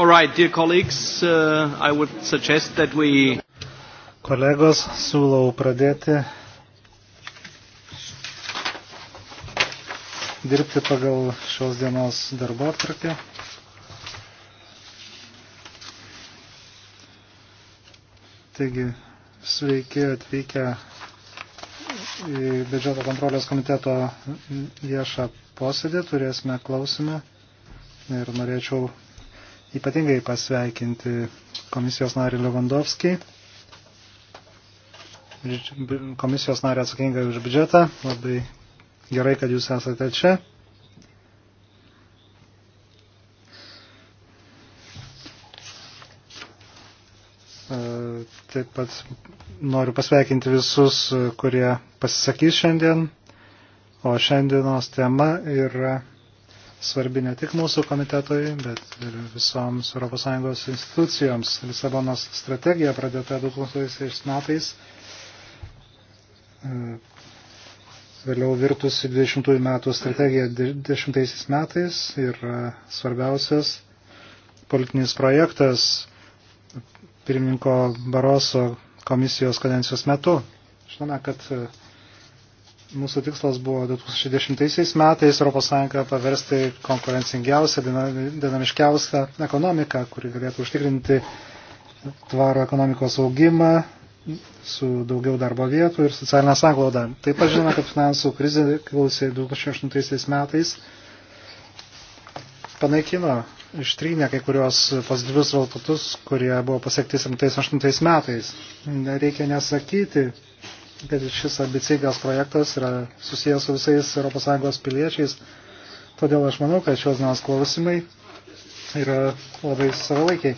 All right, dear colleagues, uh, I would suggest that we... Kolegos, siūlau pradėti dirbti pagal šios dienos darbo atvarkę. Taigi, sveiki atvykę į biudžeto kontrolės komiteto viešą posėdį, turėsime klausimą ir norėčiau ypatingai pasveikinti komisijos narį Lewandowski, komisijos narį atsakingą už biudžetą. Labai gerai, kad jūs esate čia. E, taip pat noriu pasveikinti visus, kurie pasisakys šiandien. O šiandienos tema yra svarbi ne tik mūsų komitetui, bet ir visoms ES institucijoms. Lisabonos strategija pradėta 2000 metais, e, vėliau virtusi 20 metų strategija 10 metais ir e, svarbiausias politinis projektas pirmininko Baroso komisijos kadencijos metu. Žinome, kad e, Mūsų tikslas buvo 2010 metais ES paversti konkurencingiausią, dinamiškiausią ekonomiką, kuri galėtų užtikrinti tvarų ekonomikos augimą su daugiau darbo vietų ir socialinę sąglaudą. Taip pat žinome, kad finansų krizė kilusi 2008 metais panaikino, ištrynė kai kurios pozityvius rezultatus, kurie buvo pasiekti 78 metais. Reikia nesakyti, kad šis ambicingas projektas yra susijęs su visais ES piliečiais. Todėl aš manau, kad šios dienos klausimai yra labai savalaikiai.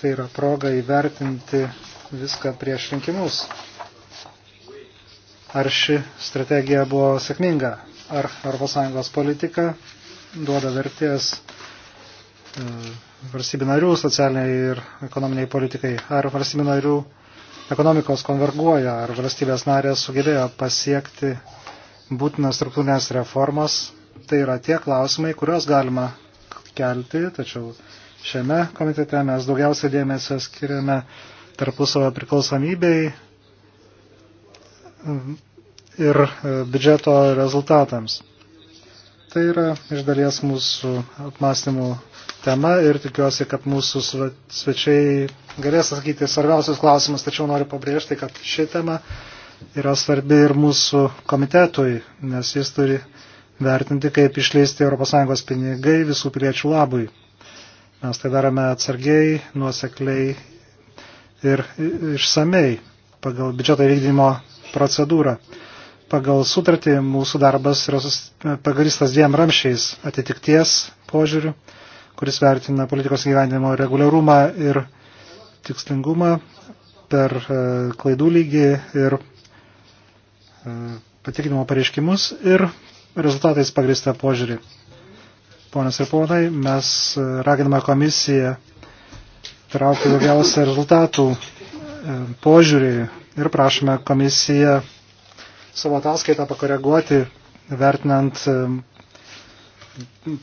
Tai yra proga įvertinti viską prieš rinkimus. Ar ši strategija buvo sėkminga? Ar ES politika duoda vertės e, valstybių narių socialiniai ir ekonominiai politikai? Ar valstybių narių uh, ekonomikos konverguoja, ar valstybės narės sugebėjo pasiekti būtinas struktūrinės reformas. Tai yra tie klausimai, kuriuos galima kelti, tačiau šiame komitete mes daugiausiai dėmesio skiriame tarpusavio priklausomybei ir e, biudžeto rezultatams. Tai yra iš dalies mūsų apmąstymų tema ir tikiuosi, kad mūsų svečiai galės atsakyti svarbiausius klausimus, tačiau noriu pabrėžti, kad ši tema yra svarbi ir mūsų komitetui, nes jis turi vertinti, kaip išleisti ES pinigai visų piliečių labui. Mes tai darome atsargiai, nuosekliai ir išsamei pagal biudžeto įvykdymo procedūrą. Pagal sutartį mūsų darbas yra pagristas dviem ramšiais - atitikties požiūriu kuris vertina politikos gyvenimo reguliarumą ir tikslingumą per e, klaidų lygį ir e, patikinimo pareiškimus ir rezultatais pagristą požiūrį. Ponas ir ponai, mes e, raginame komisiją traukti daugiausia rezultatų požiūrį ir prašome komisiją savo ataskaitą pakoreguoti, vertinant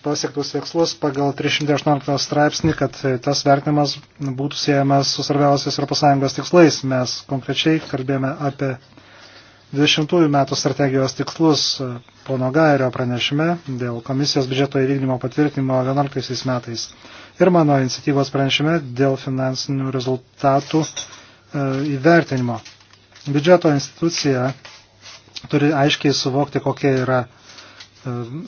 pasiektus tikslus pagal 318 straipsnį, kad tas vertinimas būtų siejamas su svarbiausiais ES tikslais. Mes konkrečiai kalbėjome apie 20 metų strategijos tikslus pono Gairio pranešime dėl komisijos biudžeto įvykdymo patvirtinimo 11 metais ir mano iniciatyvos pranešime dėl finansinių rezultatų e, įvertinimo. Biudžeto institucija turi aiškiai suvokti, kokie yra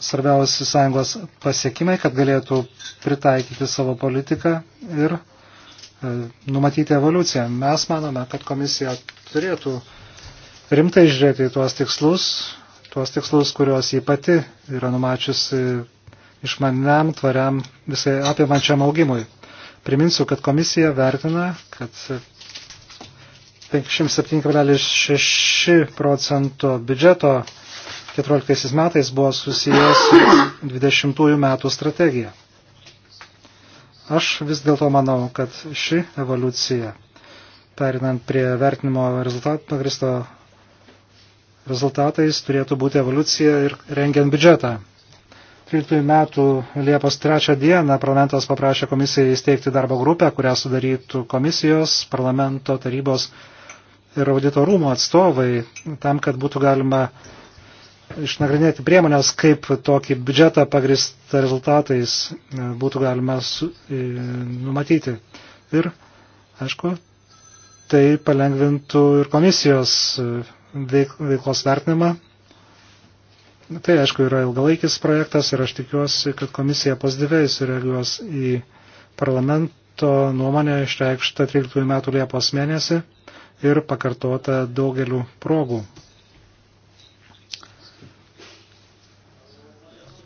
svarbiausi sąjungos pasiekimai, kad galėtų pritaikyti savo politiką ir e, numatyti evoliuciją. Mes manome, kad komisija turėtų rimtai žiūrėti į tuos tikslus, tuos tikslus, kuriuos jį pati yra numačiusi išmaniam, tvariam, visai apimančiam augimui. Priminsiu, kad komisija vertina, kad 507,6 procento biudžeto 2014 metais buvo susijęs su 20 metų strategija. Aš vis dėlto manau, kad ši evoliucija, perinant prie vertinimo rezultat, pagristo rezultatais, turėtų būti evoliucija ir rengiant biudžetą. 13 metų Liepos 3 dieną parlamentas paprašė komisiją įsteigti darbo grupę, kurią sudarytų komisijos, parlamento, tarybos ir audito rūmų atstovai, tam, kad būtų galima išnagrinėti priemonės, kaip tokį biudžetą pagristą rezultatais e, būtų galima su, e, numatyti. Ir, aišku, tai palengvintų ir komisijos e, veik, veiklos vertinimą. Tai, aišku, yra ilgalaikis projektas ir aš tikiuosi, kad komisija pozityviai sureaguos į parlamento nuomonę išreikštą 13 metų Liepos mėnesį ir pakartota daugeliu progų.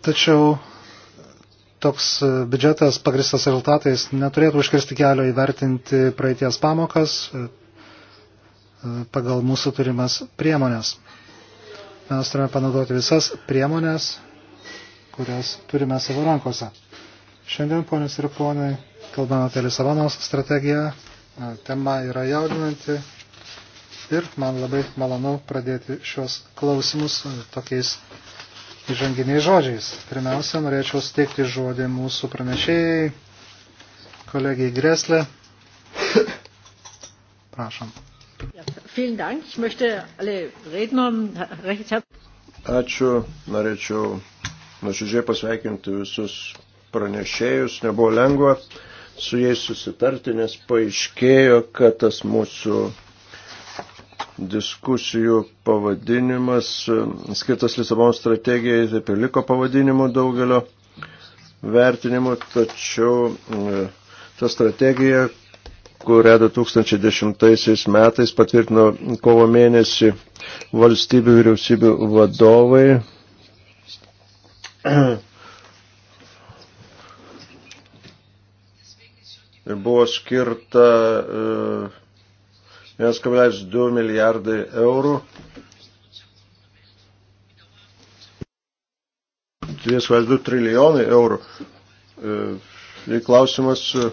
Tačiau toks biudžetas pagristas rezultatais neturėtų užkirsti kelio įvertinti praeities pamokas e, pagal mūsų turimas priemonės. Mes turime panaudoti visas priemonės, kurias turime savo rankose. Šiandien, ponius ir ponai, kalbame apie Lisabonos strategiją. E, tema yra jaudinanti ir man labai malonu pradėti šios klausimus e, tokiais įžanginiais žodžiais. Pirmiausia, norėčiau steikti žodį mūsų pranešėjai, kolegijai Greslė. Prašom. Ačiū, norėčiau nuoširdžiai pasveikinti visus pranešėjus. Nebuvo lengva su jais susitarti, nes paaiškėjo, kad tas mūsų diskusijų pavadinimas, e, skirtas Lisabono strategijai, taip ir liko pavadinimu daugelio vertinimų, tačiau e, ta strategija, kurią 2010 metais patvirtino kovo mėnesį valstybių vyriausybių vadovai. Ir buvo skirta uh, 1,2 milijardai eurų. 2,2 trilijonai eurų. E, ir tai klausimas, e,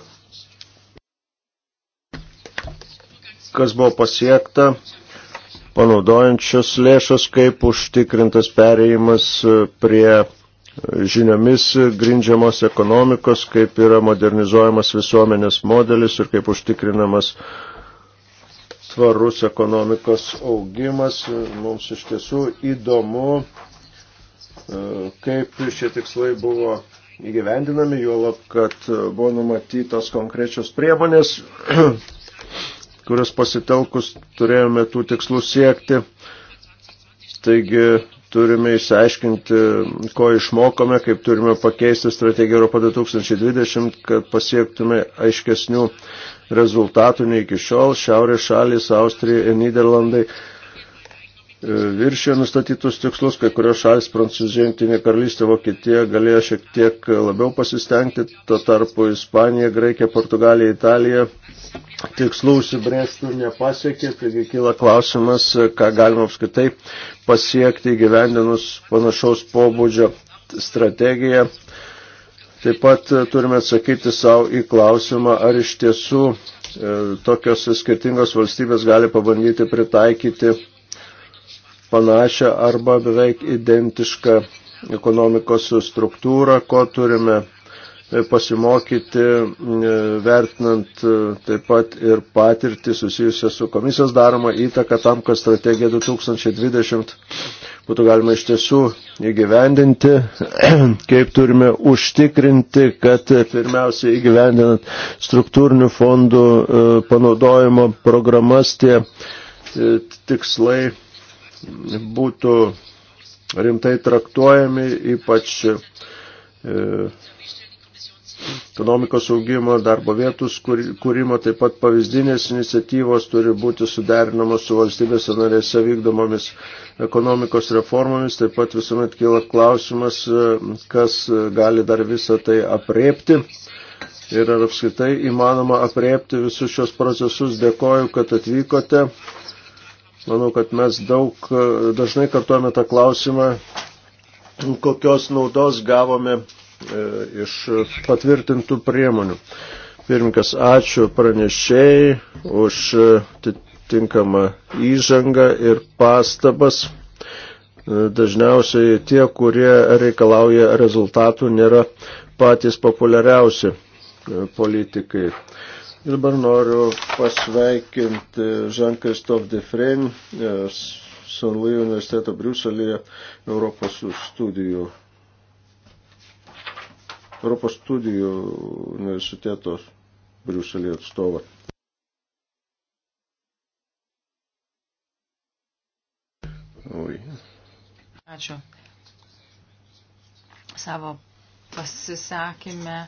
kas buvo pasiekta, panaudojant šios lėšos, kaip užtikrintas pereimas e, prie žiniomis grindžiamos ekonomikos, kaip yra modernizuojamas visuomenės modelis ir kaip užtikrinamas uh, tvarus ekonomikos augimas. Mums iš tiesų įdomu, e, kaip šie tikslai buvo įgyvendinami, juolab, kad buvo numatytos konkrečios priemonės, kurias pasitelkus turėjome tų tikslų siekti. Taigi turime išsiaiškinti, ko išmokome, kaip turime pakeisti strategiją Europą 2020, kad pasiektume aiškesnių rezultatų nei iki šiol. Šiaurės šalis, Austrija ir Niderlandai E, viršė nustatytus tikslus, kai kurios šalis Prancūzija, Jungtinė karalystė, Vokietija galėjo šiek tiek labiau pasistengti, tuo tarpu Ispanija, Graikija, Portugalija, Italija tikslų užsibrėžtų nepasiekė, taigi kyla klausimas, ką galima apskaitai pasiekti įgyvendinus panašaus pobūdžio strategiją. Taip pat turime atsakyti savo į klausimą, ar iš tiesų e, tokios skirtingos valstybės gali pabandyti pritaikyti panašią arba beveik identišką ekonomikos struktūrą, ko turime pasimokyti, vertinant taip pat ir patirtį susijusią su komisijos daroma įtaka tam, kad strategija 2020 būtų galima iš tiesų įgyvendinti, kaip turime užtikrinti, kad pirmiausiai įgyvendinant struktūrinių fondų e, panaudojimo programas tie e, tikslai būtų rimtai traktuojami, ypač e, ekonomikos augimo, darbo vietų kūrimo, taip pat pavyzdinės iniciatyvos turi būti suderinamos su valstybėse narėse vykdomomis ekonomikos reformomis. Taip pat visuomet kyla klausimas, e, kas gali dar visą tai apriepti. Ir ar apskritai įmanoma apriepti visus šios procesus. Dėkoju, kad atvykote. Manau, kad mes daug e, dažnai kartuojame tą klausimą, kokios naudos gavome e, iš patvirtintų priemonių. Pirmkas, ačiū pranešėjai už e, tinkamą įžangą ir pastabas. Dažniausiai tie, kurie reikalauja rezultatų, nėra patys populiariausi politikai. Ir dabar noriu pasveikinti Jean-Christophe Defren, e, San Lui universiteto Briuselėje Europos studijų. Europos studijų universiteto Briuselėje atstovą. Oi. Ačiū. Savo pasisakymę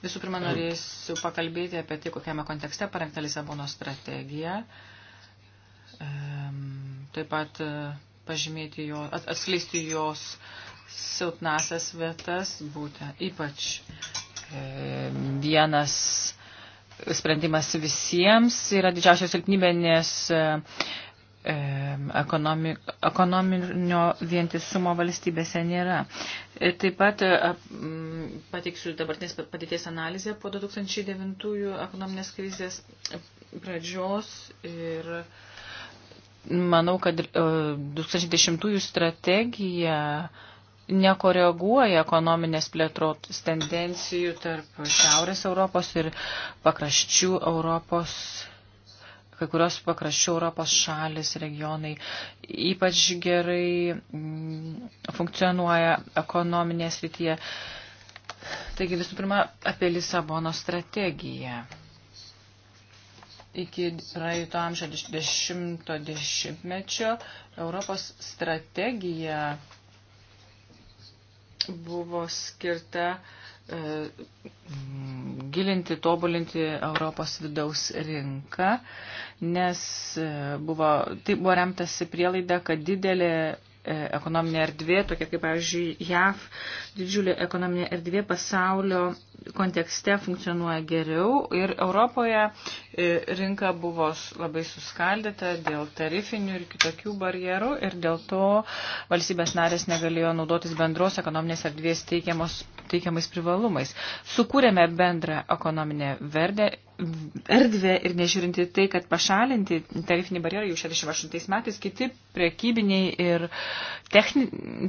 Visų pirma, norėsiu pakalbėti apie tai, kokiame kontekste parengta Lisabono strategija. Taip pat e, pažymėti jo, atskleisti jos silpnasias vietas, būtent ypač e, vienas sprendimas visiems yra didžiausia silpnybė, nes e, ekonominio vientisumo valstybėse nėra. E, taip pat e, pateiksiu dabartinės padėties analizę po 2009 ekonominės krizės pradžios ir manau, kad 2010 e, strategija nekoreguoja ekonominės plėtros tendencijų tarp Šiaurės Europos ir pakraščių Europos kai kurios pakraščių Europos šalis, regionai ypač gerai mm, funkcionuoja ekonominėje srityje. Taigi visų pirma apie Lisabono strategiją. Iki praeito amžiaus 10-mečio Europos strategija buvo skirta uh, E, gilinti, tobulinti Europos vidaus rinką, nes e, buvo, tai buvo remtasi prielaida, kad didelė E, ekonominė erdvė, tokia kaip, pavyzdžiui, JAV, didžiulė ekonominė erdvė pasaulio kontekste funkcionuoja geriau ir Europoje e, rinka buvo labai suskaldyta dėl tarifinių ir kitokių barjerų ir dėl to valstybės narės negalėjo naudotis bendros ekonominės erdvės teikiamos, teikiamais privalumais. Sukūrėme bendrą ekonominę verdę erdvę ir nežiūrinti tai, kad pašalinti tarifinį barjerą jau 68 metais, kiti prekybiniai ir techni,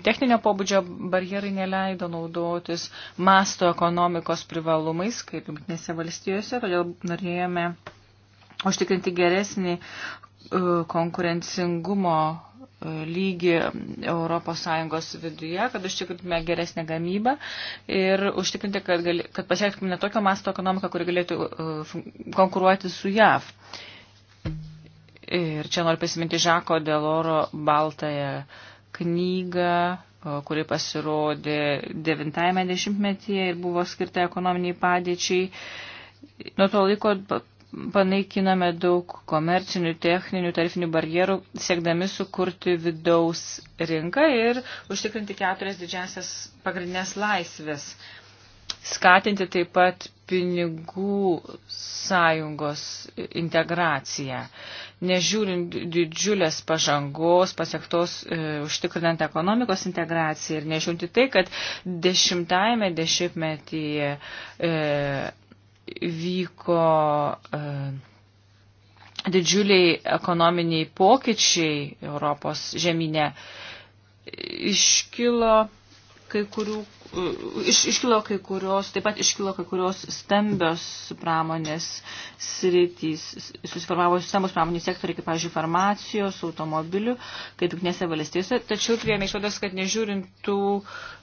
techninio pobūdžio barjerai neleido naudotis masto ekonomikos privalumais, kaip jungtinėse valstijose, todėl norėjome užtikrinti geresnį e, konkurencingumo lygį ES viduje, kad užtikrintume geresnę gamybą ir užtikrinti, kad, gali, kad pasiektume tokio masto ekonomiką, kuri galėtų uh, konkuruoti su JAV. Ir čia noriu prisiminti Žako Deloro baltąją knygą, e, kuri pasirodė 90-metyje ir buvo skirta ekonominiai padėčiai. Nuo to laiko panaikiname daug komercinių, techninių, tarifinių barjerų, siekdami sukurti vidaus rinką ir užtikrinti keturias didžiasias pagrindinės laisvės. Skatinti taip pat pinigų sąjungos integraciją, nežiūrint didžiulės pažangos pasiektos e, užtikrinant ekonomikos integraciją ir nežiūrint tai, kad dešimtajame dešimtmetyje e, vyko e, didžiuliai ekonominiai pokyčiai Europos žemynė. Iškilo kai kurių iš, iškilo kai kurios, taip pat iškilo kai kurios stambios pramonės sritys, susiformavo stambus pramonės sektoriai, kaip, pavyzdžiui, farmacijos, automobilių, kaip jungtinėse valstijose, tačiau priėmė išvadas, kad nežiūrint tų,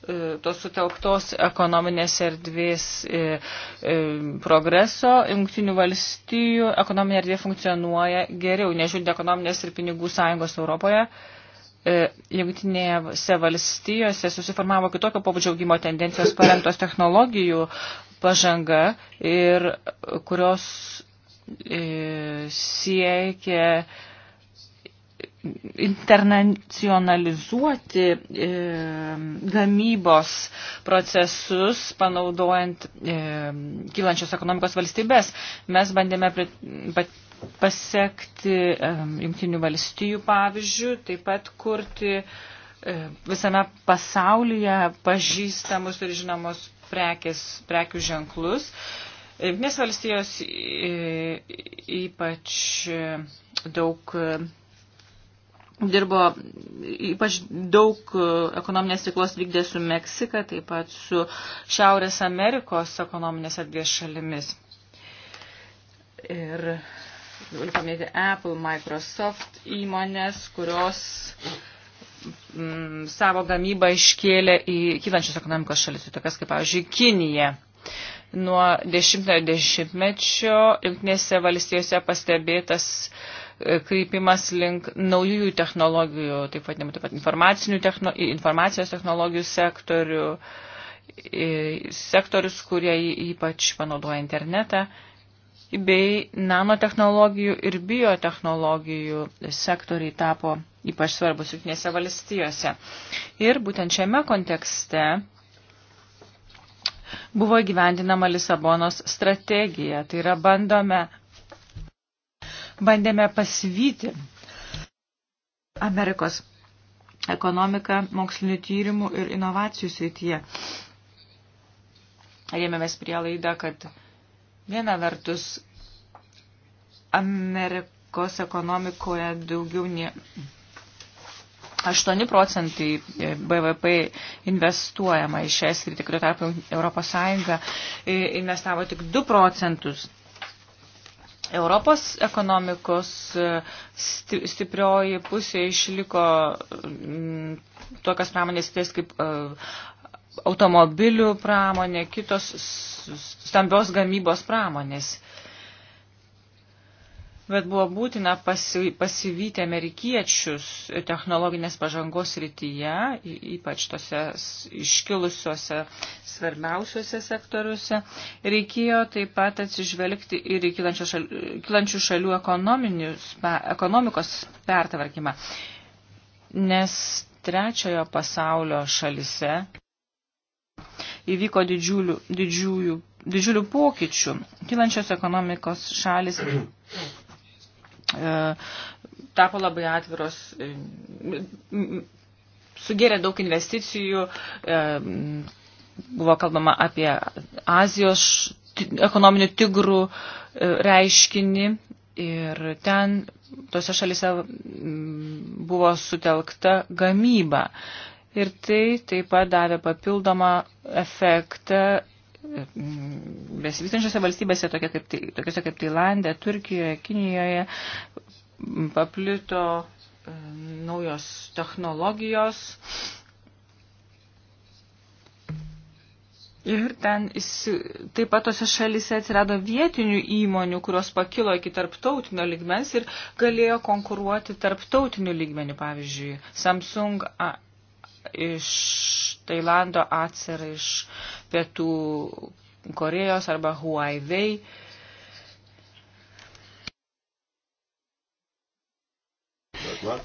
e, tos sutelktos ekonominės erdvės e, e, progreso, jungtinių valstijų ekonominė erdvė funkcionuoja geriau, nežiūrint ekonominės ir pinigų sąjungos Europoje. E, jungtinėse valstijose susiformavo kitokio pobūdžio augimo tendencijos paremtos technologijų pažanga ir kurios e, siekia internacionalizuoti e, gamybos procesus, panaudojant e, kylančios ekonomikos valstybės. Mes bandėme prit, pat, pasiekti jungtinių valstijų pavyzdžių, taip pat kurti e, visame pasaulyje pažįstamus ir žinomus prekės, prekių ženklus. Jungtinės valstijos e, ypač e, daug dirbo, ypač daug ekonominės veiklos vykdė su Meksika, taip pat su Šiaurės Amerikos ekonominės erdvės šalimis. Ir paminėti Apple, Microsoft įmonės, kurios mm, savo gamybą iškėlė į kylančios ekonomikos šalis, tokias kaip, pavyzdžiui, Kinija. Nuo dešimtojo dešimtmečio jungtinėse valstijose pastebėtas e, krypimas link naujųjų technologijų, taip pat, taip pat informacinių techno, informacijos technologijų sektorių, sektorius, kurie ypač panaudoja internetą bei nanotehnologijų ir biotehnologijų sektoriai tapo ypač svarbus jungtinėse valstijose. Ir būtent šiame kontekste buvo gyvendinama Lisabonos strategija. Tai yra bandome, bandėme pasivyti Amerikos ekonomiką mokslinių tyrimų ir inovacijų srityje. Rėmėmės prielaidą, kad Viena vertus, Amerikos ekonomikoje daugiau nie... 8 procentai BVP investuojama į šią sritį, kurio tarp Europos Sąjunga investavo tik 2 procentus. Europos ekonomikos e, stiprioji pusė išliko tokias pramonės sritės kaip e, automobilių pramonė, kitos stambios gamybos pramonės. Bet buvo būtina pasi, pasivyti amerikiečius technologinės pažangos rytyje, ypač tose iškilusiuose svarbiausiuose sektoriuose. Reikėjo taip pat atsižvelgti ir į šalių, kilančių šalių ekonomikos pertvarkymą. Nes trečiojo pasaulio šalise Įvyko didžiulių, didžiųjų, didžiulių pokyčių. Kylančios ekonomikos šalis e, tapo labai atviros, e, sugėrė daug investicijų, e, buvo kalbama apie Azijos ekonominių tigrų e, reiškinį ir ten tose šalise buvo sutelkta gamyba. E, ir tai taip pat davė papildomą efektą mm, besivystančiose valstybėse, tokia kaip, tai- tokiose kaip Tailandė, Turkijoje, Kinijoje, mm, paplito mm, naujos technologijos Ir ten taip pat tose šalise atsirado vietinių įmonių, kurios pakilo iki tarptautinio ligmens ir galėjo konkuruoti tarptautiniu lygmeniu, pavyzdžiui, Samsung iš Tailando, Acer iš Pietų Korejos arba Huawei.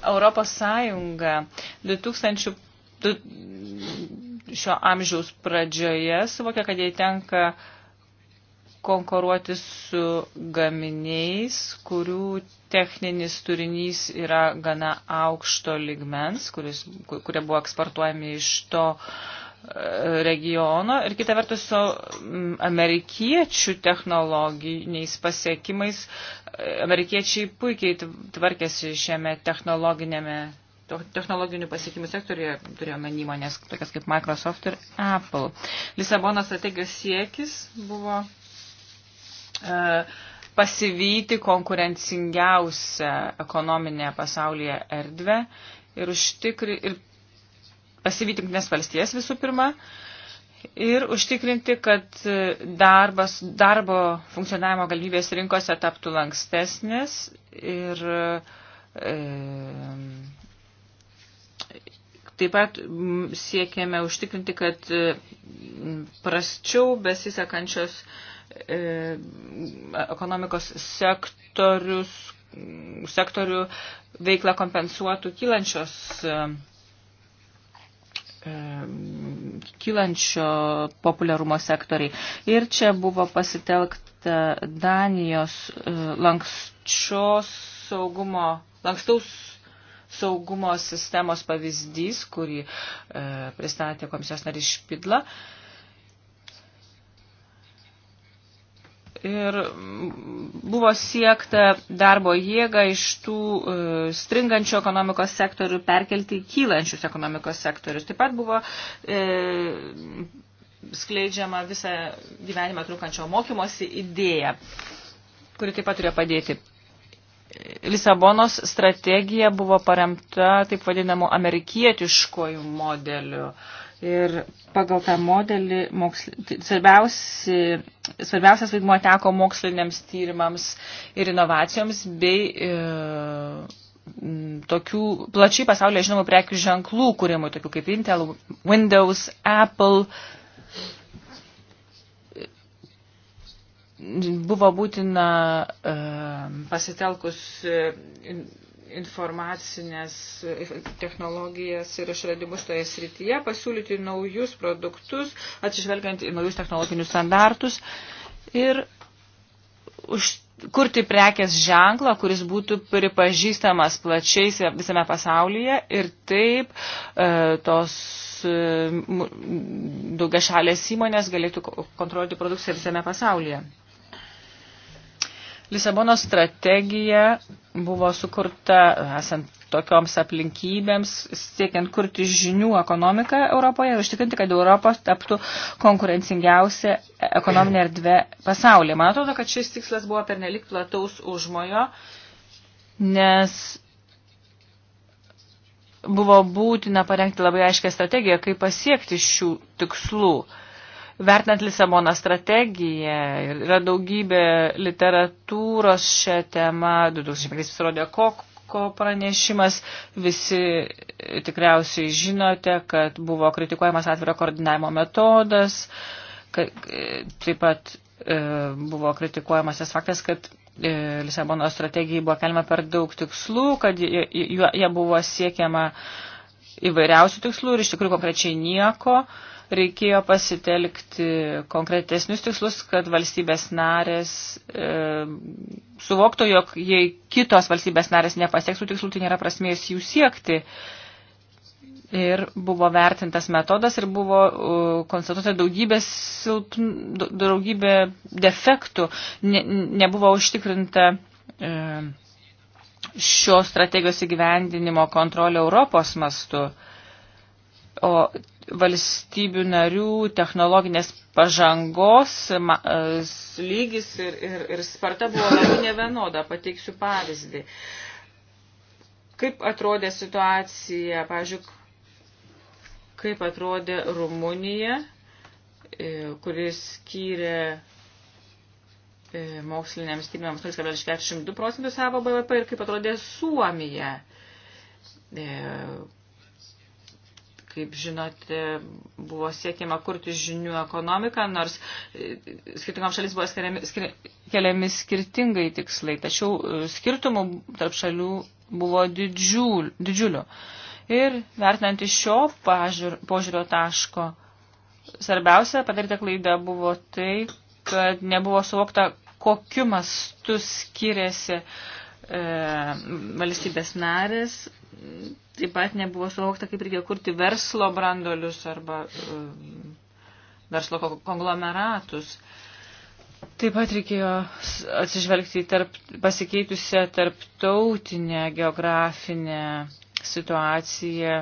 Europos Sąjunga 2000 šio amžiaus pradžioje suvokė, kad jai tenka uh, konkuruoti su gaminiais, kurių techninis turinys yra gana aukšto ligmens, kuris, kurie buvo eksportuojami iš to e, regiono ir kita vertus su amerikiečių technologiniais pasiekimais. E, amerikiečiai puikiai tvarkėsi šiame technologinėme technologinių pasiekimų sektoriuje turėjome įmonės, tokias kaip Microsoft ir Apple. Lisabono strategijos siekis buvo E, pasivyti konkurencingiausią ekonominę pasaulyje erdvę ir, užtikri, ir pasivyti nes valstijas visų pirma ir užtikrinti, kad darbas, darbo funkcionavimo galimybės rinkose taptų lankstesnės ir e, taip pat siekėme užtikrinti, kad prasčiau besisekančios e, E, ekonomikos sektorius, sektorių veiklą kompensuotų kylančios e, kylančio populiarumo sektoriai. Ir čia buvo pasitelkta Danijos e, lankščios saugumo, lankstaus saugumo sistemos pavyzdys, kurį pristatė komisijos narys Špidla. E, ir buvo siekta darbo jėgą iš tų e, stringančių ekonomikos sektorių perkelti į kylančius ekonomikos sektorius. Taip pat buvo e, skleidžiama visą gyvenimą trukančio mokymosi idėja, kuri taip pat turėjo padėti. Lisabonos strategija buvo paremta taip vadinamu amerikietiškojų modeliu. Ir pagal tą modelį moksl... svarbiausi, svarbiausias vaidmuo teko moksliniams tyrimams ir inovacijoms bei e, tokių plačiai pasaulyje žinomų prekių ženklų kūrimui, tokių kaip Intel, Windows, Apple. Buvo būtina e, pasitelkus e, informacinės eh, technologijas ir išradimus toje srityje, pasiūlyti naujus produktus, atsižvelgiant į naujus technologinius standartus ir už, kurti prekės ženklą, kuris būtų pripažįstamas plačiai visame pasaulyje ir taip e, tos e, daugia šalės įmonės galėtų kontroliuoti produkciją visame pasaulyje. Lisabono strategija buvo sukurta esant tokioms aplinkybėms, siekiant kurti žinių ekonomiką Europoje ir užtikrinti, kad Europos taptų konkurencingiausia ekonominė erdvė pasaulyje. Man atrodo, kad šis tikslas buvo pernelik plataus užmojo, nes buvo būtina parengti labai aiškę strategiją, kaip pasiekti šių tikslų. Uh, Vertinant Lisabono strategiją, yra daugybė literatūros šią temą, 2005 pasirodė Kokko pranešimas, visi tikriausiai žinote, kad buvo kritikuojamas atviro koordinavimo metodas, kad, e, taip pat e, buvo kritikuojamas tas faktas, kad e, Lisabono strategijai buvo kelima per daug tikslų, kad jie buvo siekiama įvairiausių tikslų ir iš tikrųjų konkrečiai nieko. E, reikėjo pasitelkti konkretesnius tikslus, kad valstybės narės e, suvoktų, jog jei kitos valstybės narės nepasieksų tikslų, tai nėra prasmės jų siekti. Ir buvo vertintas metodas ir buvo uh, konstatuota daugybė, silpn, daugybė defektų. Ne, nebuvo užtikrinta uh, šios strategijos įgyvendinimo kontrolė Europos mastu. Uh, O valstybių narių technologinės pažangos ma, e, lygis ir, ir, ir sparta buvo labai nevienoda. Pateiksiu pavyzdį. Kaip atrodė situacija, pažiūrėk, kaip atrodė Rumunija, e, kuris skyrė moksliniams tyrimams 0,42 procentų savo BVP ir kaip atrodė Suomija, e, Kaip žinote, buvo siekiama kurti žinių ekonomiką, nors e, skirtingom šalis buvo skiriami, skir, keliami skirtingai tikslai, tačiau e, skirtumų tarp šalių buvo didžiul, didžiulių. Ir vertinant iš šio pažiūr, požiūrio taško, svarbiausia padaryta klaida buvo tai, kad nebuvo suvokta, kokiu mastu skiriasi uh, E, valstybės narės. Taip pat nebuvo suvokta, kaip reikia kurti verslo brandolius arba e, verslo konglomeratus. Taip pat reikėjo atsižvelgti į tarp, pasikeitusią tarptautinę geografinę situaciją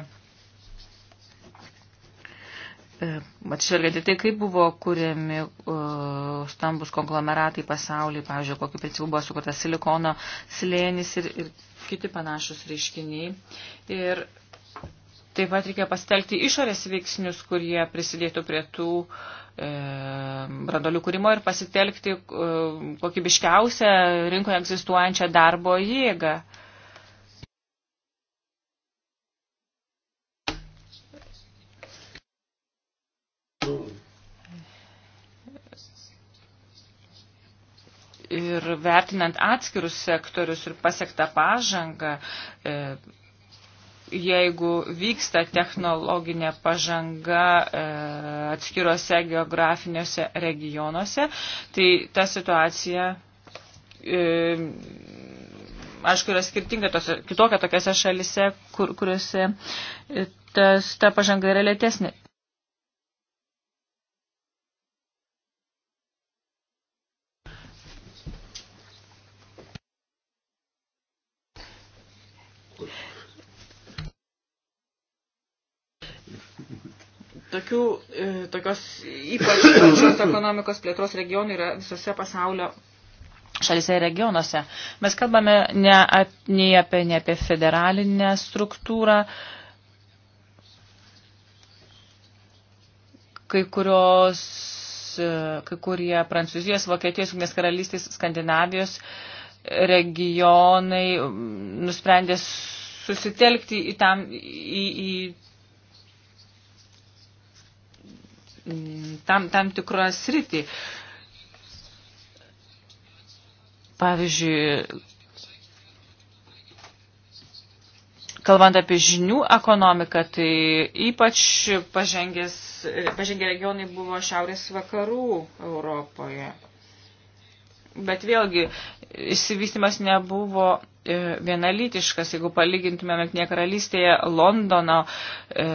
E, Atšvelgiant į tai, kaip buvo kuriami uh, stambus konglomeratai pasaulyje, pavyzdžiui, kokiu principu buvo sukurtas silikono slėnis ir, ir kiti panašus reiškiniai. Ir taip pat reikia pastelgti išorės veiksnius, kurie prisidėtų prie tų e, brandolių kūrimo ir pasitelkti e, kokybiškiausią rinkoje egzistuojančią darbo jėgą. E, ir vertinant atskirus sektorius ir pasiektą pažangą, e, jeigu vyksta technologinė pažanga e, atskiruose geografiniuose regionuose, tai ta situacija, e, aišku, yra skirtinga tose, kitokia tokiose šalise, kur, kuriuose tas, ta pažanga yra lėtesnė. tokių, e, tokios ypač plačios ekonomikos plėtros regionų yra visose pasaulio šalise ir regionuose. Mes kalbame ne, at, nei apie, ne apie federalinę struktūrą, kai kurios e, kai kurie Prancūzijos, Vokietijos, Junktinės karalystės, Skandinavijos regionai nusprendė susitelkti į, tam, į, į tam, tam tikrą sritį. Pavyzdžiui, Kalbant apie žinių ekonomiką, tai ypač pažengęs, pažengę regionai buvo šiaurės vakarų Europoje. Bet vėlgi, išsivystimas nebuvo e, vienalytiškas, jeigu palygintumėme Knie karalystėje Londono. E,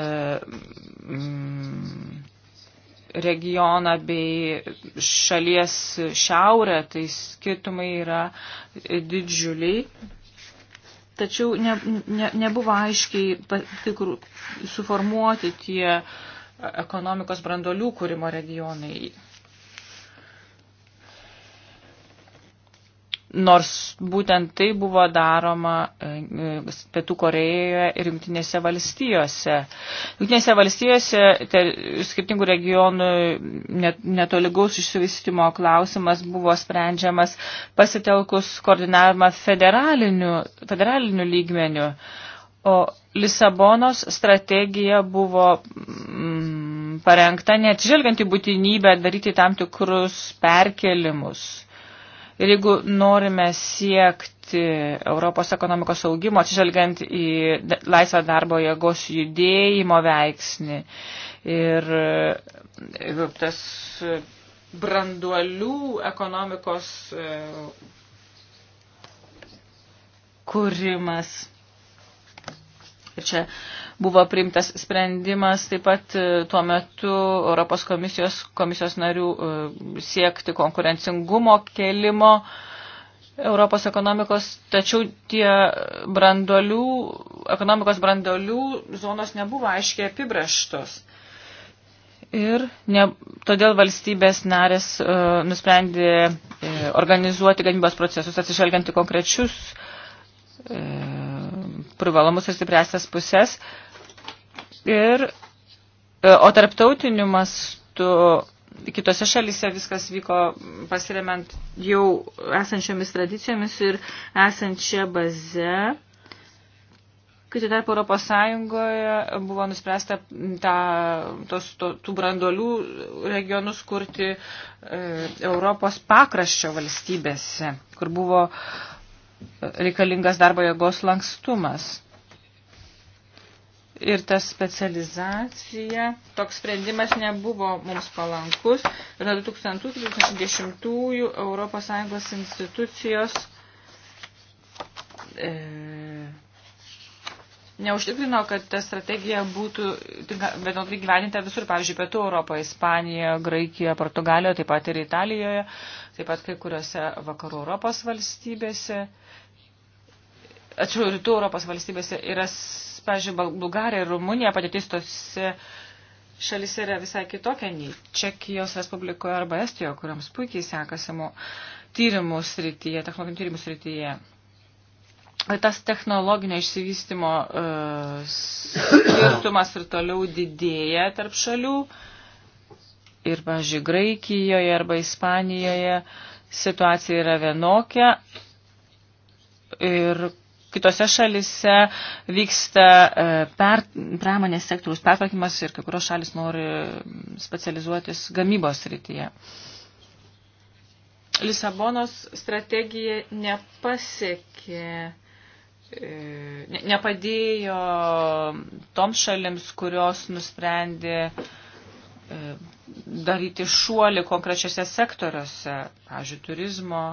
mm, regioną bei šalies šiaurę, tai skirtumai yra didžiuliai. Tačiau ne, ne, nebuvo aiškiai tikrų, suformuoti tie ekonomikos brandolių kūrimo regionai. Nors būtent tai buvo daroma e, e, Pietų Korejoje ir Junktinėse valstijose. Junktinėse valstijose te, skirtingų regionų net, netoligaus išsivystimo klausimas buvo sprendžiamas pasitelkus koordinavimą federaliniu, federaliniu lygmeniu. O Lisabonos strategija buvo mm, parengta neatsižvelgiant į būtinybę daryti tam tikrus perkelimus Ir jeigu norime siekti Europos ekonomikos augimo, atsižvelgiant į laisvą darbo jėgos judėjimo veiksnį ir e, tas branduolių ekonomikos e, kūrimas Ir čia buvo priimtas sprendimas taip pat e, tuo metu Europos komisijos, komisijos narių e, siekti konkurencingumo kelimo. Europos ekonomikos, tačiau tie brandolių, ekonomikos brandolių zonos nebuvo aiškiai apibraštos. Ir ne, todėl valstybės narės e, nusprendė e, organizuoti gamybos procesus atsižvelgiant į konkrečius e, privalumus ir stipresias pusės. Ir, e, o tarptautiniu mastu kitose šalyse viskas vyko pasiremiant jau esančiomis tradicijomis ir esančia baze. Kai tuo tarpu Europos Sąjungoje buvo nuspręsta tą, tos, to, tų brandolių regionus kurti e, Europos pakraščio valstybėse, kur buvo e, reikalingas darbo jėgos lankstumas. Ir ta specializacija, toks sprendimas nebuvo mums palankus. Ir 2000-2010 Europos Sąjungos institucijos e, neužtikrino, kad ta strategija būtų vienodai gyveninta visur, pavyzdžiui, Pietų Europoje, Ispanijoje, Graikijoje, Portugalijoje, taip pat ir Italijoje, taip pat kai kuriuose vakarų Europos valstybėse. E, atsiprašau, rytų Europos valstybėse yra, pažiūrėjau, Bulgarija ir Rumunija padėtis tose šalis yra visai kitokia nei Čekijos Respublikoje arba Estijoje, kuriams puikiai sekasi tyrimų srityje, technologinių tyrimų srityje. Tas technologinio išsivystimo uh, skirtumas ir toliau didėja tarp šalių. Ir, pažiūrėjau, Graikijoje arba Ispanijoje situacija yra vienokia. Ir kitose šalise vyksta e, per, pramonės sektoriaus pertvarkymas ir kai kurios šalis nori specializuotis gamybos rytyje. Lisabonos strategija nepasiekė, e, ne, nepadėjo toms šalims, kurios nusprendė e, daryti šuolį konkrečiose sektoriuose, pavyzdžiui, turizmo,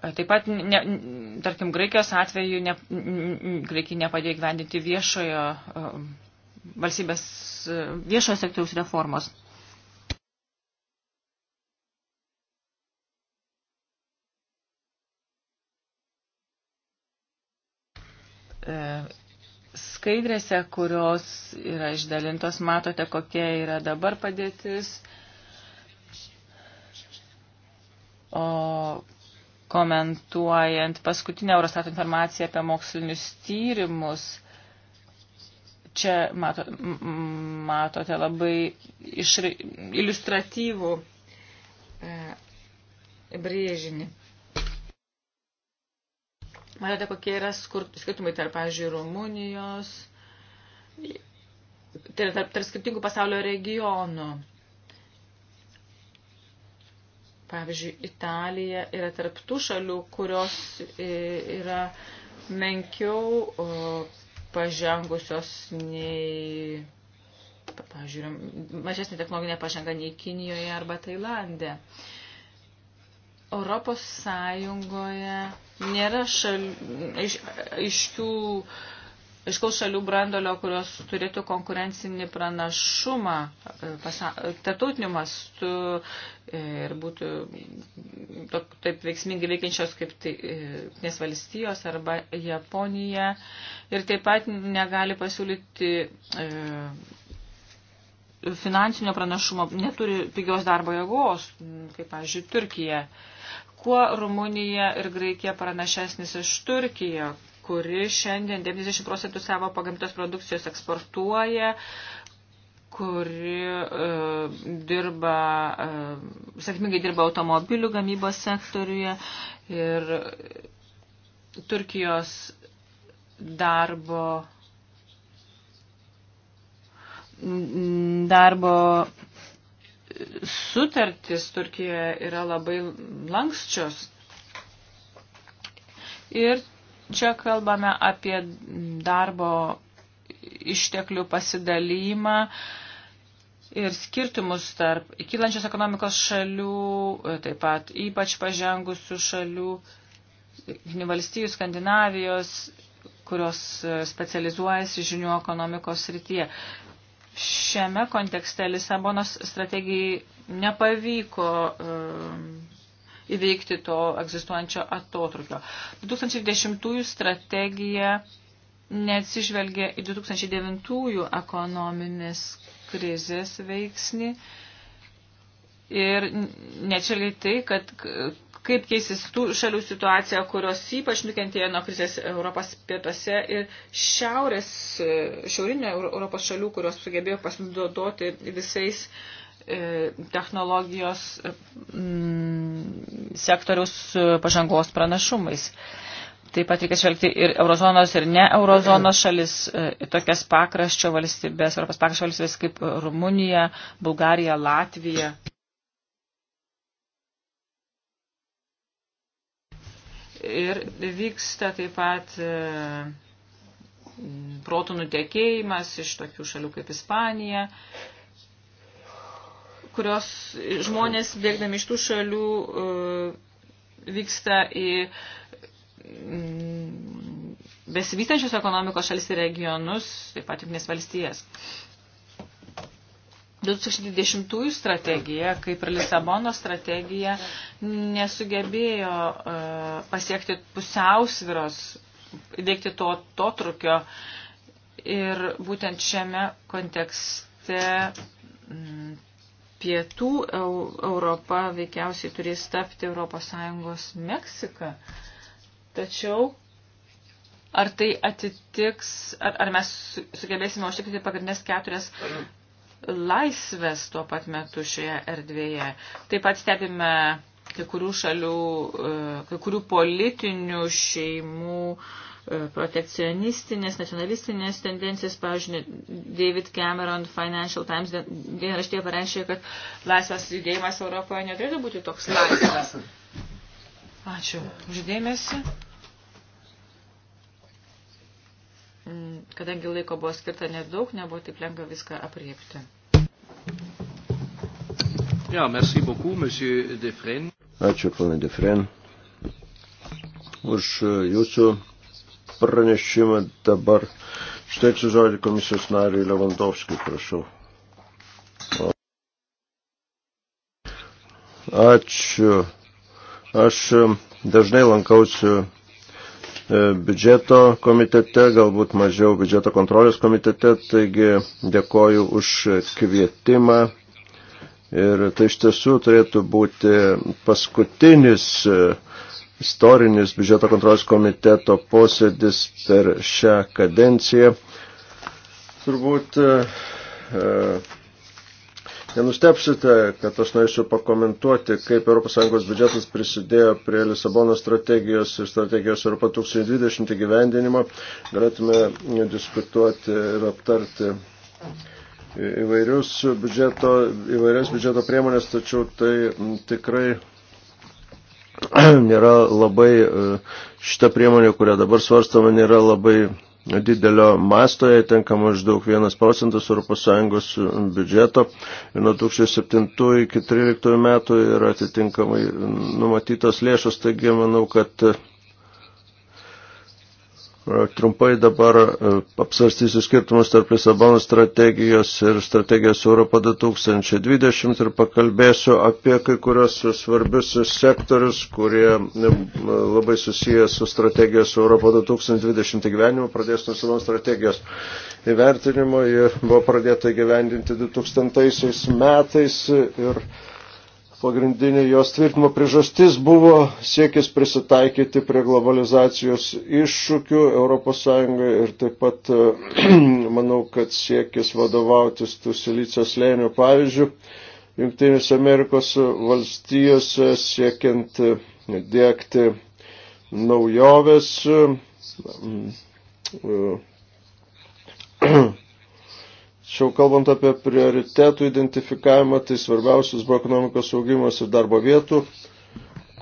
Taip pat, ne, tarkim, Graikijos atveju ne, Graikija nepadėjo gyvendinti viešojo um, valstybės viešojo sektoriaus reformos. E, skaidrėse, kurios yra išdalintos, matote, kokia yra dabar padėtis. O komentuojant paskutinę Eurostat informaciją apie mokslinius tyrimus. Čia mato, matote labai išra, iliustratyvų e, brėžinį. Matote, kokie yra skirtumai tarp, pavyzdžiui, Rumunijos, tai yra tarp, tarp skirtingų pasaulio regionų. Pavyzdžiui, Italija yra tarptų šalių, kurios yra menkiau pažengusios nei, pavyzdžiui, mažesnė technologinė pažanga nei Kinijoje arba Tailandė. Europos Sąjungoje nėra šal, aiš, aiškių iš, aiškaus šalių brandolio, kurios turėtų konkurencinį pranašumą e, e, tarptautiniu mastu e, ir būtų taip veiksmingai veikiančios kaip tai, nes valstijos arba Japonija ir taip pat negali pasiūlyti finansinio pranašumo, neturi pigios darbo jėgos, kaip, pavyzdžiui, Turkija. Kuo Rumunija ir Graikija pranašesnis iš Turkijos? kuri šiandien 90 procentų savo pagamintos produkcijos eksportuoja, kuri uh, dirba, uh, sėkmingai dirba automobilių gamybos sektoriuje ir Turkijos darbo darbo sutartis Turkijoje yra labai lankščios. Ir Čia kalbame apie darbo išteklių pasidalymą ir skirtumus tarp kylančios ekonomikos šalių, taip pat ypač pažengusių šalių, valstybių Skandinavijos, kurios specializuojasi žinių ekonomikos srityje. Šiame kontekste Lisabonos strategijai nepavyko um, įveikti to egzistuojančio atotrukio. 2010 strategija neatsižvelgia į 2009 ekonominės krizės veiksnį ir neatsižvelgia į tai, kad kaip keisis tų šalių situacija, kurios ypač nukentėjo nuo krizės Europos pietuose ir šiaurės, šiaurinio Europos šalių, kurios sugebėjo pasinaudoti visais uh, E, technologijos e, sektoriaus e, pažangos pranašumais. Taip pat reikia žvelgti ir eurozonos, ir ne eurozonos šalis, tokias pakraščio valstybės, Europos pakraščio valstybės kaip Rumunija, Bulgarija, Latvija. Ir vyksta taip pat protų nutekėjimas iš tokių šalių kaip Ispanija, kurios žmonės bėgdami iš tų šalių e, vyksta į mm, besivystančios ekonomikos šalis ir regionus, taip pat jungtinės valstijas. 2020 strategija, kaip ir Lisabono strategija, nesugebėjo e, pasiekti pusiausviros, įveikti to, to trukio. Ir būtent šiame kontekste mm, pietų Europa veikiausiai turės tapti ES Meksika. Tačiau ar tai atitiks, ar, ar mes sugebėsime užtikrinti pagrindinės keturias laisvės tuo pat metu šioje erdvėje. Taip pat stebime kai kurių šalių, e, kai kurių politinių šeimų uh, E, protekcionistinės, nacionalistinės tendencijas. Pavyzdžiui, David Cameron Financial Times dienraštėje pareiškė, kad laisvas judėjimas Europoje neturėtų būti toks laisvas. Ačiū uždėmesi. Mm, kadangi laiko buvo skirta nedaug, nebuvo taip lengva viską apriepti. Ja, merci beaucoup, monsieur Defren. Ačiū, ponai Defren, už e, jūsų pranešimą dabar. Štai su žodį komisijos nariui Levandovskijui, prašau. Ačiū. Aš dažnai lankausiu e, biudžeto komitete, galbūt mažiau biudžeto kontrolės komitete, taigi dėkoju už kvietimą. Ir tai iš tiesų turėtų būti paskutinis e, istorinis biudžeto kontrolės komiteto posėdis per šią kadenciją. Turbūt e, e, Nenustepsite, kad aš norėčiau pakomentuoti, kaip ES biudžetas prisidėjo prie Lisabono strategijos ir strategijos Europa 2020 gyvendinimo. Galėtume diskutuoti ir aptarti įvairius biudžeto, įvairias biudžeto priemonės, tačiau tai tikrai nėra labai, e, šita priemonė, kurią dabar svarstama, nėra labai didelio masto, jai tenka maždaug 1 procentas ES biudžeto ir nuo 2007 iki 2013 metų yra atitinkamai numatytos lėšos, taigi manau, kad E, trumpai dabar e, apsvarstysiu skirtumus tarp Lisabono strategijos ir strategijos Europo 2020 ir pakalbėsiu apie kai kurios svarbius sektorius, kurie e, labai susijęs su strategijos Europo 2020 gyvenimu. Pradėsiu nuo senos strategijos įvertinimo. Ji buvo pradėta gyvendinti 2000 metais ir Pagrindinė jos tvirtimo priežastis buvo siekis prisitaikyti prie globalizacijos iššūkių ES ir taip pat e, manau, kad siekis vadovautis tų silicijos lėnių pavyzdžių. Junktinės Amerikos valstijose siekiant e, dėkti naujoves e, Šiau kalbant apie prioritetų identifikavimą, tai svarbiausias buvo ekonomikos augimas ir darbo vietų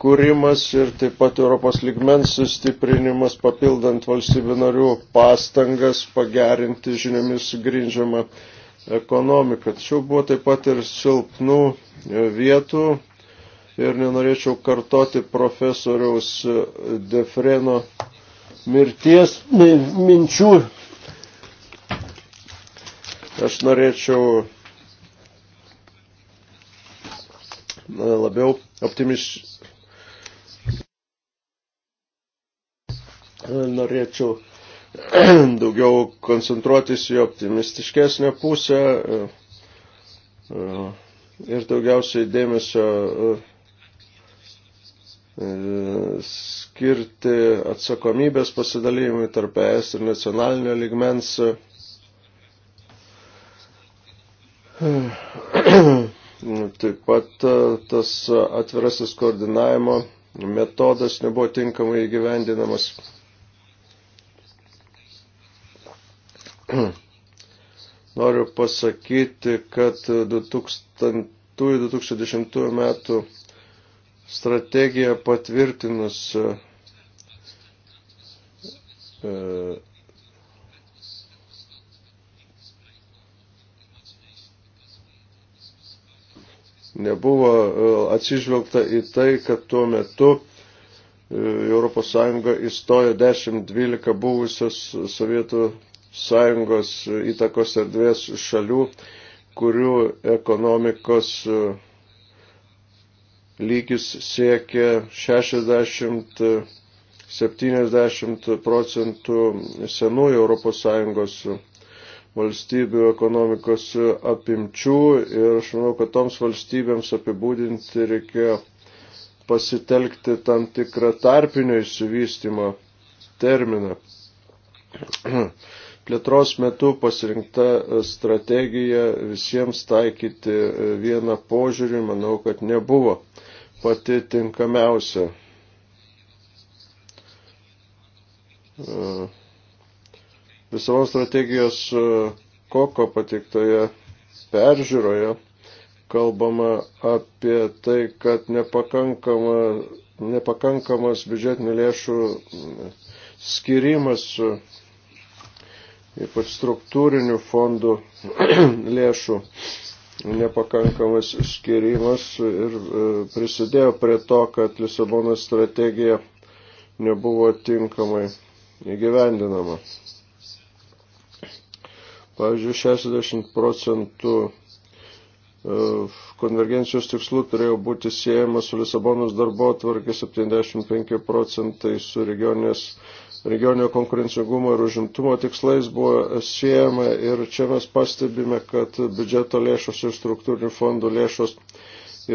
kūrimas ir taip pat Europos ligmens sustiprinimas, papildant valstybių narių pastangas pagerinti žiniomis grindžiamą ekonomiką. Tačiau buvo taip pat ir silpnų vietų ir nenorėčiau kartoti profesoriaus Defreno mirties minčių Aš norėčiau labiau optimiš... Norėčiau daugiau koncentruotis į optimistiškesnę pusę e, e, ir daugiausiai dėmesio e, skirti atsakomybės pasidalymui tarp ES ir nacionalinio ligmens Hmm. Nu, taip pat e, tas atvirasis koordinavimo metodas nebuvo tinkamai įgyvendinamas. Noriu pasakyti, kad 2000-2010 metų strategiją patvirtinus e, e, Nebuvo e, atsižvelgta į tai, kad tuo metu e, Europos Sąjunga įstojo 10-12 buvusios Sovietų Sąjungos įtakos erdvės šalių, kurių ekonomikos e, lygis siekia 60-70 procentų senųjų Europos Sąjungos valstybių ekonomikos apimčių ir aš manau, kad toms valstybėms apibūdinti reikėjo pasitelkti tam tikrą tarpinio įsivystimo terminą. Plėtros metu pasirinkta strategija visiems taikyti vieną požiūrį, manau, kad nebuvo pati tinkamiausia. Uh Visavo strategijos e, koko patiktoje peržiūroje kalbama apie tai, kad nepakankama, nepakankamas biudžetinių lėšų skirimas, ypač struktūrinių fondų lėšų nepakankamas skirimas ir e, prisidėjo prie to, kad Lisabono strategija nebuvo tinkamai įgyvendinama. Pavyzdžiui, 60 procentų e, konvergencijos tikslų turėjo būti siejama su Lisabonos darbo atvarkė 75 procentai su regionės, regioninio konkurencingumo ir užimtumo tikslais buvo siejama ir čia mes pastebime, kad biudžeto lėšos ir struktūrinių fondų lėšos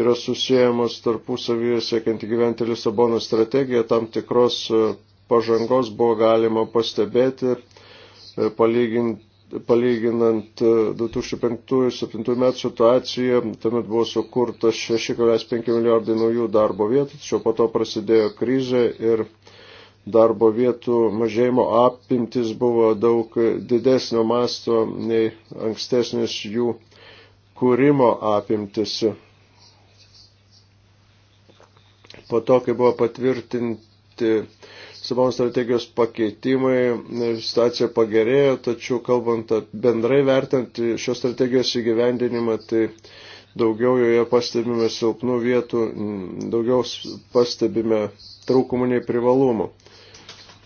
yra susijęmas tarpusavyje siekiant įgyventi Lisabonos strategiją, tam tikros e, pažangos buvo galima pastebėti, e, palyginti palyginant 2005-2007 e, metų situaciją, tuomet buvo sukurta 6,5 milijardai naujų darbo vietų, tačiau po to prasidėjo krizė ir darbo vietų mažėjimo apimtis buvo daug didesnio masto nei ankstesnis jų kūrimo apimtis. Po to, kai buvo patvirtinti Lisabono strategijos pakeitimai, situacija pagerėjo, tačiau kalbant bendrai vertinant šios strategijos įgyvendinimą, tai daugiau joje pastebime silpnų vietų, daugiau pastebime trūkumų nei privalumų. E,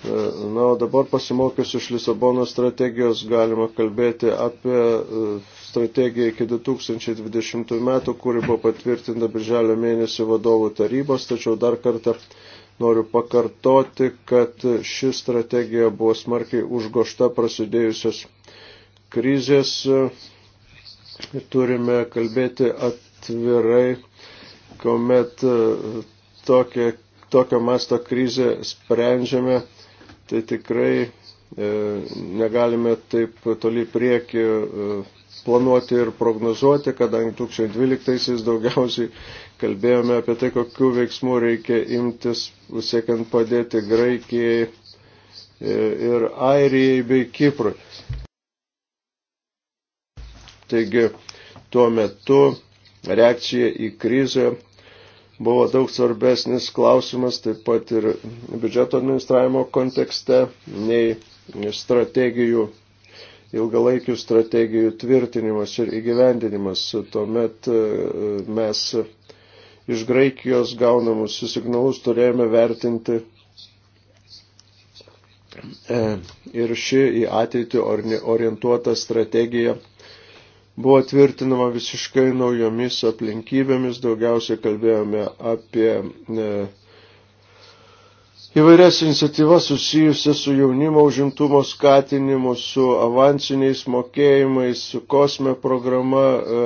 na, o dabar pasimokius iš Lisabono strategijos galima kalbėti apie e, strategiją iki 2020 metų, kuri buvo patvirtinta birželio mėnesį vadovų tarybos, tačiau dar kartą Noriu pakartoti, kad ši strategija buvo smarkiai užgošta prasidėjusios krizės. Turime kalbėti atvirai, kuomet tokia, tokio masto krizę sprendžiame, tai tikrai e, negalime taip toli prieki e, planuoti ir prognozuoti, kadangi 2012-aisiais daugiausiai kalbėjome apie tai, kokiu veiksmu reikia imtis, siekiant padėti Graikijai e, ir Airijai bei Kiprui. Taigi, tuo metu reakcija į krizę buvo daug svarbesnis klausimas, taip pat ir biudžeto administravimo kontekste, nei strategijų ilgalaikių strategijų tvirtinimas ir įgyvendinimas. Tuomet e, mes iš Graikijos gaunamus signalus turėjome vertinti e, ir ši į ateitį orientuota strategija buvo tvirtinama visiškai naujomis aplinkybėmis, daugiausiai kalbėjome apie e, įvairias iniciatyvas susijusias su jaunimo užimtumo skatinimu, su avansiniais mokėjimais, su kosme programa, e,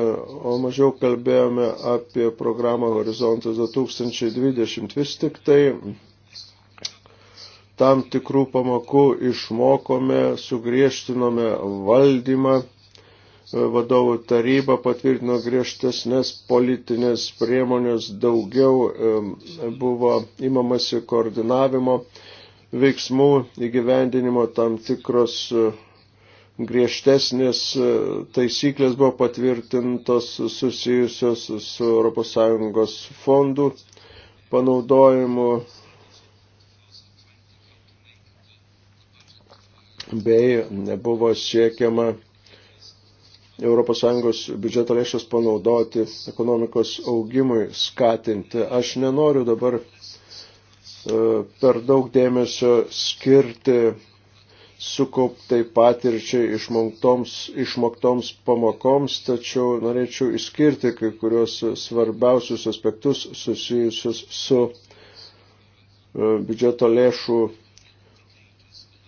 o mažiau kalbėjome apie programą Horizontas 2020. Vis tik tai tam tikrų pamokų išmokome, sugriežtinome valdymą E, vadovų taryba patvirtino griežtesnės politinės priemonės, daugiau e, buvo imamasi koordinavimo veiksmų įgyvendinimo tam tikros e, griežtesnės taisyklės buvo patvirtintos susijusios su ES fondų panaudojimu bei buvo siekiama ES biudžeto lėšas panaudoti ekonomikos augimui skatinti. Aš nenoriu dabar e, per daug dėmesio skirti sukauptai patirčiai išmoktoms, išmoktoms pamokoms, tačiau norėčiau išskirti kai kurios svarbiausius aspektus susijusius su e, biudžeto lėšų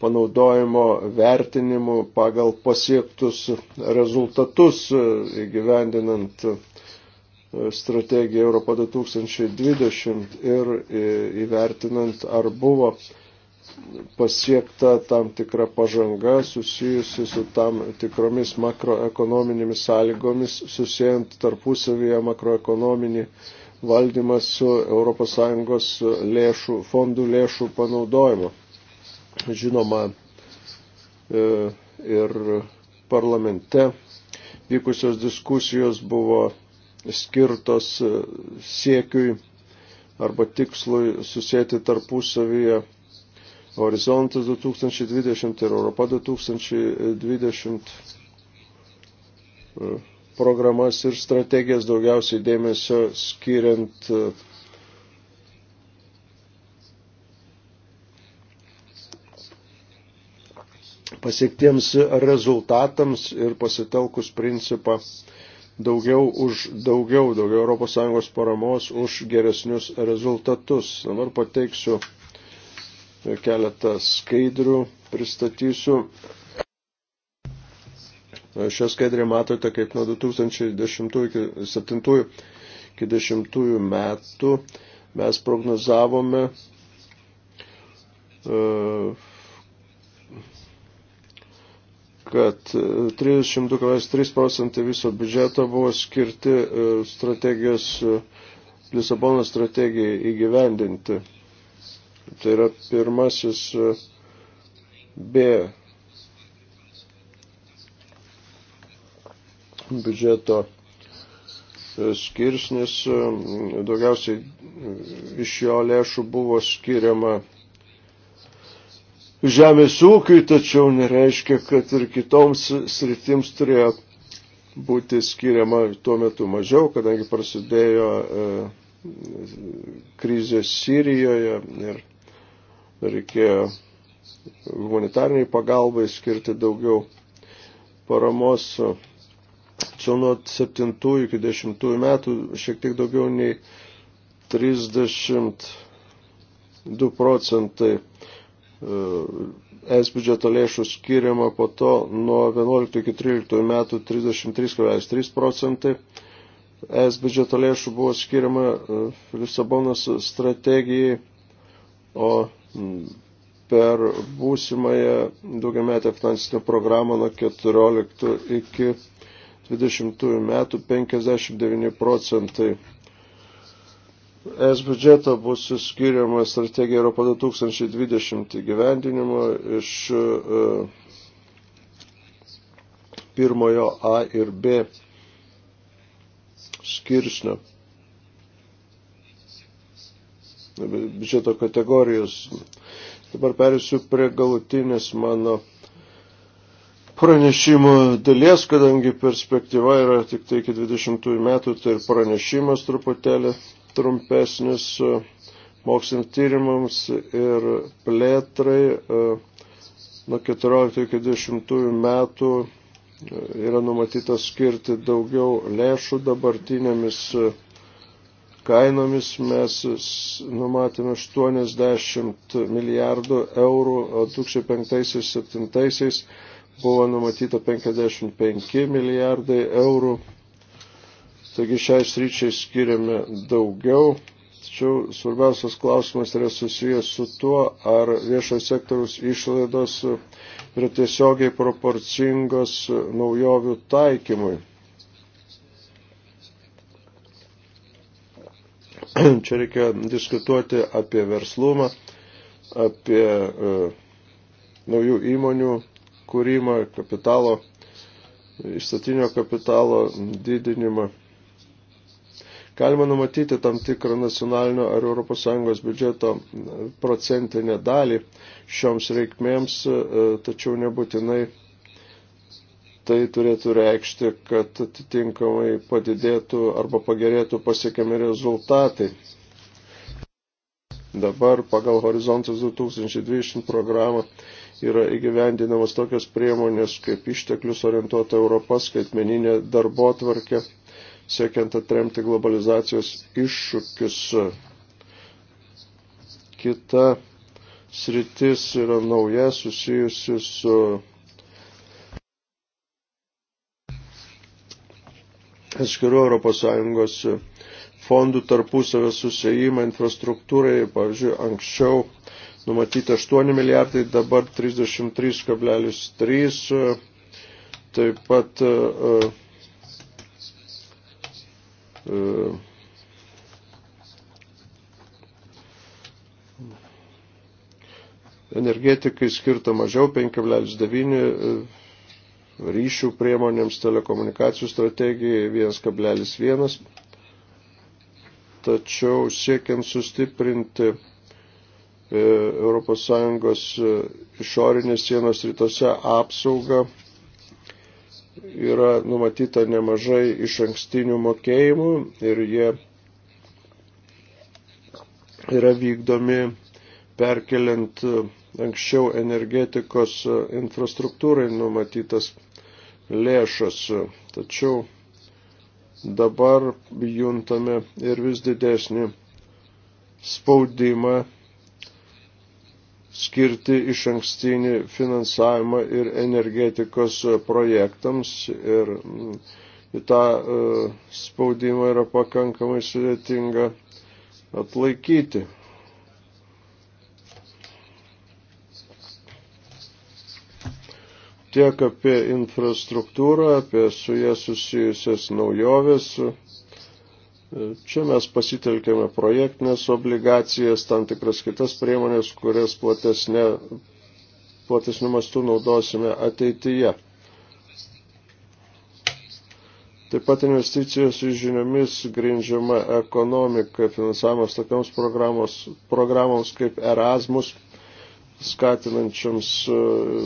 panaudojimo vertinimu pagal pasiektus rezultatus e, įgyvendinant e, strategiją Europą 2020 ir e, įvertinant, ar buvo pasiekta tam tikra pažanga susijusi su tam tikromis makroekonominėmis sąlygomis, susijęjant tarpusavyje makroekonominį valdymą su ES lėšų, fondų lėšų panaudojimu žinoma, e, ir parlamente vykusios diskusijos buvo skirtos e, siekiui arba tikslui susėti tarpusavyje Horizontas 2020 ir Europa 2020 e, programas ir strategijas daugiausiai dėmesio skiriant pasiektiems rezultatams ir pasitelkus principą daugiau už daugiau, daugiau ES paramos už geresnius rezultatus. Dabar pateiksiu keletą skaidrių, pristatysiu. Šią skaidrę matote, kaip nuo 2010 iki 2007 iki 2010 metų mes prognozavome uh, kad 32,3 e, procentai viso biudžeto buvo skirti e, strategijos, e, Lisabono strategijai įgyvendinti. Tai yra pirmasis B biudžeto skirsnis, daugiausiai iš jo lėšų buvo skiriama žemės ūkiui, tačiau nereiškia, kad ir kitoms sritims turėjo būti skiriama tuo metu mažiau, kadangi prasidėjo e, krizė Sirijoje ir reikėjo humanitarniai pagalbai skirti daugiau paramos. Čia nuo 7 iki 10 metų šiek tiek daugiau nei 32 procentai E, es biudžeto lėšų skiriama po to nuo 11 iki 13 metų 33,3 procentai. Es biudžeto lėšų buvo skiriama e, Lisabonos strategijai, o per būsimąją daugiametę finansinę programą nuo 14 iki 20 metų 59 procentai Es biudžeto bus skiriama strategija Europa 2020 gyvendinimo iš e, pirmojo A ir B skirsnio biudžeto kategorijos. Dabar perėsiu prie galutinės mano pranešimo dalies, kadangi perspektyva yra tik tai iki 20 metų, tai ir pranešimas truputėlį trumpesnis e, moksliniams tyrimams ir plėtrai e, nuo 14 iki 20 metų e, yra numatyta skirti daugiau lėšų dabartinėmis kainomis. Mes numatėme 80 milijardų eurų, o 2005-2007 buvo numatyta 55 milijardai eurų. Taigi šiai sryčiai skiriame daugiau. Tačiau svarbiausias klausimas yra susijęs su tuo, ar viešojo sektoriaus išlaidos yra tiesiogiai proporcingos naujovių taikymui. Čia reikia diskutuoti apie verslumą, apie e, naujų įmonių kūrimą, kapitalo, išstatinio kapitalo didinimą. Galima numatyti tam tikrą nacionalinio ar ES biudžeto procentinę dalį šioms reikmėms, e, tačiau nebūtinai tai turėtų reikšti, kad atitinkamai padidėtų arba pagerėtų pasiekiami rezultatai. Dabar pagal Horizontas 2020 programą yra įgyvendinamos tokios priemonės kaip išteklius orientuota Europa, skaitmeninė darbo tvarkė siekiant atremti globalizacijos iššūkius. Kita sritis yra nauja susijusi su atskirų ES fondų tarpusavę susijimą infrastruktūrai, pavyzdžiui, anksčiau numatyti 8 milijardai, dabar 33,3, taip pat uh, E, energetikai skirta mažiau 5,9, e, ryšių priemonėms telekomunikacijų strategijai 1,1. Tačiau siekiant sustiprinti ES e, išorinės sienos rytuose apsaugą, yra numatyta nemažai iš ankstinių mokėjimų ir jie yra vykdomi perkeliant anksčiau energetikos infrastruktūrai numatytas lėšas. Tačiau dabar juntame ir vis didesnį spaudimą skirti iš ankstinį finansavimą ir energetikos projektams ir mm, tą e, spaudimą yra pakankamai sudėtinga atlaikyti. Tiek apie infrastruktūrą, apie su jie susijusias naujoves, su Čia mes pasitelkėme projektinės obligacijas, tam tikras kitas priemonės, kurias platesnė, platesnių mastų naudosime ateityje. Taip pat investicijos į žiniomis grindžiama ekonomika, finansavimas tokiams programos, programoms kaip Erasmus, skatinančiams e,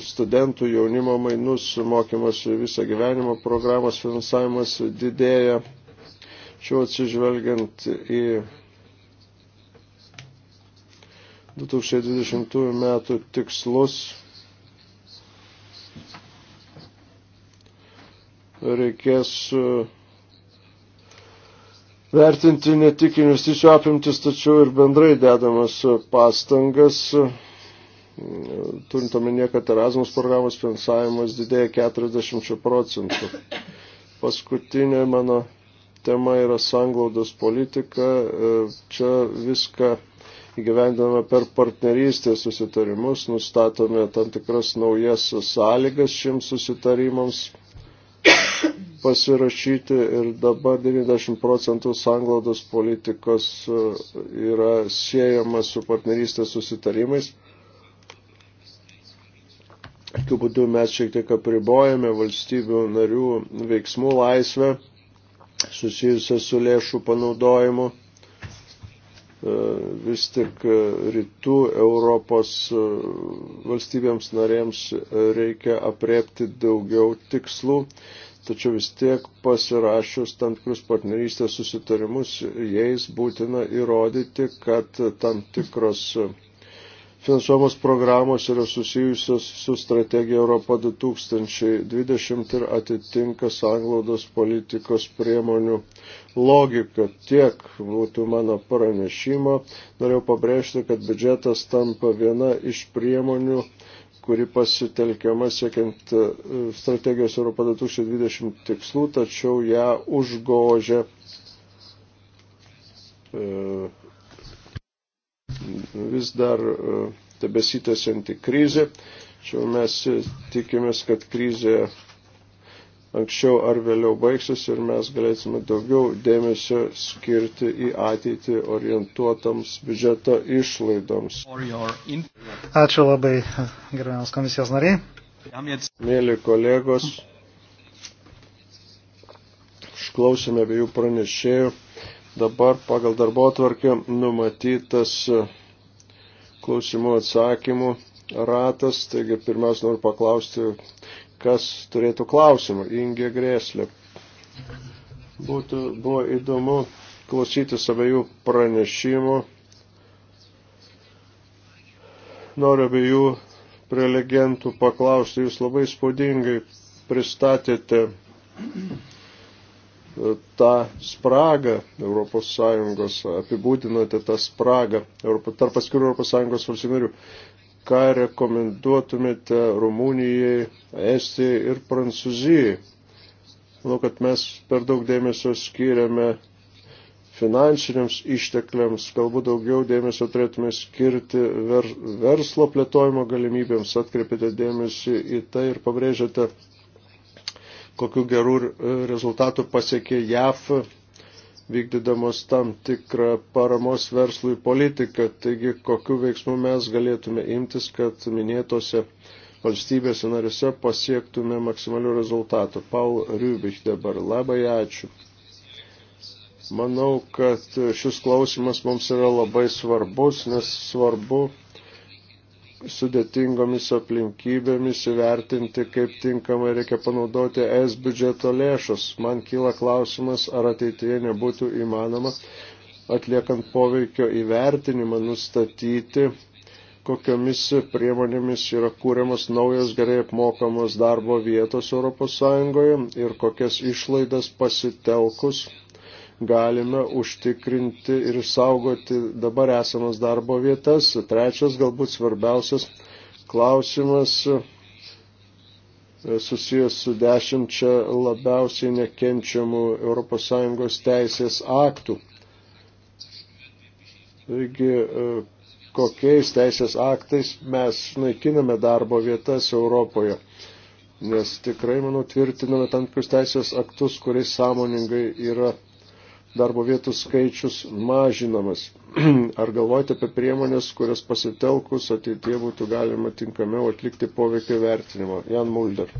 studentų jaunimo mainus, mokymosi visą gyvenimo programos finansavimas didėja. Tačiau atsižvelgiant į 2020 metų tikslus, reikės e, vertinti ne tik investicijų apimtis, tačiau ir bendrai dedamas pastangas, turint omenyje, kad Erasmus programos finansavimas didėja 40 procentų. Paskutinė mano tema yra sanglaudos politika. E, čia viską įgyvendiname per partnerystės susitarimus, nustatome tam tikras naujas sąlygas šiems susitarimams pasirašyti ir dabar 90 procentų sanglaudos politikos e, yra siejama su partnerystės susitarimais. Tokiu būdu mes šiek tiek apribojame valstybių narių veiksmų laisvę susijusias su lėšų panaudojimu. E, vis tik e, rytų Europos e, valstybėms narėms reikia apriepti daugiau tikslų, tačiau vis tiek pasirašius tam tikrus partnerystės susitarimus, jais būtina įrodyti, kad tam tikros finansuomos programos yra susijusios su strategija Europa 2020 ir atitinka sanglaudos politikos priemonių logiką. Tiek būtų mano pranešimo. Norėjau pabrėžti, kad biudžetas tampa viena iš priemonių kuri pasitelkiama siekiant e, strategijos Europa 2020 tikslų, tačiau ją užgožia e, vis dar e, tebesitęsianti krizė. Čia mes tikimės, kad krizė anksčiau ar vėliau baigsis ir mes galėsime daugiau dėmesio skirti į ateitį orientuotams biudžeto išlaidoms. Ačiū labai, gerbiamas komisijos nariai. Mėly kolegos, išklausėme abiejų pranešėjų dabar pagal darbo atvarkę numatytas e, klausimų atsakymų ratas. Taigi pirmiausia noriu paklausti, kas turėtų klausimą. Ingė Grėslė. Būtų, buvo įdomu klausytis abiejų pranešimų. Noriu abiejų prelegentų paklausti. Jūs labai spaudingai pristatėte tą spragą ES, apibūdinote tą spragą tarp atskirų ES valstybinių. Ką rekomenduotumėte Rumunijai, Estijai ir Prancūzijai? Manau, kad mes per daug dėmesio skiriame finansiniams ištekliams, galbūt daugiau dėmesio turėtume skirti ver, verslo plėtojimo galimybėms, atkreipėte dėmesį į tai ir pabrėžėte kokiu gerų e, rezultatų pasiekė JAF vykdydamos tam tikrą paramos verslui politiką. Taigi, kokiu veiksmu mes galėtume imtis, kad minėtose valstybėse narėse pasiektume maksimalių rezultatų. Paul Rybich dabar. Labai ačiū. Manau, kad šis klausimas mums yra labai svarbus, nes svarbu sudėtingomis aplinkybėmis įvertinti, kaip tinkamai reikia panaudoti es biudžeto lėšas. Man kyla klausimas, ar ateityje nebūtų įmanoma atliekant poveikio įvertinimą nustatyti, kokiomis priemonėmis yra kūriamas naujas gerai apmokamos darbo vietos ES ir kokias išlaidas pasitelkus galime užtikrinti ir saugoti dabar esamas darbo vietas. Trečias, galbūt svarbiausias klausimas e, susijęs su dešimčia labiausiai nekenčiamų ES teisės aktų. Taigi, e, kokiais teisės aktais mes naikiname darbo vietas Europoje. Nes tikrai, manau, tvirtiname tam tikrus teisės aktus, kuris sąmoningai yra darbo vietų skaičius mažinamas. Ar galvojate apie priemonės, kurias pasitelkus ateitie būtų galima tinkamiau atlikti poveikio vertinimą? Jan Mulder.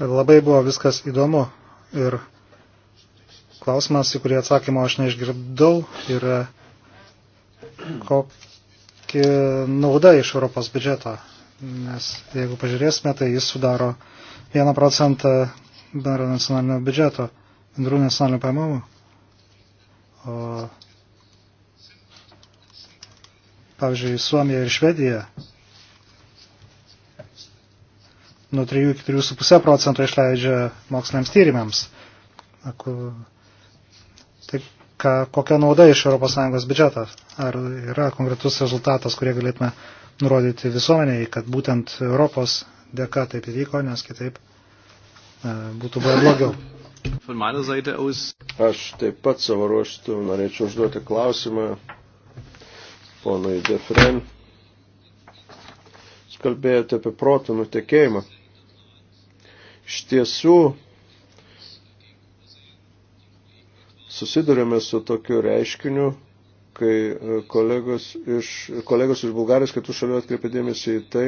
Labai buvo viskas įdomu ir klausimas, į kurį atsakymą aš neišgirdau, yra kokia nauda iš Europos biudžeto. Nes jeigu pažiūrėsime, tai jis sudaro 1 procentą bendro nacionalinio biudžeto, bendrų nacionalinių pajamų. O, pavyzdžiui, Suomija ir Švedija nuo 3 iki 3,5 procento išleidžia moksliniams tyrimams. Tai ką, kokia nauda iš ES biudžeto? Ar yra konkretus rezultatas, kurie galėtume nurodyti visuomeniai, kad būtent Europos dėka taip įvyko, nes kitaip e, būtų buvę blogiau. Aš taip pat savo ruoštų norėčiau užduoti klausimą ponai Defren. Jūs kalbėjote apie protų nutekėjimą. Iš tiesų susidurėme su tokiu reiškiniu, kai e, kolegos iš, kolegos iš Bulgarijos kitų šalių atkreipė dėmesį į tai,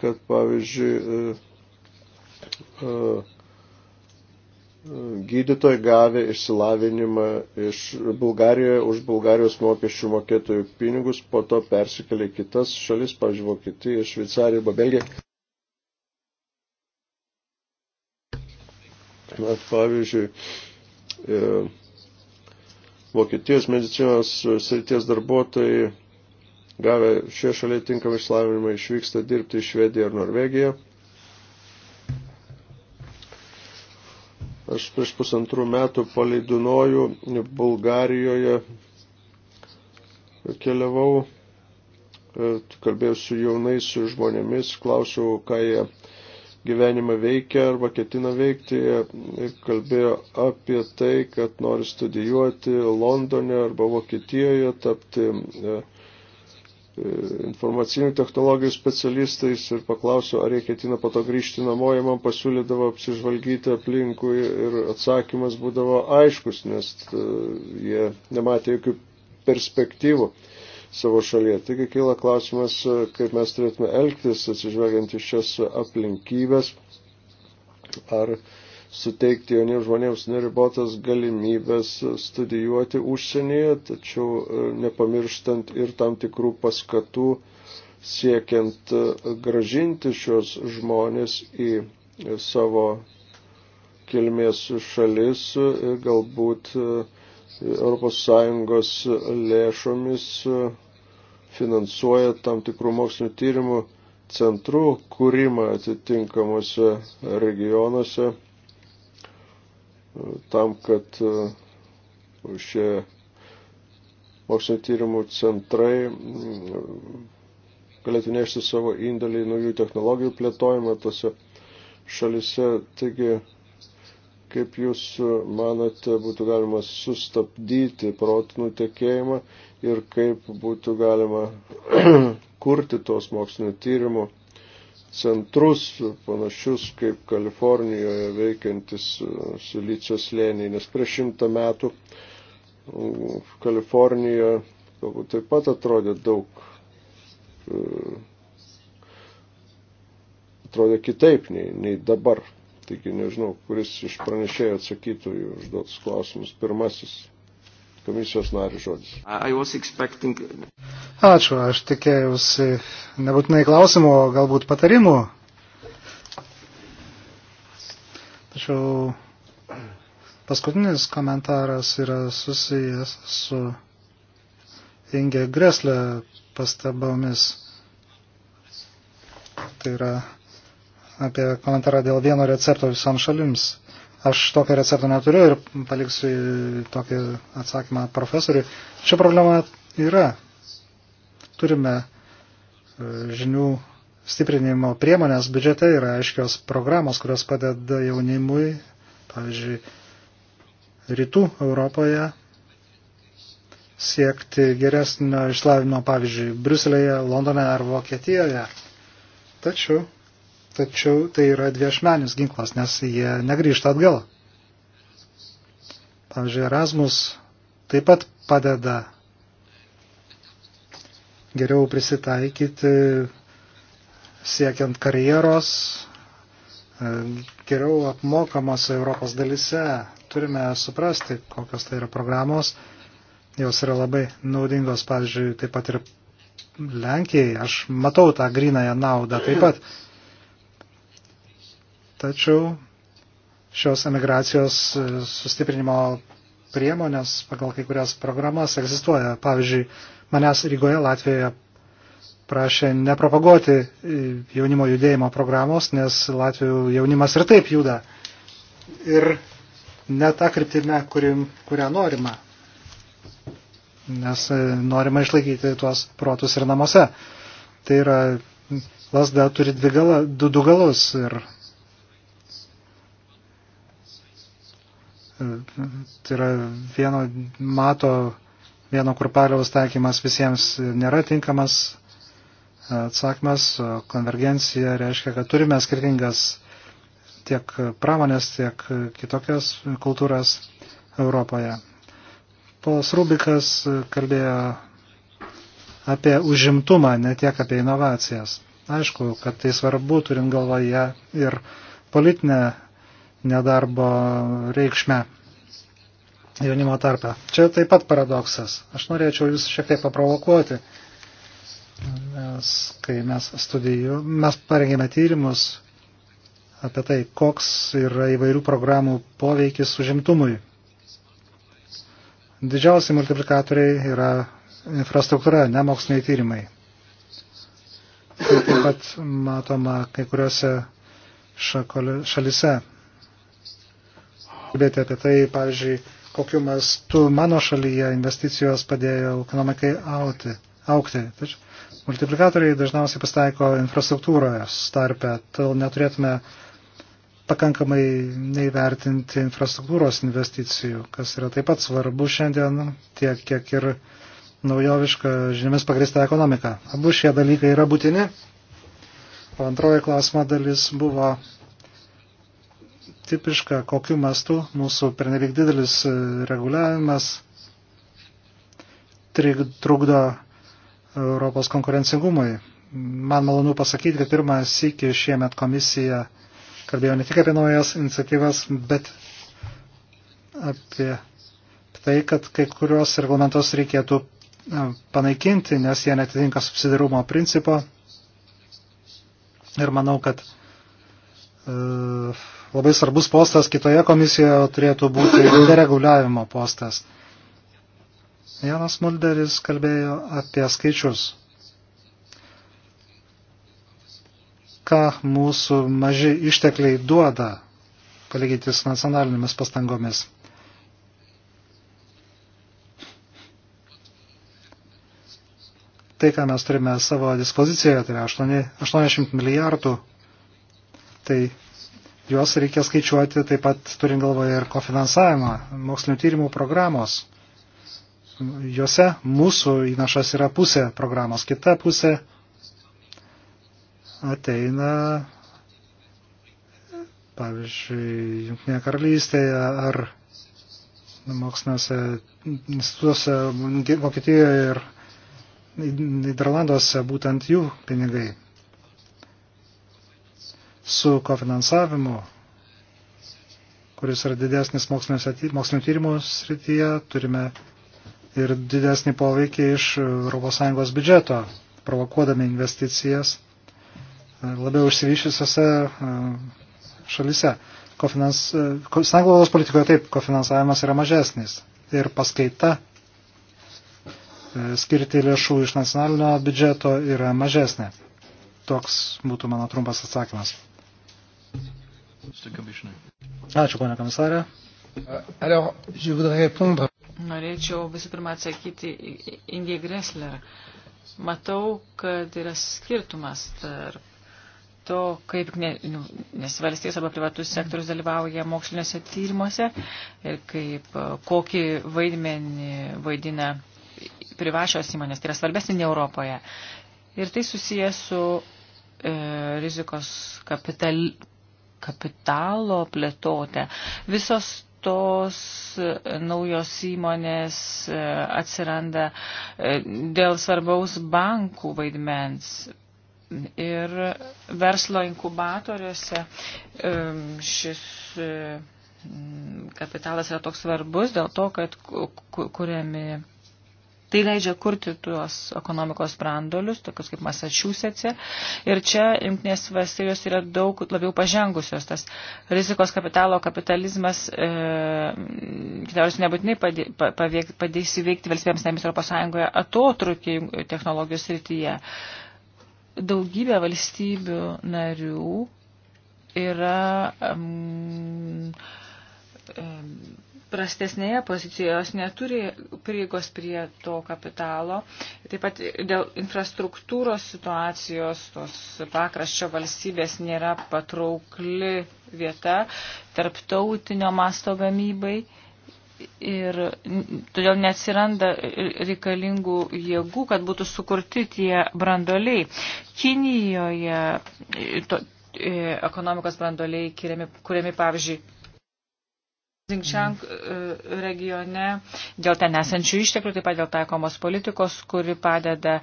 kad pavyzdžiui, uh, uh, gydytojai gavę išsilavinimą iš Bulgarijoje už Bulgarijos mokesčių mokėtojų pinigus, po to persikėlė kitas šalis, pavyzdžiui, Vokietiją, Šveicariją arba Belgiją. Net pavyzdžiui, e, Vokietijos medicinos srities darbuotojai gavę šie šaliai tinkamą išslavinimą išvyksta dirbti į Švediją ar Norvegiją. Aš prieš pusantrų metų paleidunojų Bulgarijoje keliavau, e, kalbėjau su jaunais žmonėmis, klausiau, ką jie gyvenimą veikia arba ketina veikti. Jie kalbėjo apie tai, kad nori studijuoti Londone arba Vokietijoje, tapti. E, informacinių technologijų specialistais ir paklausiau, ar jie ketina po to grįžti namo, jie man pasiūlydavo apsižvalgyti aplinkui ir atsakymas būdavo aiškus, nes e, jie nematė jokių perspektyvų savo šalyje. Taigi kyla klausimas, e, kaip mes turėtume elgtis atsižvelgiant iš šias aplinkybės, ar uh, suteikti jauniems žmonėms neribotas galimybės studijuoti užsienyje, tačiau e, nepamirštant ir tam tikrų paskatų siekiant e, gražinti šios žmonės į e, savo kilmės šalis ir galbūt ES lėšomis finansuoja tam tikrų mokslinio tyrimų centrų kūrimą atitinkamuose regionuose tam, kad e, šie mokslinio tyrimų centrai mm, galėtų nešti savo indėlį į naujų technologijų plėtojimą tose šalise. Taigi, kaip jūs manote, būtų galima sustabdyti protų nutekėjimą ir kaip būtų galima kurti tos mokslinio tyrimų centrus, panašius kaip Kalifornijoje veikiantis e, silicio slėniai, nes prieš šimtą metų e, Kalifornijoje galbūt taip pat atrodė daug, e, atrodė kitaip nei, nei dabar. Taigi nežinau, kuris iš pranešėjų atsakytų į užduotus klausimus pirmasis. Komisijos narių žodis. Ačiū, aš tikėjausi nebūtinai klausimų, galbūt patarimų. Tačiau paskutinis komentaras yra susijęs su Inge Greslė pastabomis. Tai yra apie komentarą dėl vieno recepto visoms šalims. Aš tokio recepto neturiu ir paliksiu tokį atsakymą profesoriui. Čia problema yra. Turime e, žinių stiprinimo priemonės biudžete yra aiškios programos, kurios padeda jaunimui, pavyzdžiui, rytų Europoje siekti geresnio išlavinimo, pavyzdžiui, Briuselėje, Londone ar Vokietijoje. Tačiau tačiau tai yra dviešmenis ginklas, nes jie negrįžta atgal. Pavyzdžiui, Erasmus taip pat padeda geriau prisitaikyti siekiant karjeros, e, geriau apmokamos Europos dalise. Turime suprasti, kokios tai yra programos. Jos yra labai naudingos, pavyzdžiui, taip pat ir Lenkijai. Aš matau tą grinąją naudą taip pat. Tačiau šios emigracijos e, sustiprinimo priemonės pagal kai kurias programas egzistuoja. Pavyzdžiui, manęs Rygoje, Latvijoje prašė nepropaguoti e, jaunimo judėjimo programos, nes Latvijų jaunimas ir taip juda. Ir ne tą kryptimę, kurią norima. Nes e, norima išlaikyti tuos protus ir namuose. Tai yra, lasda turi dvi gala, du, du galus ir tai yra vieno mato, vieno kurpaliaus taikymas visiems nėra tinkamas atsakymas, konvergencija reiškia, kad turime skirtingas tiek pramonės, tiek kitokias kultūras Europoje. Polas Rubikas kalbėjo apie užimtumą, ne tiek apie inovacijas. Aišku, kad tai svarbu, turint galvoje ir politinę nedarbo reikšmę jaunimo tarpe. Čia taip pat paradoksas. Aš norėčiau jūs šiek tiek paprovokuoti, nes kai mes studijų, mes parengėme tyrimus apie tai, koks yra įvairių programų poveikis užimtumui. Didžiausiai multiplikatoriai yra infrastruktūra, nemoksliniai tyrimai. Tai taip pat matoma kai kuriuose šalise kalbėti apie tai, pavyzdžiui, kokiu mastu mano šalyje investicijos padėjo ekonomikai auti, aukti. Tačiau multiplikatoriai dažniausiai pasitaiko infrastruktūroje starpę, todėl neturėtume pakankamai neįvertinti infrastruktūros investicijų, kas yra taip pat svarbu šiandien, tiek kiek ir naujoviška žiniomis pagrįsta ekonomika. Abu šie dalykai yra būtini. O antroji klausimo dalis buvo tipiška, kokiu mastu mūsų pernelyg didelis e, reguliavimas trukdo Europos konkurencingumui. Man malonu pasakyti, kad pirmą sykį šiemet komisija kalbėjo ne tik apie naujas iniciatyvas, bet apie tai, kad kai kurios reglamentos reikėtų e, panaikinti, nes jie netitinka subsidarumo principo. Ir manau, kad uh, labai svarbus postas kitoje komisijoje turėtų būti dereguliavimo postas. Janas Mulderis kalbėjo apie skaičius. Ką mūsų maži ištekliai duoda, palyginti su nacionalinėmis pastangomis. tai, ką mes turime savo dispozicijoje, tai yra 8, 80 milijardų, tai Juos reikia skaičiuoti taip pat turint galvoje ir kofinansavimą, mokslinio tyrimų programos. Juose mūsų įnašas yra pusė programos, kita pusė ateina, pavyzdžiui, Junktinėje karalystėje ar moksliniuose institutuose Vokietijoje ir Niderlanduose būtent jų pinigai su kofinansavimu, kuris yra didesnis mokslinio tyrimų srityje, turime ir didesnį poveikį iš ES biudžeto, provokuodami investicijas e, labiau išsivyščiusiose e, šalise. Kofinans, e, sanglaudos politikoje taip, kofinansavimas yra mažesnis ir paskaita skirti lėšų iš nacionalinio biudžeto yra mažesnė. Toks būtų mano trumpas atsakymas. Ačiū, ponia komisarė. Norėčiau visų pirma atsakyti Indijai Gressler. Matau, kad yra skirtumas tarp to, kaip ne, nu, nesvalstys arba privatus sektorius dalyvauja moksliniuose tyrimuose ir kaip kokį vaidmenį vaidina privačios įmonės, tai yra svarbesnė nei Europoje. Ir tai susijęs su e, rizikos kapital, kapitalo plėtotę. Visos tos e, naujos įmonės e, atsiranda e, dėl svarbaus bankų vaidmens. Ir verslo inkubatoriuose šis kapitalas yra toks svarbus dėl to, kad kuriami Tai leidžia kurti tuos ekonomikos brandolius, tokius kaip Massachusetts'e. Ir čia jungtinės valstijos yra daug labiau pažengusios. Tas rizikos kapitalo kapitalizmas, e, kitavars, nebūtinai padės įveikti valstybėms nemis Europos Sąjungoje atotrukiai technologijos srityje. Daugybė valstybių narių yra um, um, prastesnėje pozicijoje, jos neturi prieigos prie to kapitalo. Taip pat dėl infrastruktūros situacijos tos pakraščio valstybės nėra patraukli vieta tarptautinio masto gamybai. Ir todėl neatsiranda reikalingų jėgų, kad būtų sukurti tie brandoliai. Kinijoje to, e, ekonomikos brandoliai kuriami, kuriami pavyzdžiui, Zinkčiank e, regione dėl ten esančių išteklių, taip pat dėl taikomos politikos, kuri padeda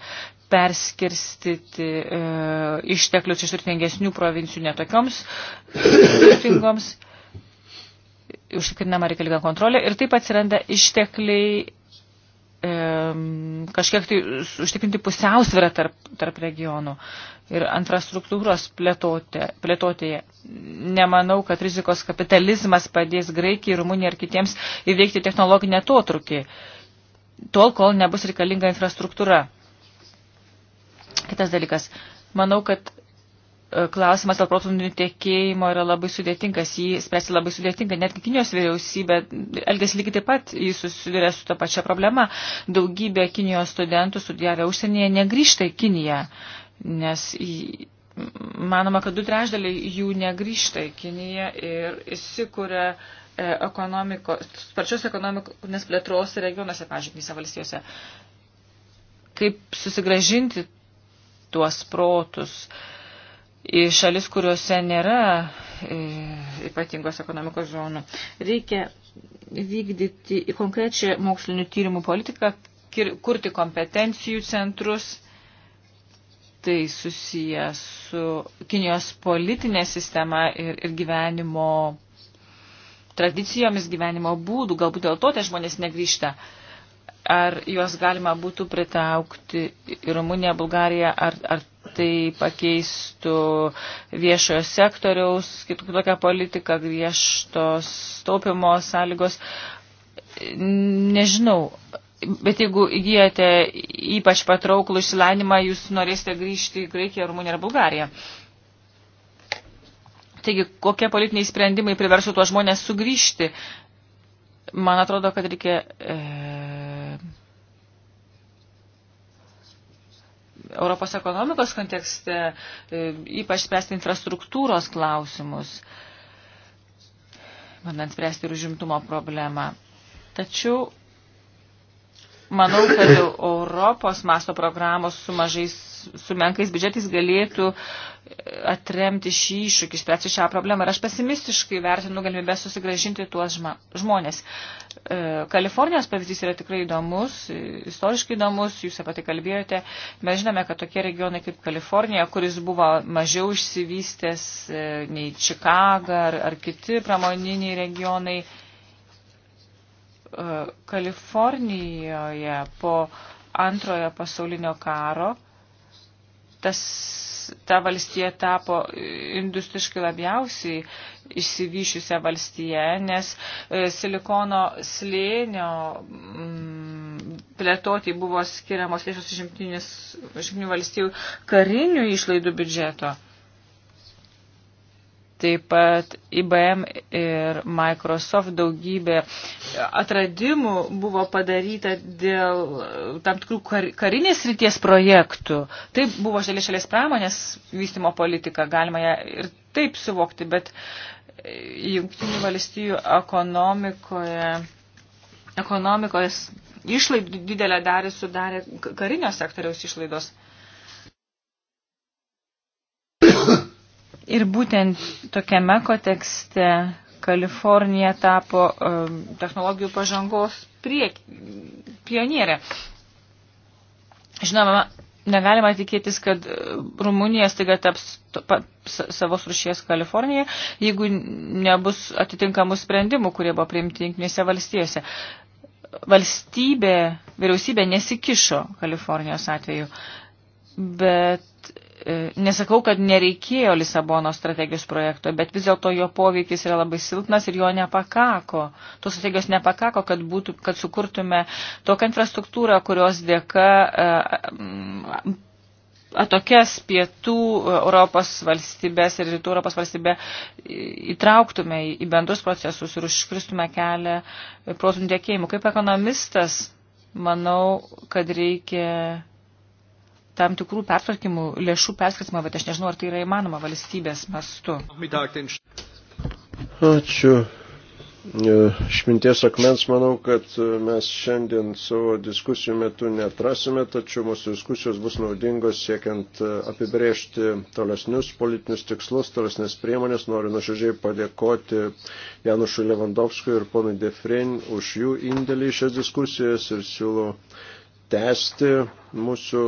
perskirstyti e, išteklius iš turtingesnių provincijų netokioms turtingoms, užtikrinama reikalinga kontrolė ir taip atsiranda ištekliai kažkiek tai užtikrinti pusiausvyrą tarp, tarp regionų ir infrastruktūros plėtotė, plėtotėje. Nemanau, kad rizikos kapitalizmas padės Graikijai, Rumunijai ar kitiems įveikti technologinę totrukį, tol, kol nebus reikalinga infrastruktūra. Kitas dalykas. Manau, kad E, klausimas dėl protų nutekėjimo yra labai sudėtingas, jį spręsti labai sudėtinga. Netgi Kinijos vyriausybė elgesi lygiai taip pat, jis susiduria su ta pačia problema. Daugybė Kinijos studentų studijavę užsienyje negrįžta į Kiniją, nes manoma, kad du trešdaliai jų negrįžta į Kiniją ir įsikuria e, ekonomikos, sparčios ekonomikos plėtros regionuose, pažiūrėkime, valstijose. Kaip susigražinti tuos protus? Uh, į šalis, kuriuose nėra e, ypatingos ekonomikos zonų. Reikia vykdyti į konkrečią mokslinių tyrimų politiką, kurti kompetencijų centrus. Tai susiję su Kinijos politinė sistema ir, ir gyvenimo tradicijomis, gyvenimo būdų. Galbūt dėl to tie žmonės negrįžta. Ar juos galima būtų pritaukti į Rumuniją, Bulgariją ar, ar tai pakeistų viešojo sektoriaus, kitokią politiką, griežtos taupimo sąlygos. Nežinau, bet jeigu įgyjate ypač patrauklų išsilavinimą, jūs norėsite grįžti į Graikiją, Rumuniją ar Bulgariją. Taigi, kokie politiniai sprendimai priversų tuos žmonės sugrįžti? Man atrodo, kad reikia. E, Europos ekonomikos kontekste, e, ypač spręsti infrastruktūros klausimus, bandant spręsti ir užimtumo problemą. Tačiau Manau, kad Europos masto programos su, mažais, su menkais biudžetais galėtų e, atremti šį iššūkį, spręsti šią problemą. Ir aš pesimistiškai vertinu galimybę susigražinti tuos žmonės. E, Kalifornijos pavyzdys yra tikrai įdomus, istoriškai įdomus, jūs apie tai kalbėjote. Mes žinome, kad tokie regionai kaip Kalifornija, kuris buvo mažiau išsivystęs e, nei Čikaga ar, ar kiti pramoniniai regionai, E, Kalifornijoje po antrojo pasaulinio karo tas, ta valstija tapo industriškai labiausiai išsivyšiusią valstiją, nes e, silikono slėnio mm, plėtoti buvo skiriamos lėšos iš žemtinių valstybių karinių išlaidų biudžeto. Taip pat IBM ir Microsoft daugybė atradimų buvo padaryta dėl tam tikrų kar, karinės ryties projektų. Tai buvo žalės šalies pramonės vystimo politika, galima ją ir taip suvokti, bet jungtinių valstijų ekonomikoje, ekonomikos išlaidų didelę darį sudarė karinio sektoriaus išlaidos. Ir būtent tokiame kontekste Kalifornija tapo um, technologijų pažangos priek, pionierė. Žinoma, negalima tikėtis, kad Rumunija staiga taps savos rušies Kalifornija, jeigu nebus atitinkamų sprendimų, kurie buvo priimti jungtinėse valstijose. Valstybė, vyriausybė nesikišo Kalifornijos atveju, bet E, nesakau, kad nereikėjo Lisabono strategijos projekto, bet vis dėlto jo poveikis yra labai silpnas ir jo nepakako. Tos strategijos nepakako, kad, būtų, kad sukurtume tokią infrastruktūrą, kurios dėka e, atokias pietų Europos valstybės ir rytų Europos valstybę įtrauktume į bendrus procesus ir užkristume kelią protų dėkėjimų. Kaip ekonomistas, manau, kad reikia tam tikrų pertvarkymų lėšų perskirtimą, bet aš nežinau, ar tai yra įmanoma valstybės mastu. Ačiū. E, Šminties akmens manau, kad e, mes šiandien savo diskusijų metu netrasime, tačiau mūsų diskusijos bus naudingos siekiant e, apibrėžti tolesnius politinius tikslus, tolesnės priemonės. Noriu nuoširdžiai padėkoti Janušui Levandovskui ir ponui Defrin už jų indėlį į šias diskusijas ir siūlau tęsti mūsų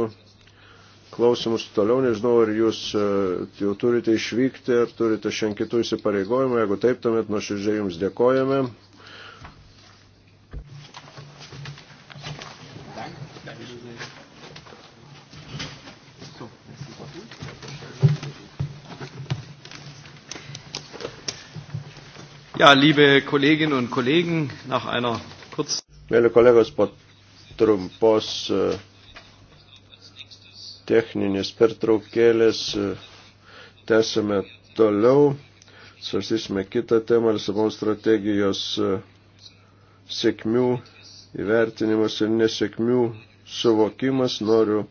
klausimus toliau, nežinau, ar jūs e, jau turite išvykti, ar turite šiandien kitų įsipareigojimų, jeigu taip, tuomet nuoširdžiai jums dėkojame. Ja, liebe Kolleginnen und Kollegen, nach einer kurzen. Mėly kolegos, po trumpos uh, techninės pertraukėlės. Tęsime toliau. Svarstysime kitą temą Lisabono strategijos e, sėkmių įvertinimas ir nesėkmių suvokimas. Noriu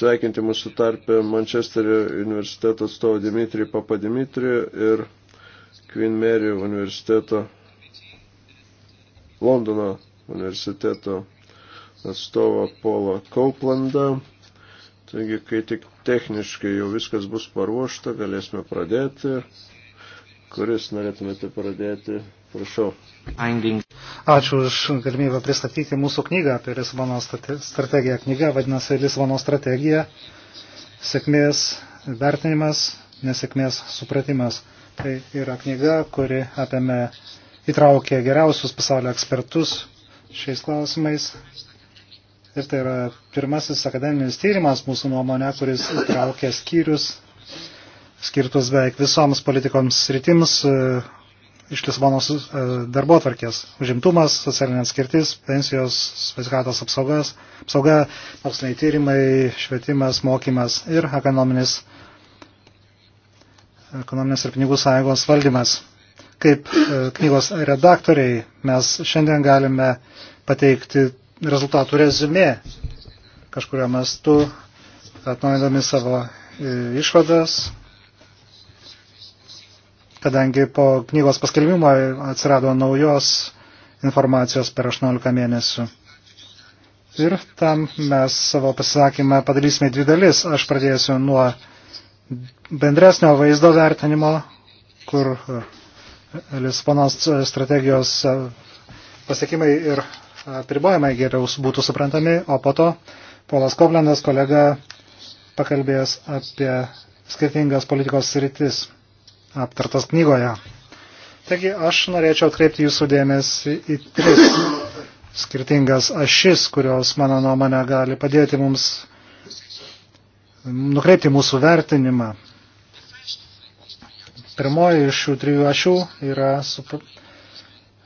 sveikinti mūsų tarpę Mančesterio universiteto atstovą Dimitrį Papadimitrį ir Queen Mary universiteto Londono universiteto atstovą Paulą Kauplandą. Taigi, kai tik techniškai jau viskas bus paruošta, galėsime pradėti. Kuris norėtumėte pradėti? Prašau. Ačiū už galimybę pristatyti mūsų knygą apie Lisbono strategiją. Knyga vadinasi Lisbono strategija. Sėkmės vertinimas, nesėkmės supratimas. Tai yra knyga, kuri apėmė įtraukė geriausius pasaulio ekspertus šiais klausimais Ir tai yra pirmasis akademinis tyrimas mūsų nuomonė, kuris įtraukė skyrius skirtus beveik visoms politikoms sritims e, iš Lisbonos e, darbo atvarkės. Užimtumas, socialinė atskirtis, pensijos, sveikatos apsaugas, apsauga, moksliniai tyrimai, švietimas, mokymas ir ekonominis, ekonominis ir pinigų sąjungos valdymas. Kaip e, knygos redaktoriai mes šiandien galime pateikti rezultatų rezumė kažkurio mastu, atnaujindami savo e, išvadas, kadangi po knygos paskelbimo atsirado naujos informacijos per 18 mėnesių. Ir tam mes savo pasisakymą padarysime dvi dalis. Aš pradėsiu nuo bendresnio vaizdo vertinimo, kur e, Lisbonos strategijos e, pasiekimai ir apribojimai geriau būtų suprantami, o po to Polas Koblendas kolega pakalbės apie skirtingas politikos sritis aptartas knygoje. Taigi aš norėčiau atkreipti jūsų dėmesį į tris skirtingas ašis, kurios, mano nuomonė, gali padėti mums nukreipti mūsų vertinimą. Pirmoji iš šių trijų ašių yra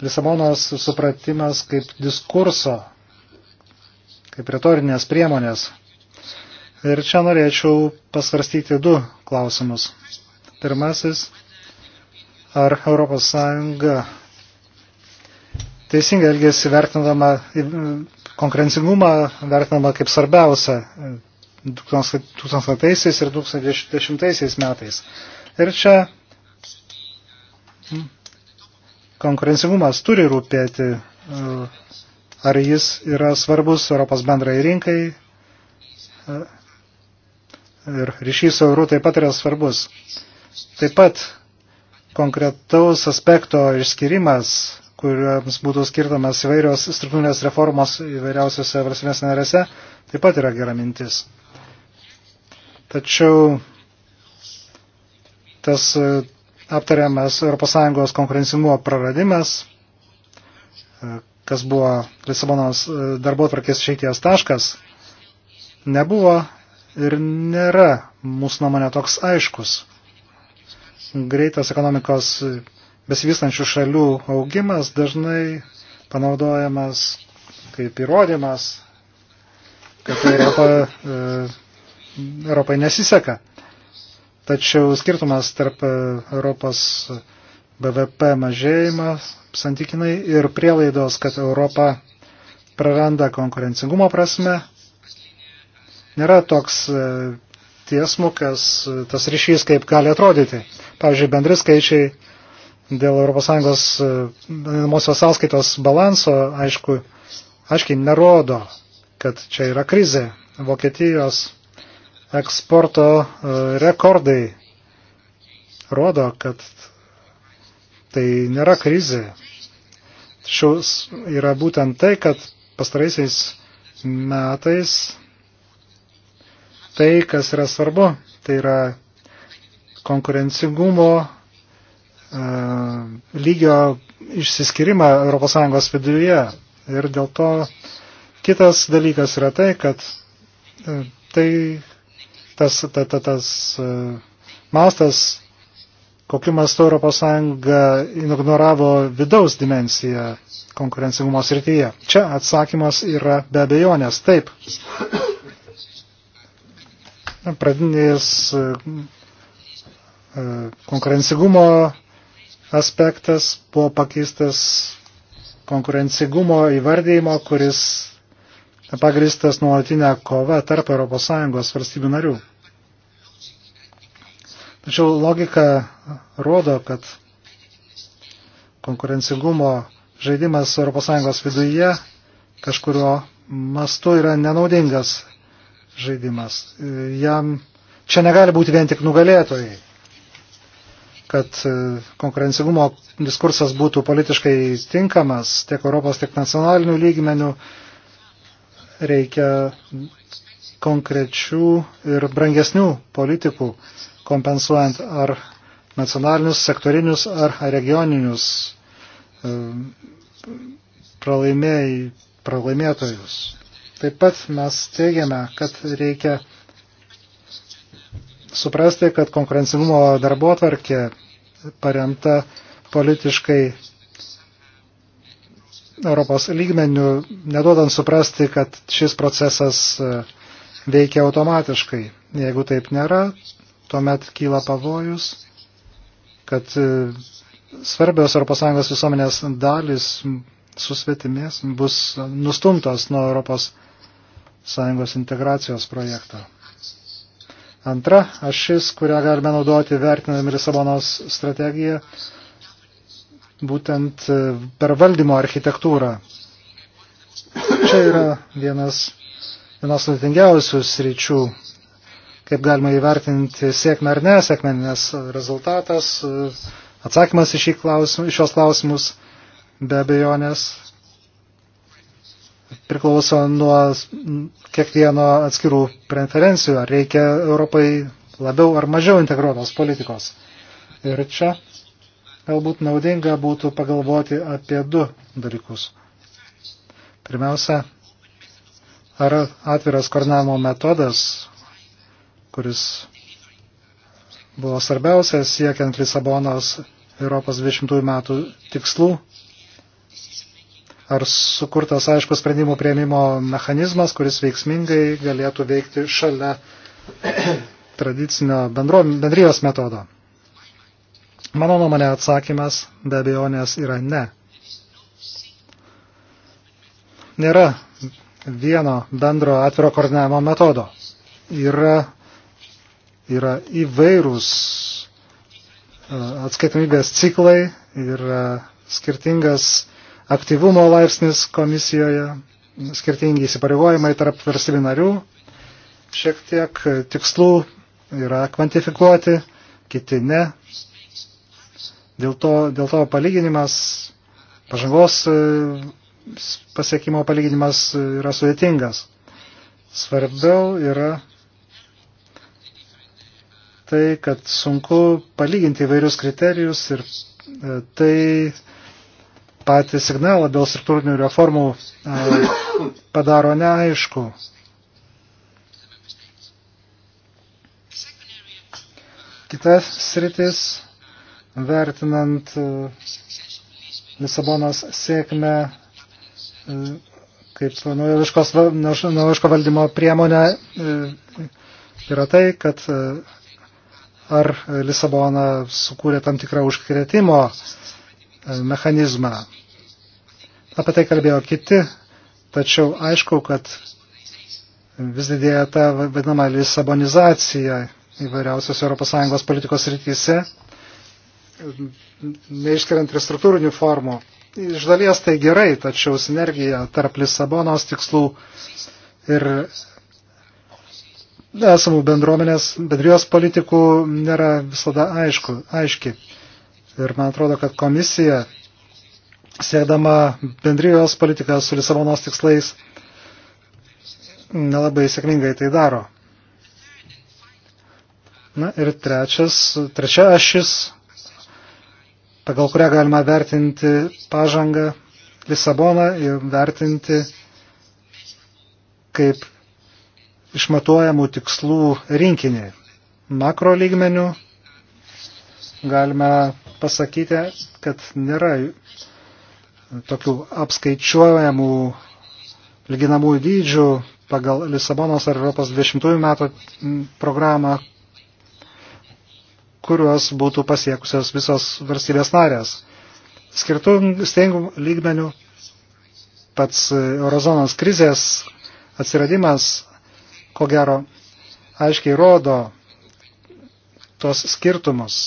Lisabonos supratimas kaip diskurso, kaip retorinės priemonės. Ir čia norėčiau pasvarstyti du klausimus. Pirmasis, ar ES teisingai elgėsi vertinama konkurencingumą, vertinama kaip svarbiausia 2000 ir 2010 metais. Ir čia konkurencingumas turi rūpėti, e, ar jis yra svarbus Europos bendrai rinkai e, ir ryšys su eurų taip pat yra svarbus. Taip pat konkretaus aspekto išskirimas, kuriams būtų skirtamas įvairios struktūrinės reformos įvairiausiose valstybės narėse, taip pat yra gera mintis. Tačiau tas e, aptariamas ES konkurencingumo praradimas, e, kas buvo Lisabonos e, darbo tvarkės išeities taškas, nebuvo ir nėra mūsų nuomonė toks aiškus. Greitas ekonomikos besivystančių šalių augimas dažnai panaudojamas kaip įrodymas, kad Europa, e, Europai nesiseka. Tačiau skirtumas tarp e, Europos BVP mažėjimas santykinai ir prielaidos, kad Europa praranda konkurencingumo prasme, nėra toks e, tiesmukas e, tas ryšys, kaip gali atrodyti. Pavyzdžiui, bendri skaičiai dėl ES namosios sąskaitos balanso, aišku, aiškiai nerodo, kad čia yra krizė. Vokietijos eksporto e, rekordai rodo, kad tai nėra krizė. Tačiau yra būtent tai, kad pastaraisiais metais tai, kas yra svarbu, tai yra konkurencingumo e, lygio išsiskirimą ES viduje. Ir dėl to kitas dalykas yra tai, kad e, tai tas, ta, ta, tas e, mastas, kokiu mastu ES ignoravo vidaus dimensiją konkurencingumo srityje. Čia atsakymas yra be abejonės taip. Pradinės e, e, konkurencingumo aspektas buvo pakeistas konkurencingumo įvardyjimo, kuris pagristas nuolatinė kova tarp ES valstybių narių. Tačiau logika rodo, kad konkurencingumo žaidimas ES viduje kažkurio mastu yra nenaudingas žaidimas. Jam čia negali būti vien tik nugalėtojai, kad e, konkurencingumo diskursas būtų politiškai tinkamas tiek Europos, tiek nacionalinių lygmenių reikia konkrečių ir brangesnių politikų, kompensuojant ar nacionalinius, sektorinius ar regioninius e, pralaimėj, pralaimėtojus. Taip pat mes teigiame, kad reikia suprasti, kad konkurencingumo darbo tvarkė paremta politiškai Europos lygmenių, neduodant suprasti, kad šis procesas e, veikia automatiškai. Jeigu taip nėra, tuomet kyla pavojus, kad e, svarbios ES visuomenės dalis susvetimės bus nustumtos nuo ES integracijos projekto. Antra ašis, kurią galime naudoti vertinami Lisabonos strategiją, būtent e, per valdymo architektūrą. Čia yra vienas, vienas sudėtingiausių sričių, kaip galima įvertinti sėkmę ar nesėkmę, nes rezultatas, e, atsakymas iš klausim, šios klausimus be abejonės priklauso nuo kiekvieno atskirų preferencijų, ar reikia Europai labiau ar mažiau integruotos politikos. Ir čia Galbūt naudinga būtų pagalvoti apie du dalykus. Pirmiausia, ar atviras koordinavimo metodas, kuris buvo svarbiausias siekiant Lisabonos Europos 20 metų tikslų, ar sukurtas aiškus sprendimų prieimimo mechanizmas, kuris veiksmingai galėtų veikti šalia tradicinio bendro, bendrijos metodo. Mano nuomonė atsakymas be abejonės yra ne. Nėra vieno bendro atviro koordinavimo metodo. Yra, yra įvairūs e, atskaitomybės ciklai, yra skirtingas aktyvumo laipsnis komisijoje, skirtingi įsipareigojimai tarp valstybių narių, šiek tiek tikslų yra kvantifikuoti, kiti ne. Dėl to, dėl to palyginimas, pažangos e, pasiekimo palyginimas yra sudėtingas. Svarbiau yra tai, kad sunku palyginti įvairius kriterijus ir e, tai patį signalą dėl struktūrinių reformų e, padaro neaišku. Kitas sritis vertinant e, Lisabonos sėkmę e, kaip naujoviško valdymo priemonę e, yra tai, kad ar Lisabona sukūrė tam tikrą užkretimo mechanizmą. Apie tai kalbėjo kiti, tačiau aišku, kad vis didėja ta vadinama Lisabonizacija įvairiausios ES politikos rytise neišskiriant restruktūrinių formų. Iš dalies tai gerai, tačiau sinergija tarp Lisabonos tikslų ir esamų bendruomenės, bendrijos politikų nėra visada aišku, aiški. Ir man atrodo, kad komisija, sėdama bendrijos politiką su Lisabonos tikslais, nelabai sėkmingai tai daro. Na ir trečias, trečia ašis pagal kurią galima vertinti pažangą Lisaboną ir vertinti kaip išmatuojamų tikslų rinkinį. Makro lygmenių galime pasakyti, kad nėra tokių apskaičiuojamų lyginamų dydžių pagal Lisabonos ar Europos 20 metų programą, kuriuos būtų pasiekusios visos valstybės narės. Skirtų steigų lygmenių pats e, eurozonos krizės atsiradimas, ko gero, aiškiai rodo tos skirtumus.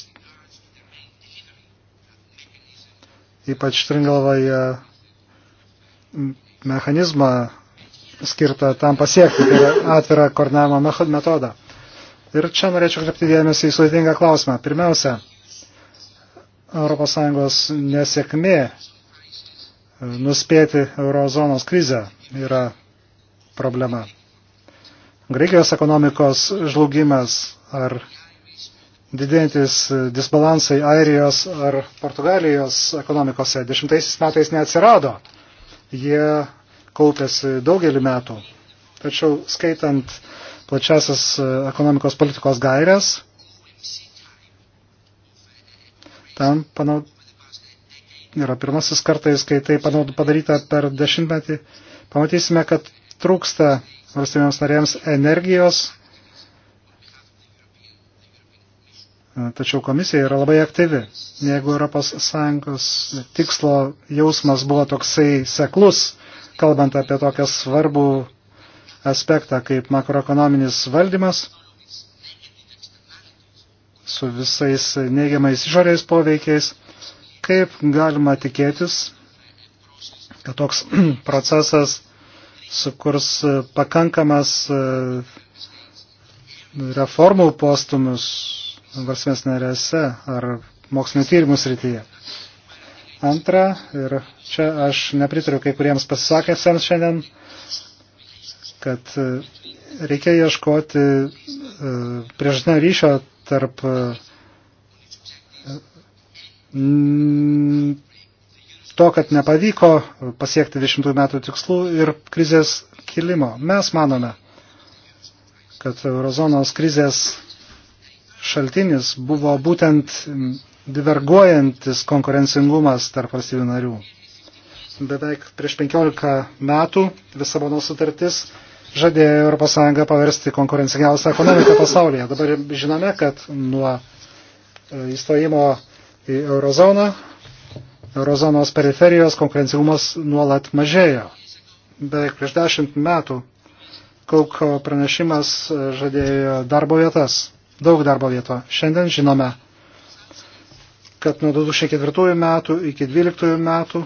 Ypač turingalvoje mechanizmą skirtą tam pasiekti, tai yra atvirą koordinavimo metodą. Ir čia norėčiau kreipti dėmesį į sudėtingą klausimą. Pirmiausia, ES nesėkmė e, nuspėti eurozonos krizę yra problema. Graikijos ekonomikos žlugimas ar didėjantis disbalansai Airijos ar Portugalijos ekonomikose dešimtaisiais metais neatsirado. Jie kaupėsi daugelį metų. Tačiau skaitant plačiasias e, ekonomikos politikos gairias. Tam panau, yra pirmasis kartais, kai tai panau, padaryta per dešimtmetį. Pamatysime, kad trūksta valstybėms narėms energijos, e, tačiau komisija yra labai aktyvi. Jeigu ES tikslo jausmas buvo toksai seklus, kalbant apie tokią svarbų aspektą kaip makroekonominis valdymas su visais neigiamais išorės poveikiais, kaip galima tikėtis, kad toks procesas sukurs pakankamas e, reformų postumus valstybės narėse ar mokslinio tyrimų srityje. Antra, ir čia aš nepritariu kai kuriems pasisakęsiams šiandien, kad e, reikia ieškoti e, priežastinio ryšio tarp e, to, kad nepavyko pasiekti 20 metų tikslų ir krizės kilimo. Mes manome, kad eurozonos krizės šaltinis buvo būtent diverguojantis konkurencingumas tarp valstybių narių. Beveik prieš 15 metų Visabono sutartis žadėjo ES paversti konkurencingiausią ekonomiką pasaulyje. Dabar žinome, kad nuo e, įstojimo į eurozoną, eurozonos periferijos konkurencingumas nuolat mažėjo. Beveik prieš dešimt metų Kauko pranešimas e, žadėjo darbo vietas, daug darbo vieto. Šiandien žinome, kad nuo 2004 metų iki 2012 metų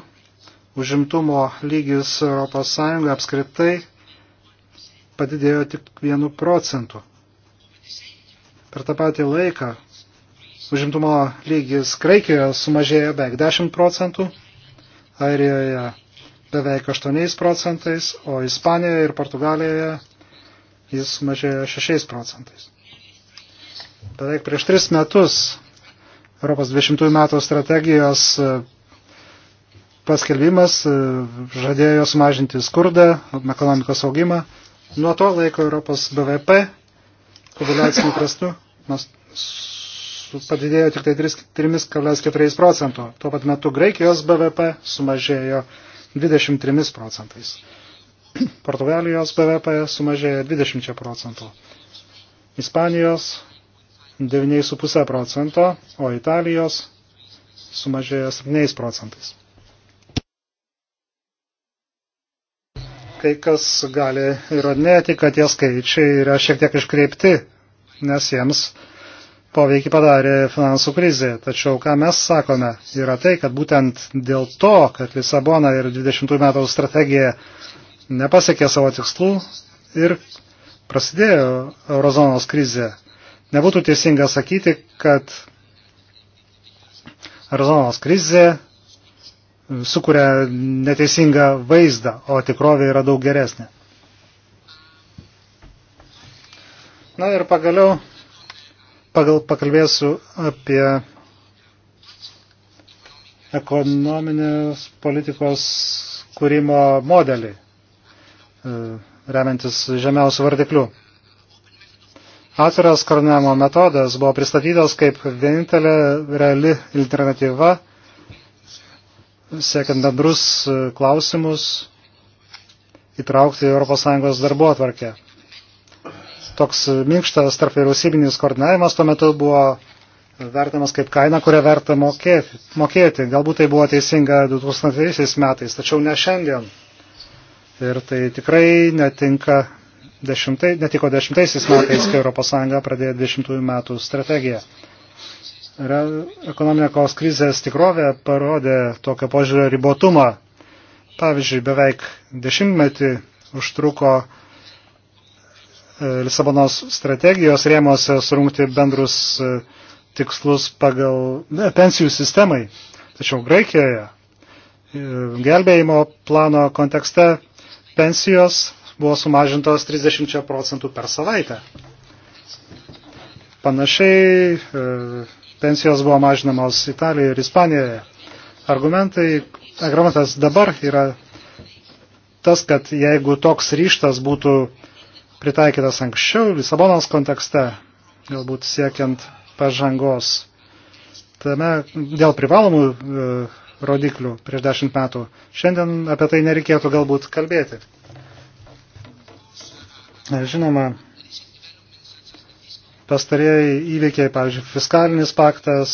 užimtumo lygis ES apskritai padidėjo tik vienu procentu. Per tą patį laiką užimtumo lygis Graikijoje sumažėjo beveik 10 procentų, Airijoje beveik 8 procentais, o Ispanijoje ir Portugalijoje jis sumažėjo 6 procentais. Beveik prieš 3 metus Europos 20 metų strategijos e, paskelbimas e, žadėjo sumažinti skurdą, ekonomikos augimą, Nuo to laiko Europos BVP populiacinių prastų padidėjo tik tai 3,4 procento. Tuo pat metu Graikijos BVP sumažėjo 23 procentais. Portugalijos BVP sumažėjo 20 procentų. Ispanijos 9,5 procento, o Italijos sumažėjo 7 procentais. kai kas gali įrodinėti, kad tie skaičiai yra šiek tiek iškreipti, nes jiems poveikį padarė finansų krizė. Tačiau ką mes sakome, yra tai, kad būtent dėl to, kad Lisabona ir 20 metų strategija nepasiekė savo tikslų ir prasidėjo eurozonos krizė. Nebūtų teisinga sakyti, kad eurozonos krizė sukuria neteisingą vaizdą, o tikrovė yra daug geresnė. Na ir pagaliau pagal, pakalbėsiu apie ekonominės politikos kūrimo modelį, e, remiantis žemiausių vardiklių. Atviras karnavimo metodas buvo pristatytas kaip vienintelė reali alternatyva siekiant bendrus e, klausimus įtraukti ES darbo atvarkę. Toks e, minkštas tarp vyriausybinis koordinavimas tuo metu buvo e, vertinamas kaip kaina, kurią verta mokėti. mokėti. Galbūt tai buvo teisinga 2000 metais, tačiau ne šiandien. Ir tai tikrai netinka dešimtai, netiko dešimtaisiais metais, kai ES pradėjo dešimtųjų metų strategiją ekonomikos krizės tikrovė parodė tokio požiūrio ribotumą. Pavyzdžiui, beveik dešimtmetį užtruko e, Lisabonos strategijos rėmose surungti bendrus e, tikslus pagal ne, pensijų sistemai. Tačiau Graikijoje e, gelbėjimo plano kontekste pensijos buvo sumažintos 30 procentų per savaitę. Panašiai pensijos buvo mažinamos Italijoje ir Ispanijoje. Argumentai, argumentas dabar yra tas, kad jeigu toks ryštas būtų pritaikytas anksčiau Lisabonos kontekste, galbūt siekiant pažangos tame dėl privalomų e, rodiklių prieš dešimt metų, šiandien apie tai nereikėtų galbūt kalbėti. Žinoma, pastarėjai įveikiai, pavyzdžiui, fiskalinis paktas,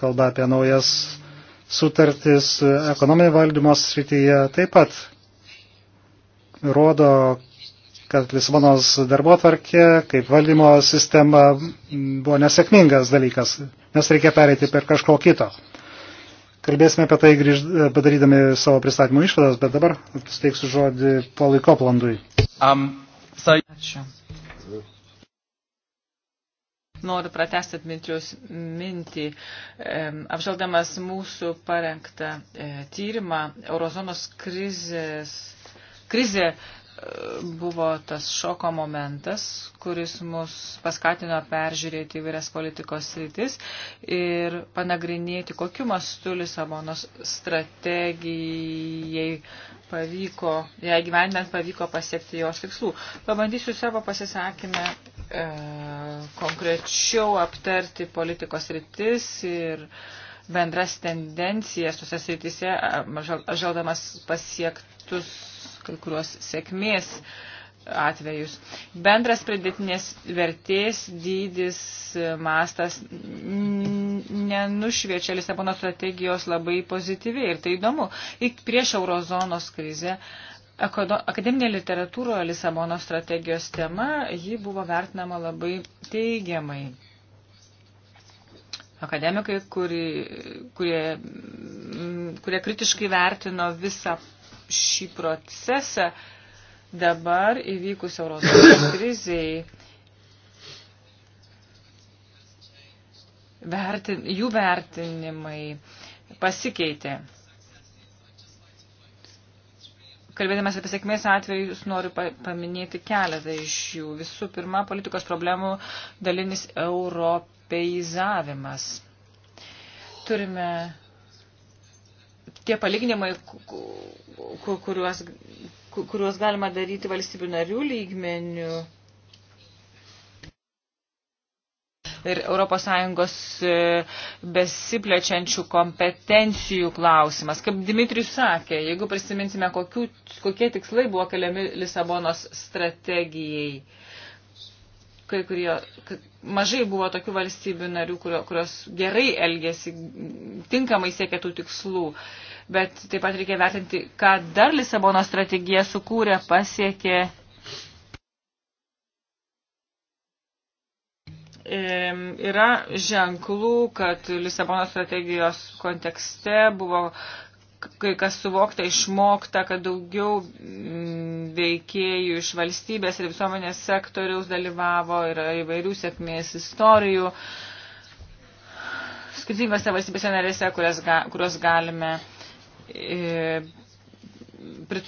kalba apie naujas sutartis ekonominio valdymo srityje, taip pat rodo, kad Lisabonos darbo tvarkė kaip valdymo sistema buvo nesėkmingas dalykas, nes reikia pereiti per kažko kito. Kalbėsime apie tai grįž, padarydami savo pristatymų išvadas, bet dabar suteiksiu žodį Polai Koplandui. Um, so... Ačiū noriu pratesti Dmitrijos mintį. Apžaldamas mūsų parengtą e, tyrimą, eurozonos krizės, krizė buvo tas šoko momentas, kuris mus paskatino peržiūrėti įvairias politikos rytis ir panagrinėti, kokiu mastu Lisabonos strategijai pavyko, jei gyvenant pavyko pasiekti jos tikslų. Pabandysiu savo pasisakymę e, konkrečiau aptarti politikos rytis ir bendras tendencijas tose srityse, žaldamas pasiektus kai kuriuos sėkmės atvejus. Bendras pridėtinės vertės dydis, e, mastas nenušviečia Lisabono strategijos labai pozityviai ir tai įdomu. Ik prieš eurozonos krizę akademinė literatūroje Lisabono strategijos tema, ji buvo vertinama labai teigiamai. Akademikai, kuri, kurie, kurie kritiškai vertino visą šį procesą dabar įvykus Eurozonos kriziai. Vertin, jų vertinimai pasikeitė. Kalbėdamas apie sėkmės atvejus, noriu paminėti keletą iš jų. Visų pirma, politikos problemų dalinis europeizavimas. Turime tie palyginimai, kuriuos, kuriuos galima daryti valstybių narių lygmenių ir ES e, besiplečiančių kompetencijų klausimas. Kaip Dimitrijus sakė, jeigu prisiminsime, kokių, kokie tikslai buvo keliami Lisabonos strategijai, kai kurie, kai, mažai buvo tokių valstybių narių, kurio, kurios gerai elgėsi, tinkamai siekė tų tikslų. Uh, bet taip pat reikia vertinti, ką dar Lisabono strategija sukūrė, pasiekė. Yra ženklų, kad Lisabono strategijos kontekste buvo kai kas suvokta, išmokta, kad daugiau mm, veikėjų iš valstybės ir visuomenės sektoriaus dalyvavo, yra įvairių sėkmės istorijų skirtingose valstybėse narėse, kurias, ga, kurios galime E,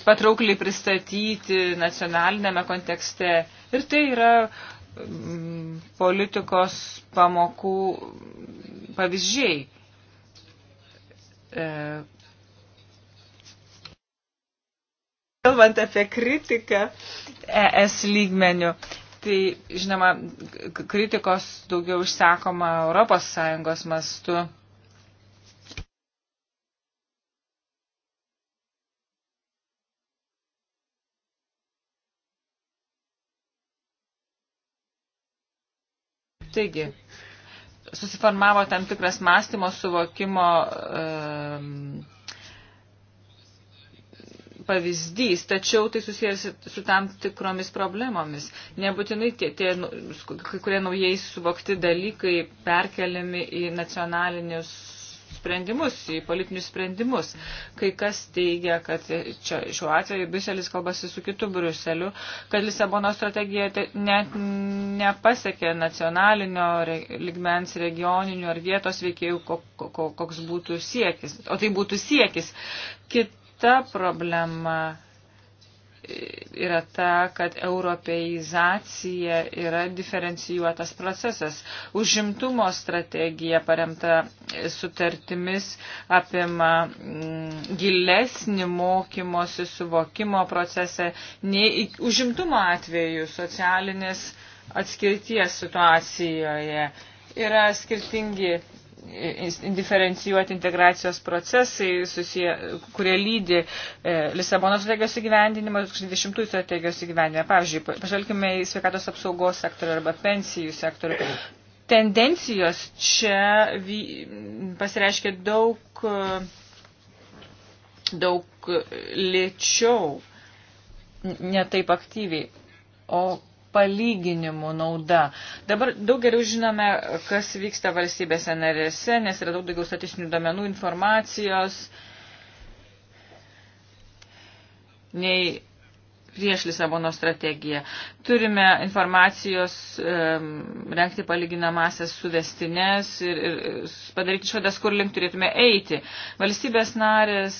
patraukliai pristatyti nacionalinėme kontekste. Ir tai yra mm, politikos pamokų pavyzdžiai. E, kalbant apie kritiką ES lygmenių, tai žinoma, kritikos daugiau išsakoma Europos Sąjungos mastu. Taigi, susiformavo tam tikras mąstymo suvokimo um, pavyzdys, tačiau tai susijęs su tam tikromis problemomis. Nebūtinai tie, tie nu, kai kurie naujai suvokti dalykai perkeliami į nacionalinius sprendimus, į politinius sprendimus. Kai kas teigia, kad čia, šiuo atveju Briuselis kalbasi su kitu Briuseliu, kad Lisabono strategija net nepasiekė nacionalinio re, ligmens regioninių ar vietos veikėjų, koks būtų siekis. O tai būtų siekis. Kita problema yra ta, kad europeizacija yra diferencijuotas procesas. Užimtumo strategija paremta sutartimis apima mm, gilesnį mokymosi suvokimo procesą nei užimtumo atveju socialinės atskirties situacijoje. Yra skirtingi indiferencijuoti integracijos procesai, susiję, kurie lydi e, Lisabonos strategijos įgyvendinimą, 2020 strategijos įgyvendinimą. Pavyzdžiui, pažvelkime į sveikatos apsaugos sektorių arba pensijų sektorių. Tendencijos čia pasireiškia daug, daug lėčiau, netaip aktyviai. O palyginimų nauda. Dabar daug geriau žinome, kas vyksta valstybėse narėse, nes yra daug daugiau statistinių domenų informacijos nei prieš Lisabono strategiją. Turime informacijos um, renkti palyginamasias suvestinės ir, ir padaryti išvadas, kur link turėtume eiti. Valstybės narės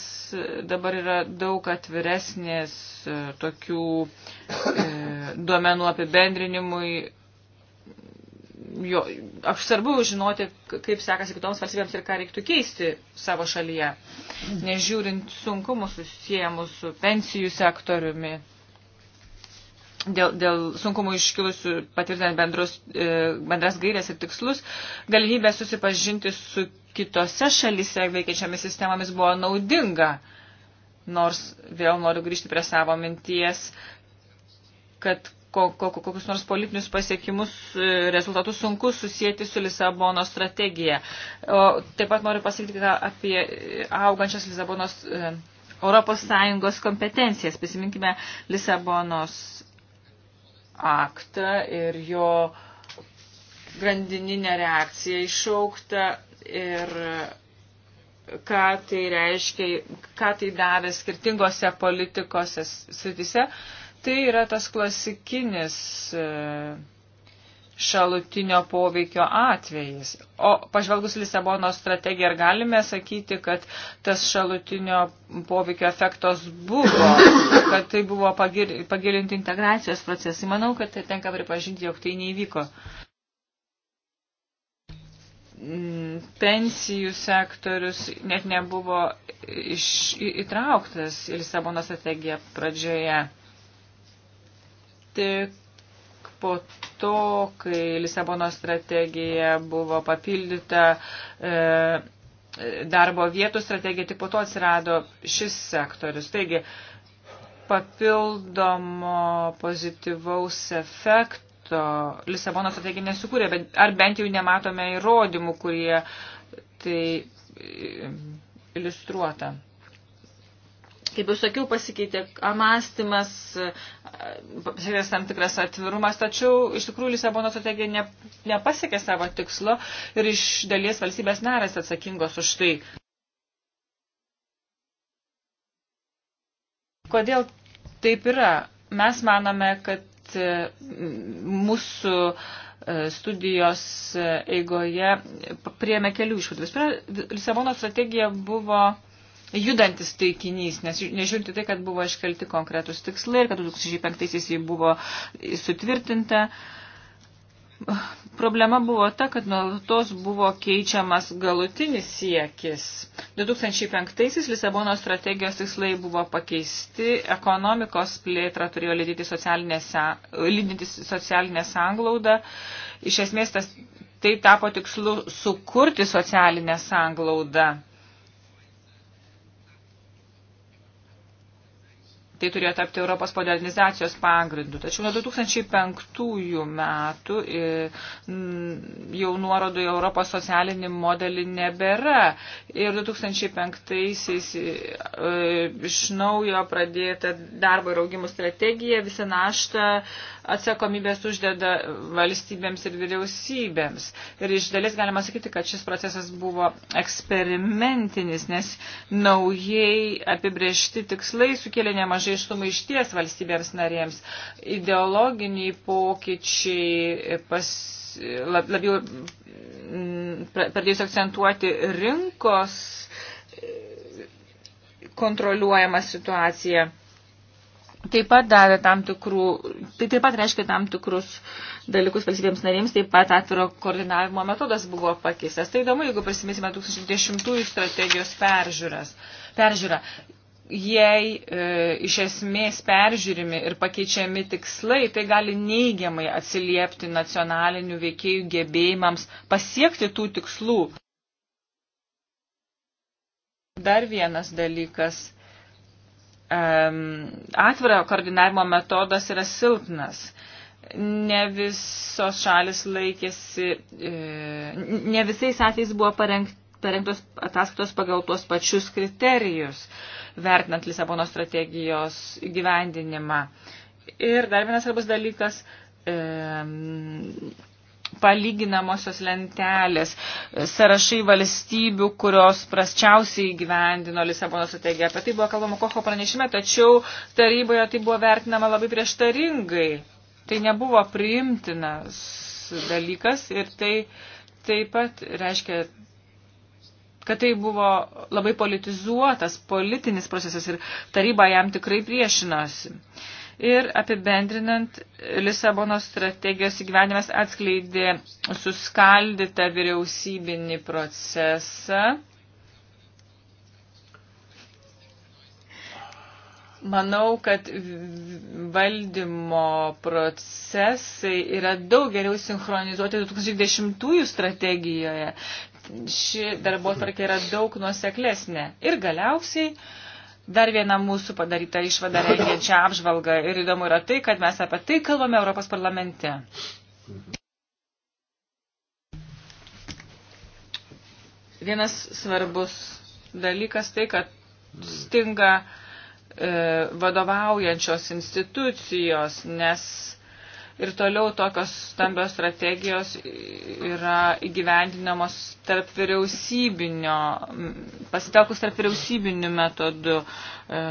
dabar yra daug atviresnės e, tokių e, duomenų apibendrinimui jo, aš svarbu žinoti, kaip sekasi kitoms valstybėms ir ką reiktų keisti savo šalyje, nežiūrint sunkumus susijęmus su pensijų sektoriumi dėl, dėl sunkumų iškilusių patvirtinant bendrus, e, bendras gairias ir tikslus, galimybė susipažinti su kitose šalise veikiančiamis sistemomis buvo naudinga. Nors vėl noriu grįžti prie savo minties, kad kokius nors politinius pasiekimus e, rezultatus sunku susijęti su Lisabono strategija. O taip pat noriu pasakyti apie augančias Lisabonos e, Europos Sąjungos kompetencijas. Prisiminkime Lisabonos aktą ir jo grandininę reakciją iššauktą ir ką tai reiškia, ką tai davė skirtingose politikose sritise, tai yra tas klasikinis e, šalutinio poveikio atvejais. O pažvelgus Lisabono strategiją, ar galime sakyti, kad tas šalutinio poveikio efektos buvo, kad tai buvo pagir, pagilinti integracijos procesai. Manau, kad tai tenka pripažinti, jog tai neįvyko. Mm, pensijų sektorius net nebuvo iš, įtrauktas į Lisabono strategiją pradžioje. Tik po to, kai Lisabono strategija buvo papildyta e, darbo vietų strategija, tik po to atsirado šis sektorius. Taigi, papildomo pozityvaus efekto Lisabono strategija nesukūrė, bet, ar bent jau nematome įrodymų, kurie tai e, iliustruota. Kaip jau sakiau, pasikeitė amastymas, pasiekęs tam tikras atvirumas, tačiau iš tikrųjų Lisabono strategija ne, nepasiekė savo tikslo ir iš dalies valstybės narės atsakingos už tai. Kodėl taip yra? Mes manome, kad mm, mūsų e, studijos eigoje priėmė kelių išvadų. Lisabono strategija buvo judantis taikinys, nes nežiūrinti tai, kad buvo iškelti konkretus tikslai ir kad 2005-aisiais jį buvo sutvirtinta. Problema buvo ta, kad nuolatos buvo keičiamas galutinis siekis. 2005-aisiais Lisabono strategijos tikslai buvo pakeisti, ekonomikos plėtra turėjo lydinti socialinę, socialinę sanglaudą. Iš esmės tas, tai tapo tikslu sukurti socialinę sanglaudą tai turėjo tapti Europos modernizacijos pagrindu. Tačiau nuo 2005 metų e, jau nuorodų į Europos socialinį modelį nebėra. Ir 2005-aisiais e, iš naujo pradėta darbo ir augimų strategija visą naštą atsakomybės uždeda valstybėms ir vyriausybėms. Ir iš dalies galima sakyti, kad šis procesas buvo eksperimentinis, nes naujai apibriešti tikslai sukėlė nemažai sumaišties valstybėms narėms. Ideologiniai pokyčiai pas, lab, labiau mm, pradėjus akcentuoti rinkos kontroliuojama situacija taip pat davė tam tikrų, tai taip pat reiškia tam tikrus dalykus valstybėms narėms, taip pat atviro koordinavimo metodas buvo pakeistas. Tai įdomu, jeigu prisimėsime 2010 strategijos peržiūras, peržiūrą. Jei e, iš esmės peržiūrimi ir pakeičiami tikslai, tai gali neigiamai atsiliepti nacionalinių veikėjų gebėjimams pasiekti tų tikslų. Dar vienas dalykas atvirojo koordinavimo metodas yra silpnas. Ne visos šalis laikėsi, e, ne visais atvejais buvo parengtos ataskaitos pagal tuos pačius kriterijus, vertinant Lisabono strategijos įgyvendinimą. Ir dar vienas svarbus dalykas, palyginamosios lentelės, sąrašai valstybių, kurios prasčiausiai gyvendino Lisabono strategiją. Apie tai buvo kalbama Kocho pranešime, tačiau taryboje tai buvo vertinama labai prieštaringai. Tai nebuvo priimtinas dalykas ir tai taip pat reiškia kad tai buvo labai politizuotas, politinis procesas ir taryba jam tikrai priešinosi. Uh, Ir apibendrinant, Lisabono strategijos įgyvenimas atskleidė suskaldytą vyriausybinį procesą. Manau, kad valdymo procesai yra daug geriau sinchronizuoti 2010 strategijoje. Ši darbo tvarkė yra daug nuoseklesnė. Ir galiausiai uh, Dar viena mūsų padaryta išvada rengiančia apžvalga ir įdomu yra tai, kad mes apie tai kalbame Europos parlamente. Vienas svarbus dalykas tai, kad stinga e, vadovaujančios institucijos, nes ir toliau tokios stambios strategijos yra įgyvendinamos tarp vyriausybinio, pasitelkus tarp vyriausybinių metodų, e,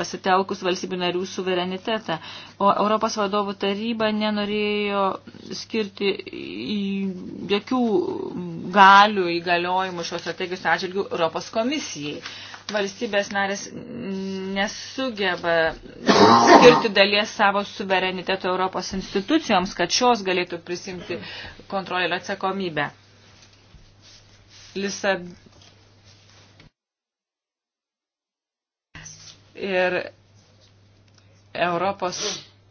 pasitelkus valstybių narių suverenitetą. O Europos vadovų taryba nenorėjo skirti jokių galių įgaliojimų šios strategijos atžvilgių Europos komisijai valstybės narės nesugeba skirti dalies savo suvereniteto Europos institucijoms, kad šios galėtų prisimti kontrolę ir atsakomybę. Lisa... Ir Europos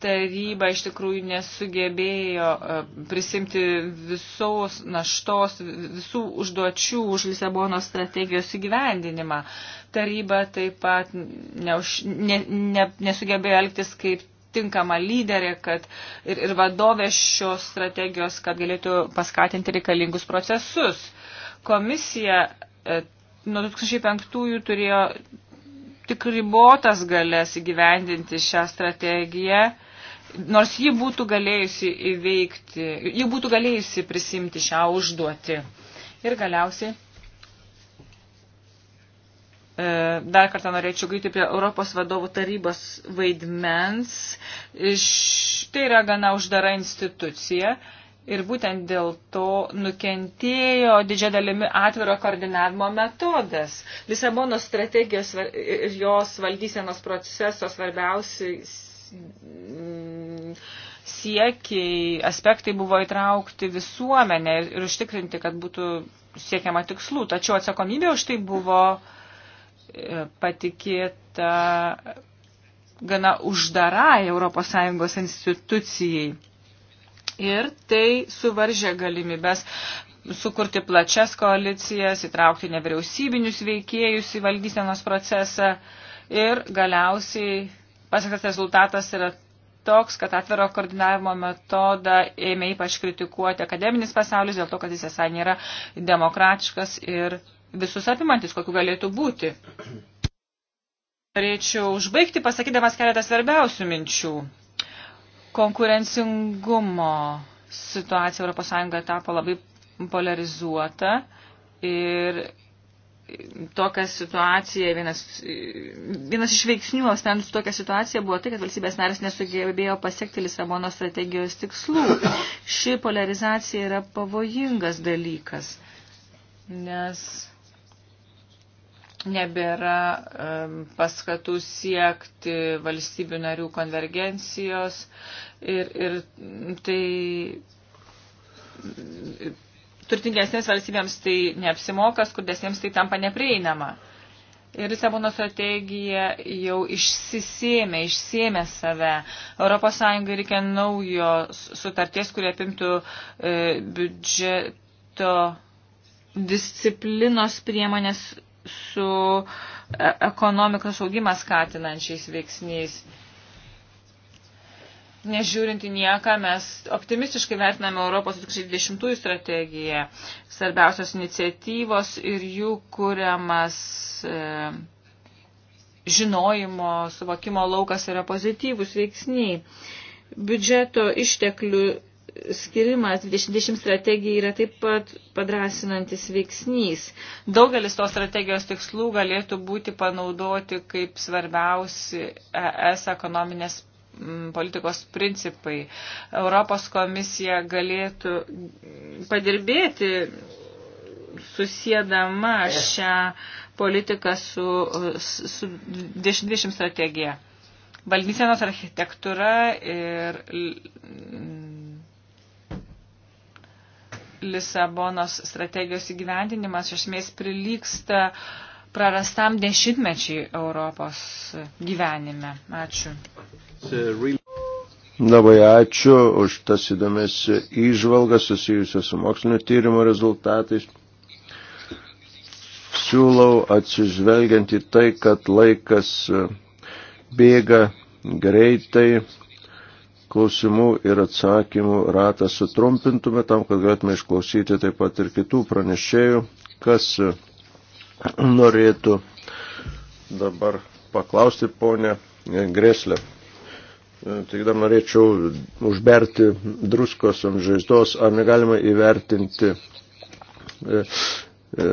taryba iš tikrųjų nesugebėjo e, prisimti visos naštos, visų užduočių už Lisabono strategijos įgyvendinimą. Taryba taip pat neuž, ne, ne, nesugebėjo elgtis kaip tinkama lyderė kad, ir, ir vadovė šios strategijos, kad galėtų paskatinti reikalingus procesus. Komisija e, nuo 2005 turėjo tik ribotas galės įgyvendinti šią strategiją. E, nors ji būtų galėjusi įveikti, ji būtų galėjusi prisimti šią užduotį. Ir galiausiai e, dar kartą norėčiau grįžti prie Europos vadovų tarybos vaidmens. Tai yra gana uždara institucija. Ir būtent dėl to nukentėjo didžia dalimi atviro koordinavimo metodas. Lisabonos strategijos ir jos valdysenos proceso svarbiausiais siekiai, aspektai buvo įtraukti visuomenę ir, ir užtikrinti, kad būtų siekiama tikslų. Tačiau atsakomybė už tai buvo e, patikėta gana uždarai ES institucijai. Ir tai suvaržė galimybės sukurti plačias koalicijas, įtraukti nevyriausybinius veikėjus į valdysenos procesą ir galiausiai pasiektas rezultatas yra toks, kad atviro koordinavimo metodą ėmė ypač kritikuoti akademinis pasaulis dėl to, kad jis esai nėra demokratiškas ir visus apimantis, kokiu galėtų būti. Norėčiau užbaigti pasakydamas keletą svarbiausių minčių. Konkurencingumo situacija ES tapo labai polarizuota ir tokią situaciją, vienas, vienas iš veiksnių apsprendus tokią situaciją buvo tai, kad valstybės narės nesugebėjo pasiekti Lisabono strategijos tikslų. Ši polarizacija yra pavojingas dalykas, nes nebėra um, paskatų siekti valstybių narių konvergencijos ir, ir tai turtingesnėms valstybėms tai neapsimoka, skurdesnėms tai tampa neprieinama. Ir Lisabono strategija jau išsisėmė, išsėmė save. Europos Sąjungai reikia naujo sutarties, kurie apimtų e, biudžeto disciplinos priemonės su e, ekonomikos augimas skatinančiais veiksniais. E, nežiūrinti nieką, mes optimistiškai vertiname Europos 2020 strategiją, svarbiausios iniciatyvos ir jų kuriamas e, žinojimo, suvokimo laukas yra pozityvus veiksniai. Biudžeto išteklių skirimas 2020 strategijai yra taip pat padrasinantis veiksnys. Daugelis tos strategijos tikslų galėtų būti panaudoti kaip svarbiausi ES ekonominės Mm, politikos principai. Europos komisija galėtų padirbėti susėdama šią politiką su, su 2020 strategija. Valdysenos architektūra ir Lisabonos strategijos įgyvendinimas iš esmės prilyksta prarastam dešimtmečiai Europos gyvenime. Ačiū. Labai ačiū už tas įdomias įžvalgas susijusias su mokslinio tyrimo rezultatais. Siūlau atsižvelgiant į tai, kad laikas bėga greitai, klausimų ir atsakymų ratą sutrumpintume tam, kad galėtume išklausyti taip pat ir kitų pranešėjų, kas norėtų dabar paklausti ponę Greslę. E, Taigi dar norėčiau užberti druskos ant žaizdos, ar negalima įvertinti, e, e,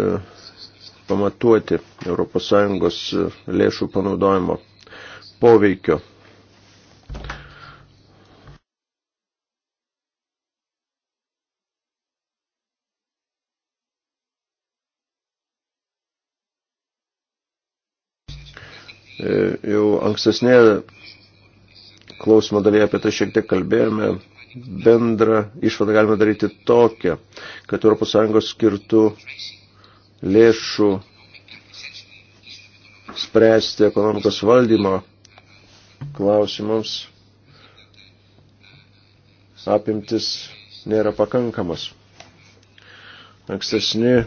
pamatuoti ES e, lėšų panaudojimo poveikio. E, jau ankstesnėje klausimo dalyje apie tai šiek tiek kalbėjome, bendrą išvadą galima daryti tokią, kad ES skirtų lėšų spręsti ekonomikos valdymo klausimams apimtis nėra pakankamas. Ankstesni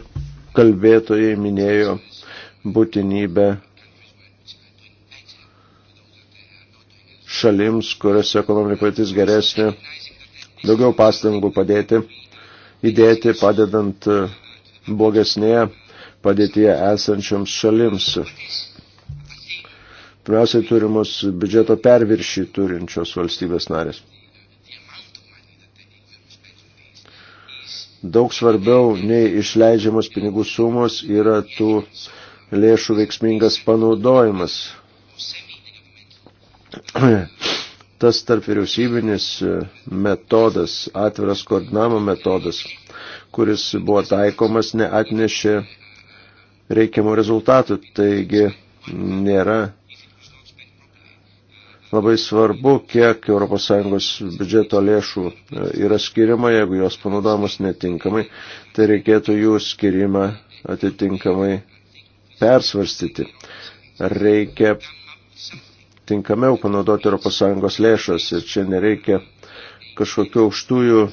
kalbėtojai minėjo būtinybę šalims, kuriuose ekonominė patys geresnė, daugiau pastangų padėti, įdėti, padedant e, blogesnėje padėtyje esančioms šalims. Pirmiausiai turimus biudžeto perviršį turinčios valstybės narės. Daug svarbiau nei išleidžiamos pinigų sumos yra tų lėšų veiksmingas panaudojimas. tas tarp vyriausybinis e, metodas, atviras koordinavimo metodas, kuris buvo taikomas, neatnešė reikiamų rezultatų. Taigi nėra labai svarbu, kiek ES biudžeto lėšų e, yra skiriama, jeigu jos panaudojamos netinkamai, tai reikėtų jų skirimą atitinkamai persvarstyti. Reikia tinkamiau panaudoti ES lėšas ir čia nereikia kažkokių aukštųjų e,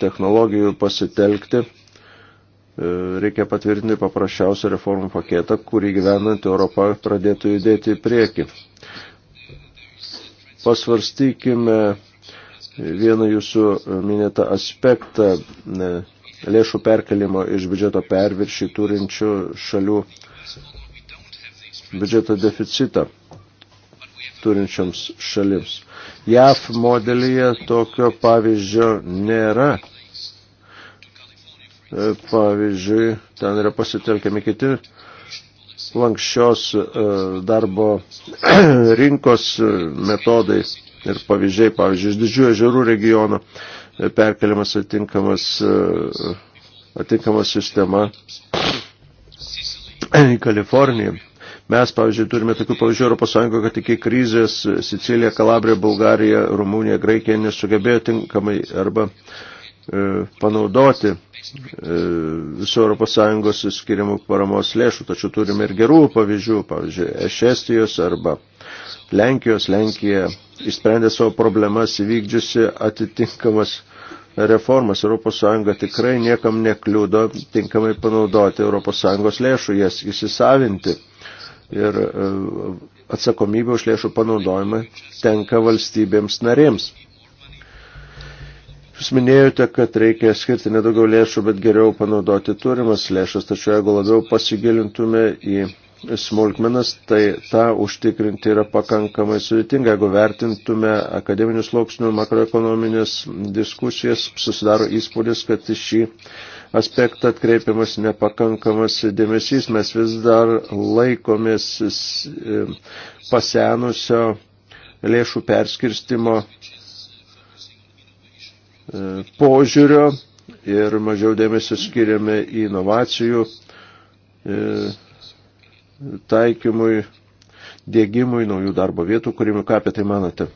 technologijų pasitelkti. E, reikia patvirtinti paprasčiausią reformų paketą, kurį gyvenant Europą pradėtų judėti į priekį. Pasvarstykime vieną jūsų minėtą aspektą e, lėšų perkelimo iš biudžeto perviršį turinčių šalių biudžeto deficitą turinčioms šalims. JAF modelyje tokio pavyzdžio nėra. E, pavyzdžiui, ten yra pasitelkiami kiti lankščios e, darbo rinkos e, metodai ir pavyzdžiai, pavyzdžiui, iš didžiųjų ežerų regiono perkeliamas atinkamas, atinkamas sistema į Kaliforniją. Mes, pavyzdžiui, turime tokių pavyzdžių Europos Sąjungoje, kad iki krizės Sicilija, Kalabrija, Bulgarija, Rumunija, Graikija nesugebėjo tinkamai arba e, panaudoti e, viso Europos Sąjungos skiriamų paramos lėšų. Tačiau turime ir gerų pavyzdžių, pavyzdžiui, Ešestijos arba Lenkijos. Lenkija išsprendė savo problemas įvykdžiusi atitinkamas reformas Europos Sąjunga tikrai niekam nekliudo tinkamai panaudoti Europos Sąjungos lėšų, jas įsisavinti ir e, atsakomybė už lėšų panaudojimą tenka valstybėms narėms. Jūs minėjote, kad reikia skirti nedaugiau lėšų, bet geriau panaudoti turimas lėšas, tačiau jeigu labiau pasigilintume į smulkmenas, tai tą užtikrinti yra pakankamai sudėtinga. Jeigu vertintume akademinius lauksnių makroekonominės diskusijas, susidaro įspūdis, kad šį aspektą atkreipiamas nepakankamas dėmesys. Mes vis dar laikomės e, pasenusio lėšų perskirstimo e, požiūrio ir mažiau dėmesio skiriame į inovacijų e, taikymui, dėgymui, naujų darbo vietų kūrimui. Ką apie tai manote?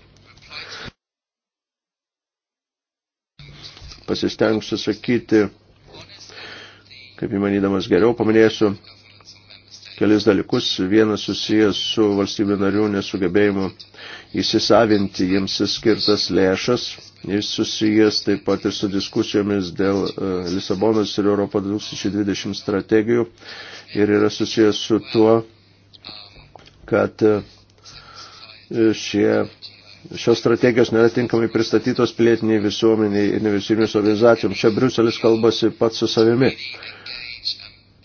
Pasistengsiu sakyti kaip įmanydamas geriau, paminėsiu kelis dalykus. Vienas susijęs su valstybių narių nesugebėjimu įsisavinti jiems skirtas lėšas. Jis susijęs taip pat ir su diskusijomis dėl e, Lisabonos ir Europo 2020 strategijų ir yra susijęs su tuo, kad e, šie, šios strategijos nėra tinkamai pristatytos pilietiniai visuomeniai ir nevyriausybinės organizacijoms. Čia Briuselis kalbasi pats su savimi.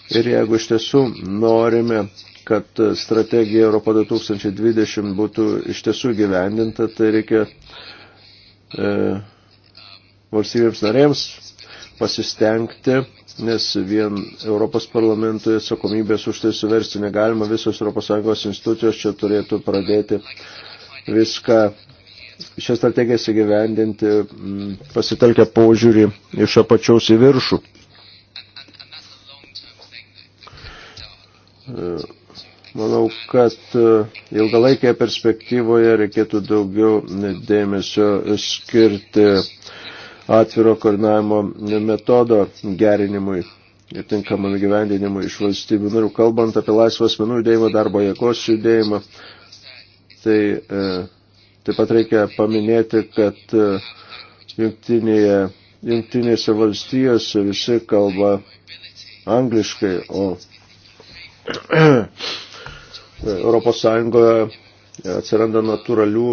Ir jeigu iš tiesų norime, kad strategija Europa 2020 būtų iš tiesų gyvendinta, tai reikia e, valstybėms narėms pasistengti, nes vien Europos parlamentui atsakomybės už tai suversti negalima, visos ES institucijos čia turėtų pradėti viską šią strategiją įsigyvendinti, pasitelkę požiūrį iš apačiaus į viršų. E, manau, kad e, ilgalaikėje perspektyvoje reikėtų daugiau dėmesio skirti atviro koordinavimo metodo gerinimui ir tinkamam gyvendinimui iš valstybių narių. Kalbant apie laisvą asmenų judėjimą, darbo jėgos judėjimą, tai e, taip pat reikia paminėti, kad e, jungtinėje, jungtinėse valstijose visi kalba angliškai, o Europos Sąjungoje e, atsiranda natūralių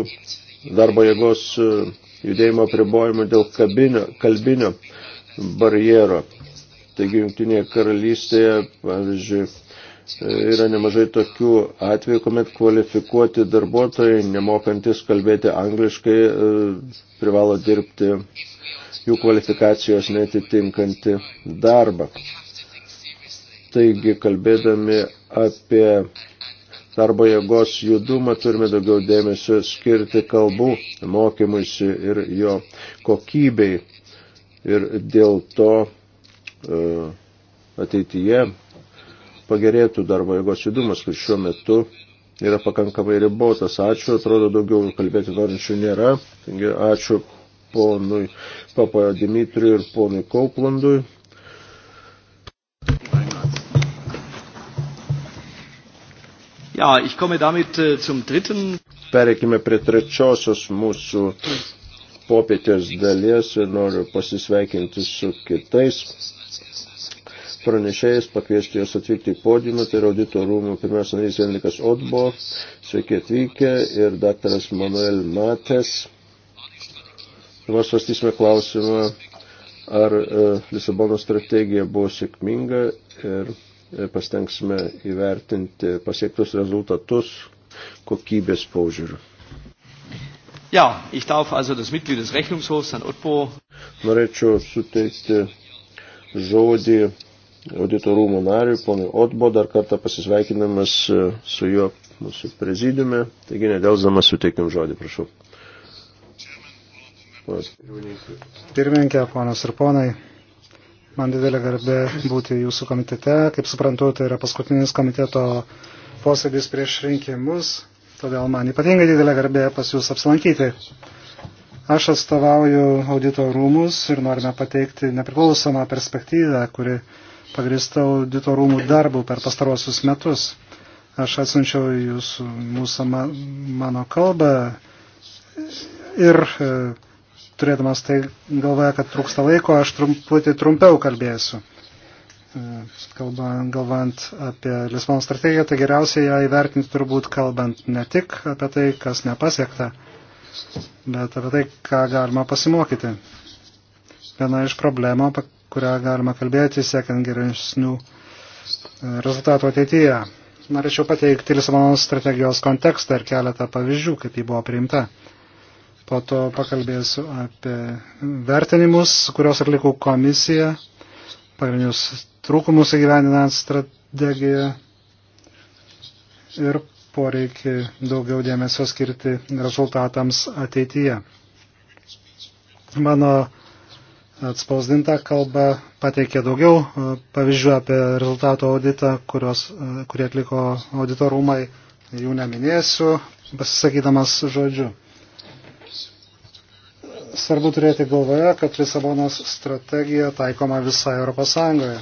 darbo jėgos e, judėjimo pribojimų dėl kabinio, kalbinio barjero. Taigi Junktinėje karalystėje, pavyzdžiui, e, yra nemažai tokių atvejų, kuomet kvalifikuoti darbuotojai, nemokantis kalbėti angliškai, privalo dirbti jų kvalifikacijos netitinkantį darbą. Taigi, kalbėdami apie darbo jėgos judumą turime daugiau dėmesio skirti kalbų mokymuisi ir jo kokybei. Ir dėl to uh, ateityje pagerėtų darbo jėgos judumas, kuris šiuo metu yra pakankamai ribotas. Ačiū, atrodo daugiau kalbėti norinčių nėra. Taigi ačiū ponui Papajo Dimitriui ir ponui Kauplandui. Ja, ich komme damit äh, zum dritten. Pereikime prie trečiosios mūsų popietės dalies ir noriu pasisveikinti su kitais pranešėjais, pakviesti jos atvykti į podiumą, tai yra audito rūmų pirmiausia narys Enrikas Otbo, sveiki atvykę, ir daktaras Manuel Mates. Mes svarstysime klausimą, ar e, Lisabono strategija buvo sėkminga ir pastengsime įvertinti pasiektus rezultatus kokybės paužiūrių. Ja, ich darf also das Mitglied des Rechnungshofs, Herrn Otpo. Norėčiau suteikti žodį auditorumų nariui, ponui Otbo, dar kartą pasisveikinamas su juo mūsų prezidiume. Taigi, nedelsdamas suteikim žodį, prašau. Pirmininkė, ponas ir ponai. Man didelė garbė būti jūsų komitete. Kaip suprantu, tai yra paskutinis komiteto posėdis prieš rinkimus, todėl man ypatingai didelė garbė pas jūs apsilankyti. Aš atstovauju audito rūmus ir norime pateikti nepriklausomą perspektyvą, kuri pagrįsta audito rūmų darbų per pastaruosius metus. Aš atsunčiau jūsų, mūsų mano kalbą ir e, turėdamas tai galvoje, kad trūksta laiko, aš trumputį trumpiau kalbėsiu. E, kalbant, galvant apie Lisbono strategiją, tai geriausia ją įvertinti turbūt kalbant ne tik apie tai, kas nepasiekta, bet apie tai, ką galima pasimokyti. Viena iš problemų, apie kurią galima kalbėti, siekiant geresnių e, rezultatų ateityje. Norėčiau pateikti Lisbono strategijos kontekstą ir keletą pavyzdžių, kaip ji buvo priimta. Po to pakalbėsiu apie vertinimus, kurios atliko komisija, pagrindinius trūkumus įgyvendinant strategiją ir poreikį daugiau dėmesio skirti rezultatams ateityje. Mano atspausdinta kalba pateikė daugiau e, pavyzdžių apie rezultato auditą, kurios, e, kurie atliko auditorumai, jų neminėsiu, pasisakydamas žodžiu svarbu turėti galvoje, kad Lisabonos strategija taikoma visai Europos Sąjungoje.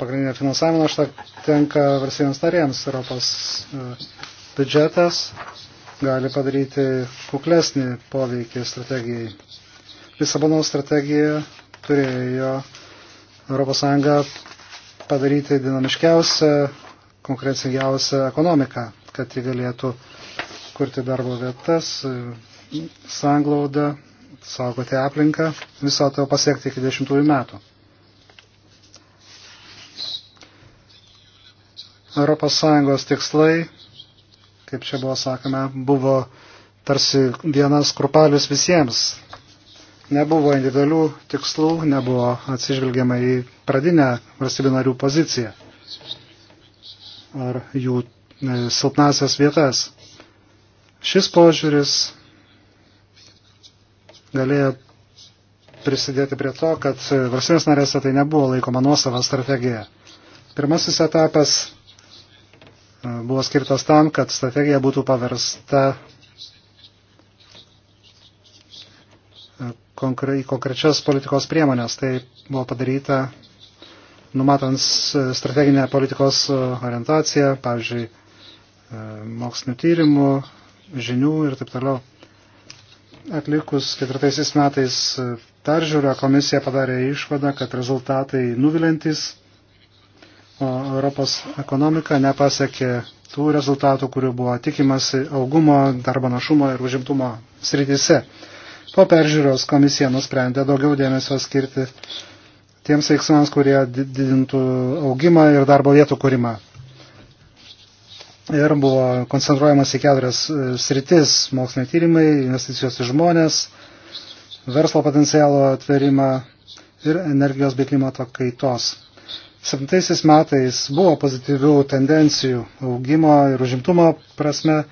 Pagrindinė finansavimo našta tenka valstybėms narėms. Europos e, biudžetas gali padaryti kuklesnį poveikį strategijai. Lisabonos strategija turėjo Europos Sąjungą padaryti dinamiškiausią, konkurencingiausią ekonomiką, kad ji galėtų kurti darbo vietas, sanglaudą, saugoti aplinką, viso to pasiekti iki dešimtųjų metų. ES tikslai, kaip čia buvo sakome, buvo tarsi vienas krupalius visiems. Nebuvo individualių tikslų, nebuvo atsižvelgiama į pradinę valstybių narių poziciją ar jų e, silpnasias vietas. Šis požiūris galėjo prisidėti prie to, kad valstybės narėse tai nebuvo laikoma nuosava strategija. Pirmasis etapas e, buvo skirtas tam, kad strategija būtų paversta e, į konkrečias politikos priemonės. Tai buvo padaryta numatant e, strateginę politikos orientaciją, pavyzdžiui, mokslinių tyrimų, žinių ir taip toliau atlikus ketvirtaisiais metais peržiūrą, komisija padarė išvadą, kad rezultatai nuvilintis, o Europos ekonomika nepasiekė tų rezultatų, kurių buvo tikimasi augumo, darbo našumo ir užimtumo srityse. Po peržiūros komisija nusprendė daugiau dėmesio skirti tiems veiksmams, kurie didintų augimą ir darbo vietų kūrimą ir buvo koncentruojamas į keturias e, sritis - moksliniai tyrimai, investicijos į žmonės, verslo potencialo atverimą ir energijos bei klimato kaitos. Septintaisiais metais buvo pozityvių tendencijų augimo ir užimtumo prasme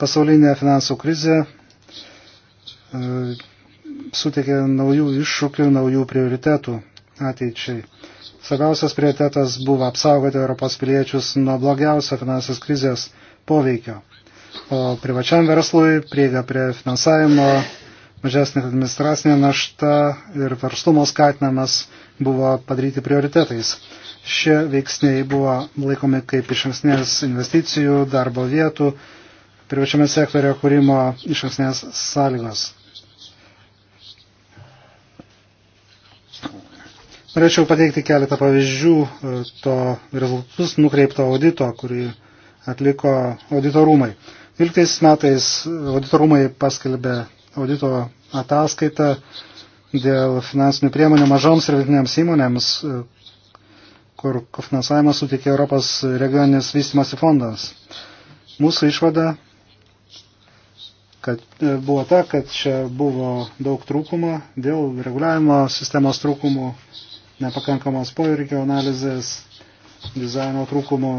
pasaulinė finansų krizė e, suteikė naujų iššūkių, naujų prioritetų ateičiai. Svarbiausias prioritetas buvo apsaugoti Europos piliečius nuo blogiausio finansės krizės poveikio, o privačiam verslui prieiga prie finansavimo, mažesnė administracinė našta ir verslumo skatinamas buvo padaryti prioritetais. Šie veiksniai buvo laikomi kaip iš anksnės investicijų, darbo vietų, privačiame sektorio kūrimo iš anksnės sąlygos. Norėčiau pateikti keletą pavyzdžių e, to rezultatus nukreipto audito, kurį atliko audito rūmai. 12 metais audito rūmai paskelbė audito ataskaitą dėl finansinių priemonių mažoms ir vidutinėms įmonėms, e, kur finansavimą suteikė Europos regioninis vystimosi fondas. Mūsų išvada kad e, buvo ta, kad čia buvo daug trūkumo dėl reguliavimo sistemos trūkumų nepakankamos poveikio analizės, dizaino trūkumų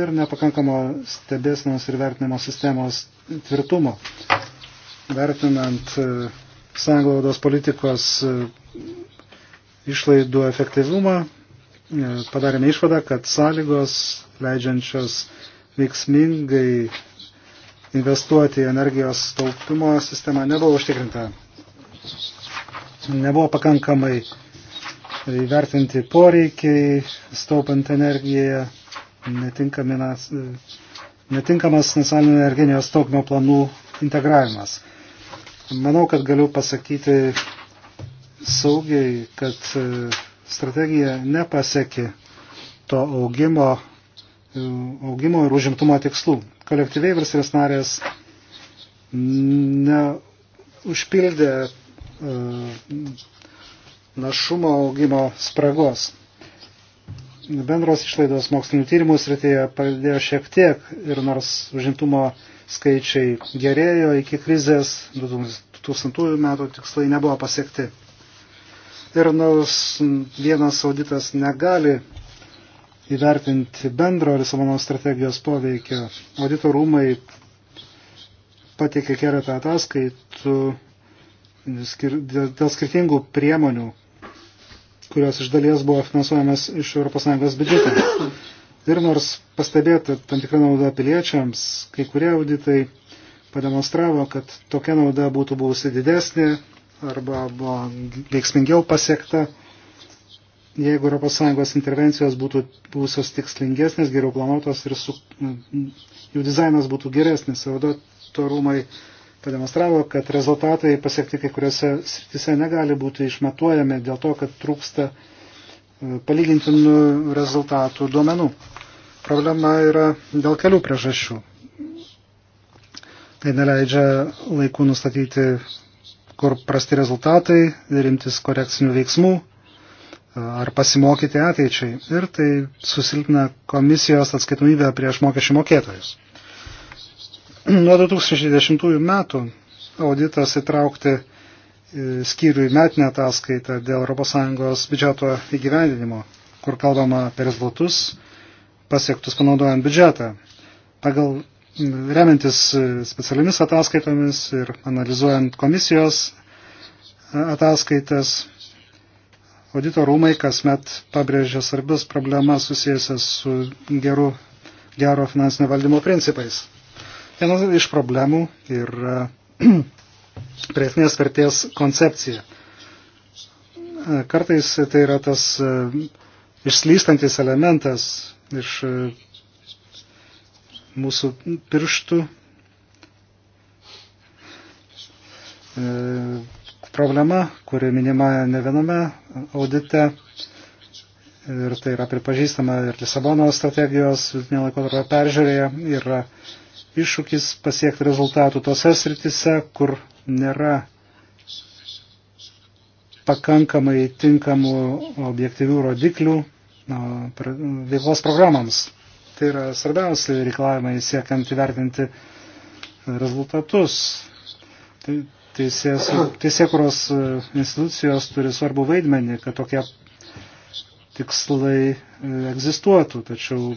ir nepakankamo stebėsnos ir vertinimo sistemos tvirtumo. Vertinant e, sąnglaudos politikos e, išlaidų efektyvumą, e, padarėme išvadą, kad sąlygos leidžiančios veiksmingai investuoti į energijos taupimo sistemą nebuvo užtikrinta. Nebuvo pakankamai uh, įvertinti poreikiai, staupant energiją, netinkamas nacionalinio energinijos taupimo planų integravimas. Manau, kad galiu pasakyti saugiai, kad e, strategija nepasiekė to augimo, e, augimo ir užimtumo tikslų. Kolektyviai valstybės narės neužpildė uh, našumo augimo spragos. Bendros išlaidos mokslinių tyrimų srityje padėjo šiek tiek ir nors užimtumo skaičiai gerėjo iki krizės, 2000 metų tikslai nebuvo pasiekti. Ir nors vienas auditas negali įvertinti bendro Lisabono strategijos poveikio, audito rūmai pateikė keletą ataskaitų skir, dėl skirtingų priemonių, kurios iš dalies buvo finansuojamas iš ES biudžeto. Ir nors pastebėta tam tikra nauda piliečiams, kai kurie auditai pademonstravo, kad tokia nauda būtų buvusi didesnė arba buvo veiksmingiau pasiekta, jeigu ES intervencijos būtų buvusios tikslingesnės, geriau planuotos ir su, jų dizainas būtų geresnis. Auditorumai rūmai pademonstravo, kad rezultatai pasiekti kai kuriuose srityse negali būti išmatuojami dėl to, kad trūksta e, palygintinų rezultatų duomenų. Problema yra dėl kelių priežasčių. Tai neleidžia laikų nustatyti, kur prasti rezultatai ir imtis korekcinių veiksmų e, ar pasimokyti ateičiai. Ir tai susilpna komisijos atskaitomybę prieš mokesčių mokėtojus. Nuo 2010 metų auditas įtraukti e, skyrių į metinę ataskaitą dėl ES biudžeto įgyvendinimo, kur kalbama apie rezultatus pasiektus panaudojant biudžetą. Pagal remiantis e, specialiamis ataskaitomis ir analizuojant komisijos e, ataskaitas, audito rūmai kasmet pabrėžia svarbias problemas susijusias su geru, gero finansinio valdymo principais. Vienas iš problemų yra priesnės vertės koncepcija. Kartais tai yra tas e, išslystantis elementas iš e, mūsų pirštų. E, problema, kuri minima ne viename audite, ir tai yra pripažįstama ir Lisabono strategijos vidutinio laikotarpio peržiūrėje, yra iššūkis pasiekti rezultatų tose sritise, kur nėra pakankamai tinkamų objektyvių rodiklių veiklos programams. Tai yra svarbiausi reikalavimai siekiant įvertinti rezultatus. Tai Teisėkuros institucijos turi svarbu vaidmenį, kad tokie tikslai egzistuotų, tačiau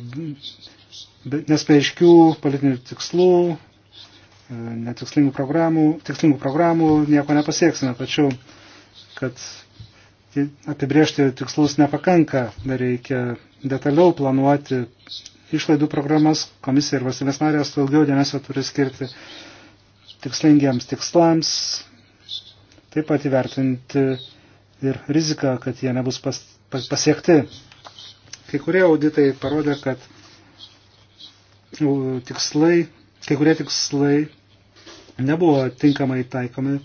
nespaiškių politinių tikslų, e, netikslingų programų, tikslingų programų nieko nepasieksime, tačiau, kad apibriežti tikslus nepakanka, reikia detaliau planuoti išlaidų programas, komisija ir valstybės narės daugiau dėmesio turi skirti tikslingiems tikslams, taip pat įvertinti ir riziką, kad jie nebus pas, pas, pasiekti. Kai kurie auditai parodė, kad tačiau tikslai, kai kurie tikslai nebuvo tinkamai taikomi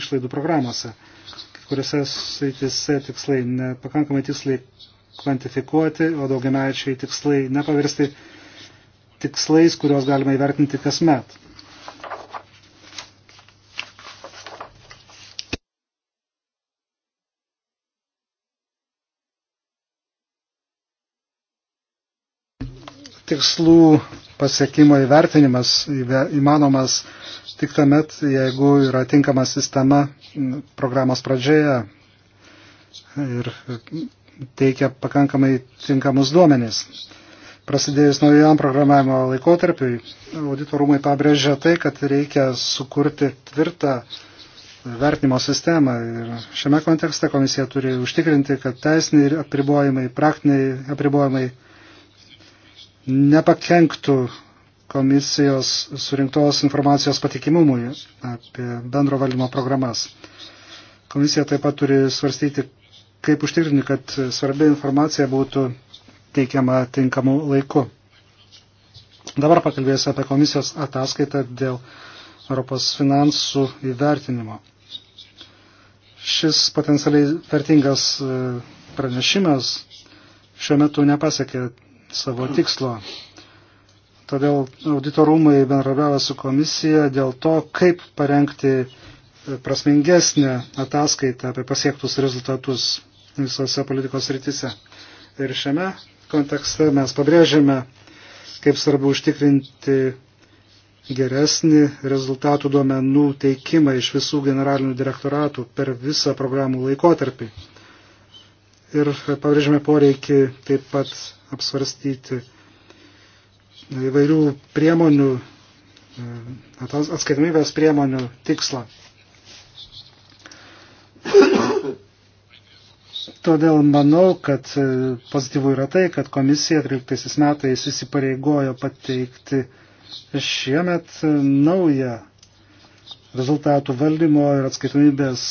išlaidų programuose, kai kuriuose sveitise tikslai nepakankamai tiksliai kvantifikuoti, o daugiamečiai tikslai nepaversti tikslais, kuriuos galima įvertinti kasmet. tikslų pasiekimo įvertinimas įmanomas tik tamet, jeigu yra tinkama sistema programos pradžioje ir teikia pakankamai tinkamus duomenys. Prasidėjus naujam programavimo laikotarpiui, auditorumai pabrėžia tai, kad reikia sukurti tvirtą vertinimo sistemą. Ir šiame kontekste komisija turi užtikrinti, kad teisiniai apribojimai, praktiniai apribojimai nepakenktų komisijos surinktos informacijos patikimumui apie bendro valdymo programas. Komisija taip pat turi svarstyti, kaip užtikrinti, kad svarbi informacija būtų teikiama tinkamu laiku. Dabar pakalbėsiu apie komisijos ataskaitą dėl Europos finansų įvertinimo. Šis potencialiai vertingas e, pranešimas šiuo metu nepasiekė savo tikslo. Todėl auditorumai bendradarbiavo su komisija dėl to, kaip parengti prasmingesnę ataskaitą apie pasiektus rezultatus visose politikos rytise. Ir šiame kontekste mes pabrėžėme, kaip svarbu užtikrinti geresnį rezultatų duomenų teikimą iš visų generalinių direktoratų per visą programų laikotarpį. Ir pabrėžėme poreikį taip pat apsvarstyti e, įvairių priemonių, e, atskaitomybės priemonių tikslą. Todėl manau, kad e, pozityvų yra tai, kad komisija 13 metais susipareigojo pateikti šiemet naują rezultatų valdymo ir atskaitomybės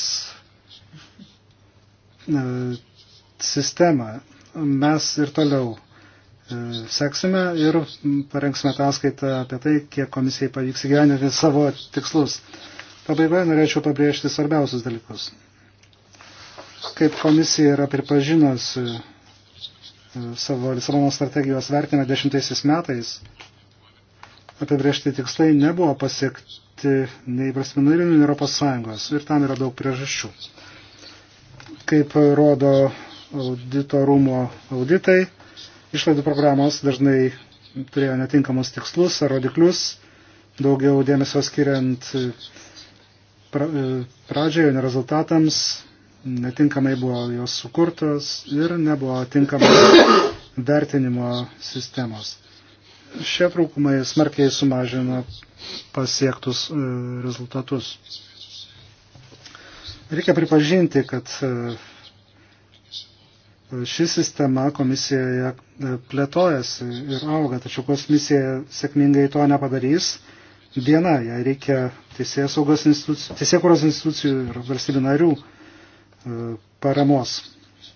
sistemą. Mes ir toliau seksime ir parengsime ataskaitą apie tai, kiek komisijai pavyks įgyveninti savo tikslus. Pabaigoje norėčiau pabrėžti svarbiausius dalykus. Kaip komisija yra pripažinus e, savo Lisabono strategijos vertinimą dešimtaisiais metais, apibriežti tikslai nebuvo pasiekti nei prasminurinių Europos Sąjungos ir tam yra daug priežasčių. Kaip rodo auditorumo auditai, Išlaidų programos dažnai turėjo netinkamus tikslus ar rodiklius, daugiau dėmesio skiriant e, pra, e, pradžioje, ne rezultatams, netinkamai buvo jos sukurtos ir nebuvo tinkamos vertinimo sistemos. Šie trūkumai smarkiai sumažino pasiektus e, rezultatus. Reikia pripažinti, kad ši sistema komisijoje e, plėtojasi ir auga, tačiau komisija sėkmingai to nepadarys. Viena, jai reikia teisėkuros institucijų, teisė institucijų ir valstybių narių e, paramos.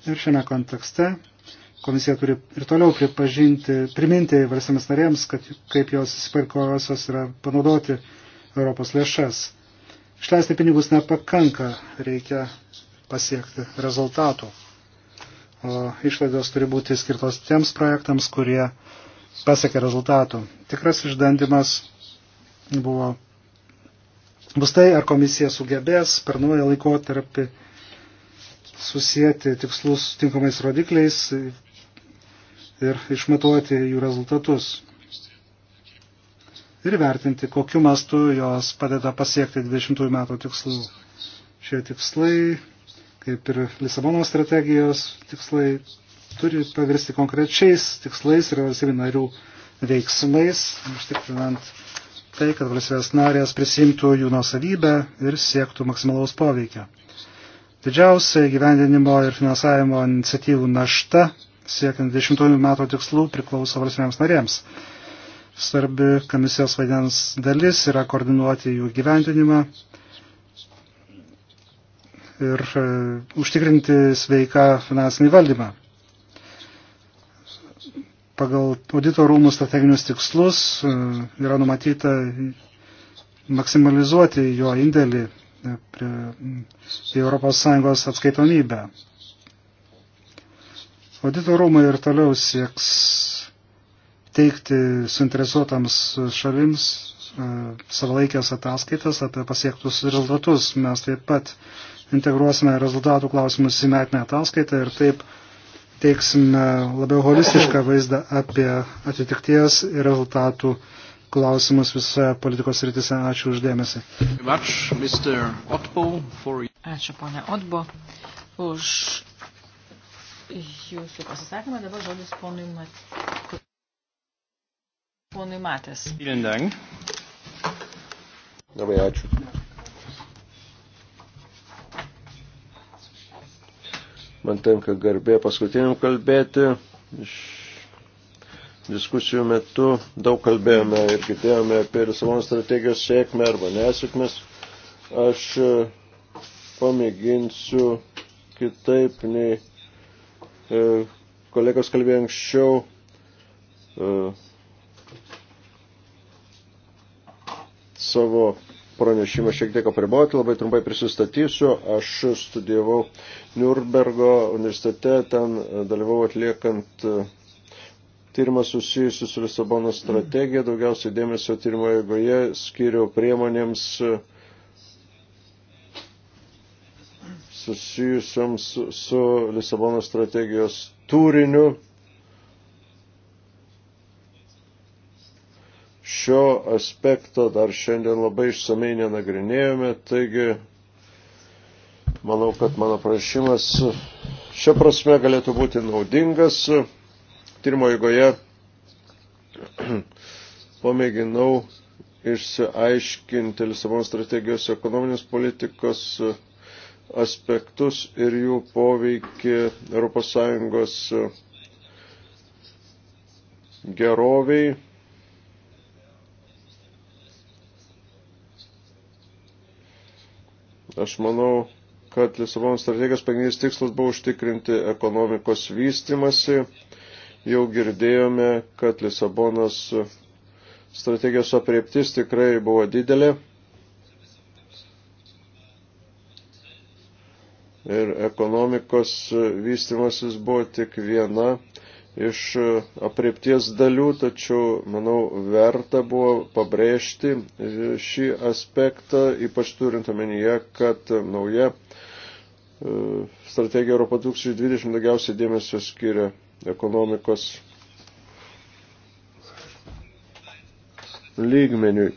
Ir šiame kontekste komisija turi ir toliau pripažinti, priminti valstybės narėms, kad kaip jos įsipareigojosios yra panaudoti Europos lėšas. Išleisti pinigus nepakanka, reikia pasiekti rezultatų išlaidos turi būti skirtos tiems projektams, kurie pasiekė rezultatų. Tikras išbandymas buvo bus tai, ar komisija sugebės per naują laikotarpį susijęti tikslus tinkamais rodikliais ir išmatuoti jų rezultatus. Ir vertinti, kokiu mastu jos padeda pasiekti 20 metų tikslus. Šie tikslai kaip ir Lisabono strategijos tikslai, turi pavirsti konkrečiais tikslais ir valstybių narių veiksmais, užtikrinant tai, kad valstybės narės prisimtų jų nusavybę ir siektų maksimalaus poveikio. Didžiausia gyvendinimo ir finansavimo iniciatyvų našta siekiant 10 metų tikslų priklauso valstybėms narėms. Svarbi komisijos vaidens dalis yra koordinuoti jų gyvendinimą, ir e, užtikrinti sveiką finansinį valdymą. Pagal audito rūmų strateginius tikslus e, yra numatyta maksimalizuoti jo indėlį e, į ES atskaitomybę. Audito rūmai ir toliau sieks teikti suinteresuotams šalims savalaikės ataskaitas apie pasiektus rezultatus. Mes taip pat uh, integruosime rezultatų klausimus į metinę ataskaitą ir taip teiksime labiau holistišką vaizdą apie atitikties ir rezultatų klausimus visoje politikos rytise. Ačiū uždėmesi. Ačiū, ponė Otbo, už jūsų pasisakymą. Dabar žodis ponui, Mat... ponui Matės. Labai ačiū. Man tenka garbė paskutiniam kalbėti. Iš diskusijų metu daug kalbėjome ir girdėjome apie Lisabono strategijos sėkmę arba nesėkmės. Aš e, pamėginsiu kitaip nei e, kolegos kalbėjo anksčiau. E, savo pranešimą šiek tiek apriboti, labai trumpai prisistatysiu. Aš studijavau Nürnbergo universitete, ten dalyvau atliekant e, tyrimą susijusiu su Lisabono strategija, daugiausiai dėmesio tyrimo jėgoje skiriau priemonėms e, susijusiams su Lisabono strategijos turiniu šio aspekto dar šiandien labai išsamei nenagrinėjome, taigi manau, kad mano prašymas šia prasme galėtų būti naudingas. Tyrimo eigoje pamėginau išsiaiškinti Lisabono strategijos ekonominės politikos aspektus ir jų poveikį ES geroviai Aš manau, kad Lisabono strategijos pagrindinis tikslas buvo užtikrinti ekonomikos vystimasi. Jau girdėjome, kad Lisabonos strategijos aprieptis tikrai buvo didelė. Ir ekonomikos vystimasis buvo tik viena iš e, apriepties dalių, tačiau, manau, verta buvo pabrėžti e, šį aspektą, ypač turint omenyje, kad nauja e, strategija Europa 2020 daugiausiai dėmesio skiria ekonomikos lygmeniui.